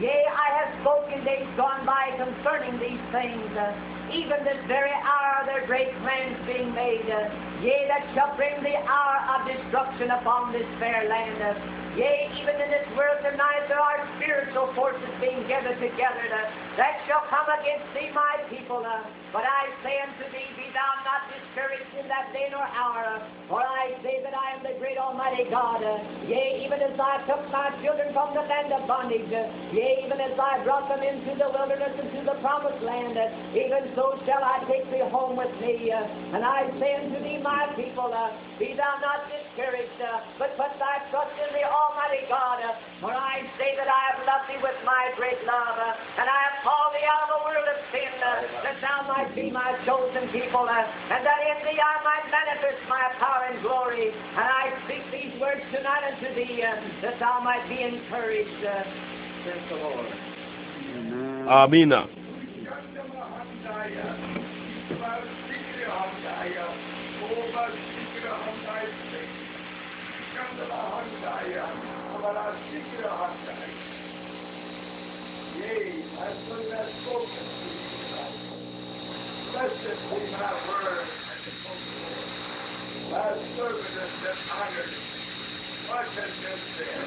Yea, I have spoken days gone by concerning these things, uh, even this very hour their great plans being made. Uh, yea, that shall bring the hour of destruction upon this fair land. Uh, Yea, even in this world tonight there are spiritual forces being gathered together to, that shall come against thee, my people. Uh, but I say unto thee, be thou not discouraged in that day nor hour. Uh, for I say that I am the great Almighty God. Uh, yea, even as I took my children from the land of bondage. Uh, yea, even as I brought them into the wilderness, and into the promised land. Uh, even so shall I take thee home with me. Uh, and I say unto thee, my people, uh, be thou not discouraged, uh, but put thy trust in the Almighty God, uh, for I say that I have loved thee with my great love, uh, and I have called thee out of the world of sin, uh, that thou might be my chosen people, and that in thee I might manifest my power and glory. And I speak these words tonight unto thee, that thou might be encouraged, says the Lord. Amen. Amen. the honored. Much has been said.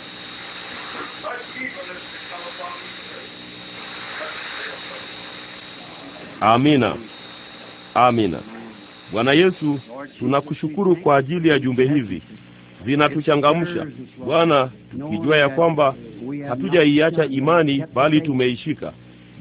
Much has become upon the Amina. Amina. Bwana Yesu, tunakushukuru kwa ajili ya jumbe hizi zinatuchangamsha Bwana, tukijua ya kwamba hatujaiacha imani bali tumeishika.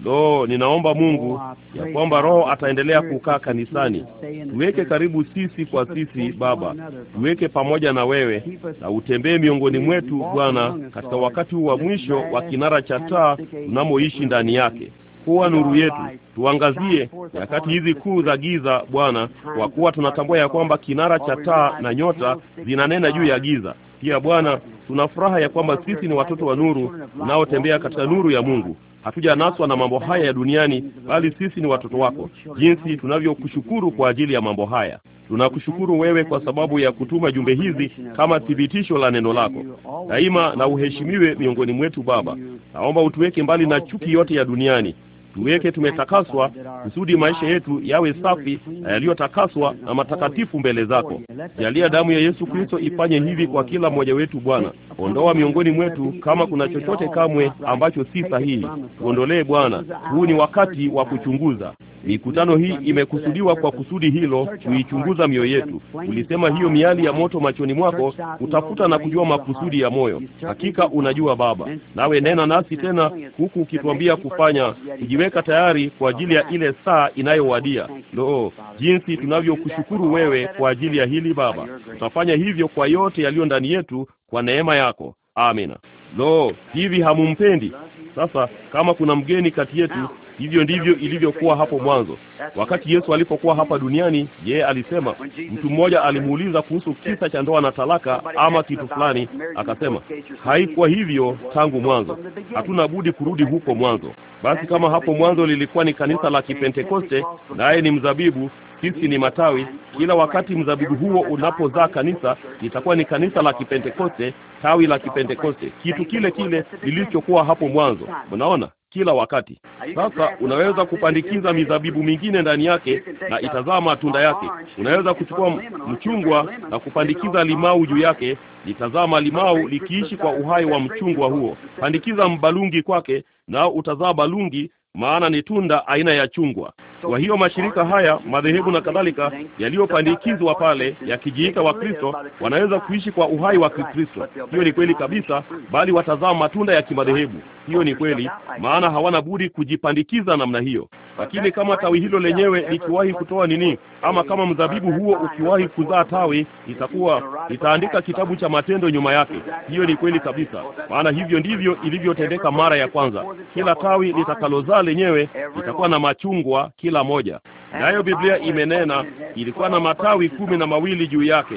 Lo, ninaomba Mungu ya kwamba Roho ataendelea kukaa kanisani. Tuweke karibu sisi kwa sisi, Baba, tuweke pamoja na wewe, na utembee miongoni mwetu Bwana, katika wakati huu wa mwisho wa kinara cha taa tunamoishi ndani yake kuwa nuru yetu, tuangazie nyakati hizi kuu za giza, Bwana, kwa kuwa tunatambua ya kwamba kinara cha taa na nyota zinanena juu ya giza. Pia Bwana, tuna furaha ya kwamba sisi ni watoto wa nuru unaotembea katika nuru ya Mungu. Hatujanaswa na mambo haya ya duniani, bali sisi ni watoto wako. Jinsi tunavyokushukuru kwa ajili ya mambo haya! Tunakushukuru wewe kwa sababu ya kutuma jumbe hizi kama thibitisho la neno lako. Daima na uheshimiwe miongoni mwetu. Baba, naomba utuweke mbali na chuki yote ya duniani, tuweke tumetakaswa, kusudi maisha yetu yawe safi na eh, yaliyotakaswa na matakatifu mbele zako. Jalia damu ya Yesu Kristo ifanye hivi kwa kila mmoja wetu. Bwana, ondoa miongoni mwetu kama kuna chochote kamwe ambacho si sahihi, tuondolee Bwana. Huu ni wakati wa kuchunguza. Mikutano hii imekusudiwa kwa kusudi hilo, kuichunguza mioyo yetu. Ulisema hiyo miali ya moto machoni mwako utafuta na kujua makusudi ya moyo. Hakika unajua Baba, nawe nena nasi tena, huku ukituambia kufanya kujiwe kujiweka tayari kwa ajili ya ile saa inayowadia. lo jinsi tunavyokushukuru wewe kwa ajili ya hili Baba. Tutafanya hivyo kwa yote yaliyo ndani yetu kwa neema yako. Amina. lo hivi hamumpendi? Sasa kama kuna mgeni kati yetu Hivyo ndivyo ilivyokuwa hapo mwanzo. Wakati Yesu alipokuwa hapa duniani, yeye alisema, mtu mmoja alimuuliza kuhusu kisa cha ndoa na talaka ama kitu fulani, akasema, haikuwa hivyo tangu mwanzo. Hatuna budi kurudi huko mwanzo. Basi kama hapo mwanzo lilikuwa ni kanisa la Kipentekoste, naye ni mzabibu sisi ni matawi. Kila wakati mzabibu huo unapozaa kanisa, litakuwa ni kanisa la Kipentekoste, tawi la Kipentekoste, kitu kile kile lilichokuwa hapo mwanzo. Mnaona, kila wakati. Sasa unaweza kupandikiza mizabibu mingine ndani yake na itazaa matunda yake. Unaweza kuchukua mchungwa na kupandikiza limau juu yake, litazama limau likiishi kwa uhai wa mchungwa huo. Pandikiza mbalungi kwake, nao utazaa balungi, maana ni tunda aina ya chungwa. Kwa hiyo mashirika haya, madhehebu na kadhalika, yaliyopandikizwa pale, yakijiita Wakristo, wanaweza kuishi kwa uhai wa Kikristo. Hiyo ni kweli kabisa, bali watazaa matunda ya kimadhehebu. Hiyo ni kweli, maana hawana budi kujipandikiza namna hiyo. Lakini kama tawi hilo lenyewe likiwahi kutoa nini, ama kama mzabibu huo ukiwahi kuzaa tawi, itakuwa itaandika kitabu cha matendo nyuma yake. Hiyo ni kweli kabisa, maana hivyo ndivyo ilivyotendeka mara ya kwanza. Kila tawi litakalozaa lenyewe litakuwa na machungwa kila moja, eh, nayo Biblia imenena ilikuwa na matawi kumi na mawili juu yake.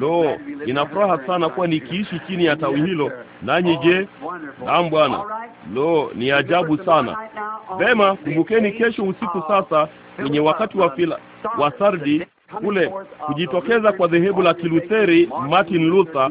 Lo, ina furaha sana kuwa nikiishi chini ya tawi hilo. Nanyi je? Naam Bwana. Lo, ni ajabu sana. Vema, kumbukeni kesho usiku sasa kwenye wakati wa fila wa sardi kule kujitokeza kwa dhehebu la Kilutheri Martin Luther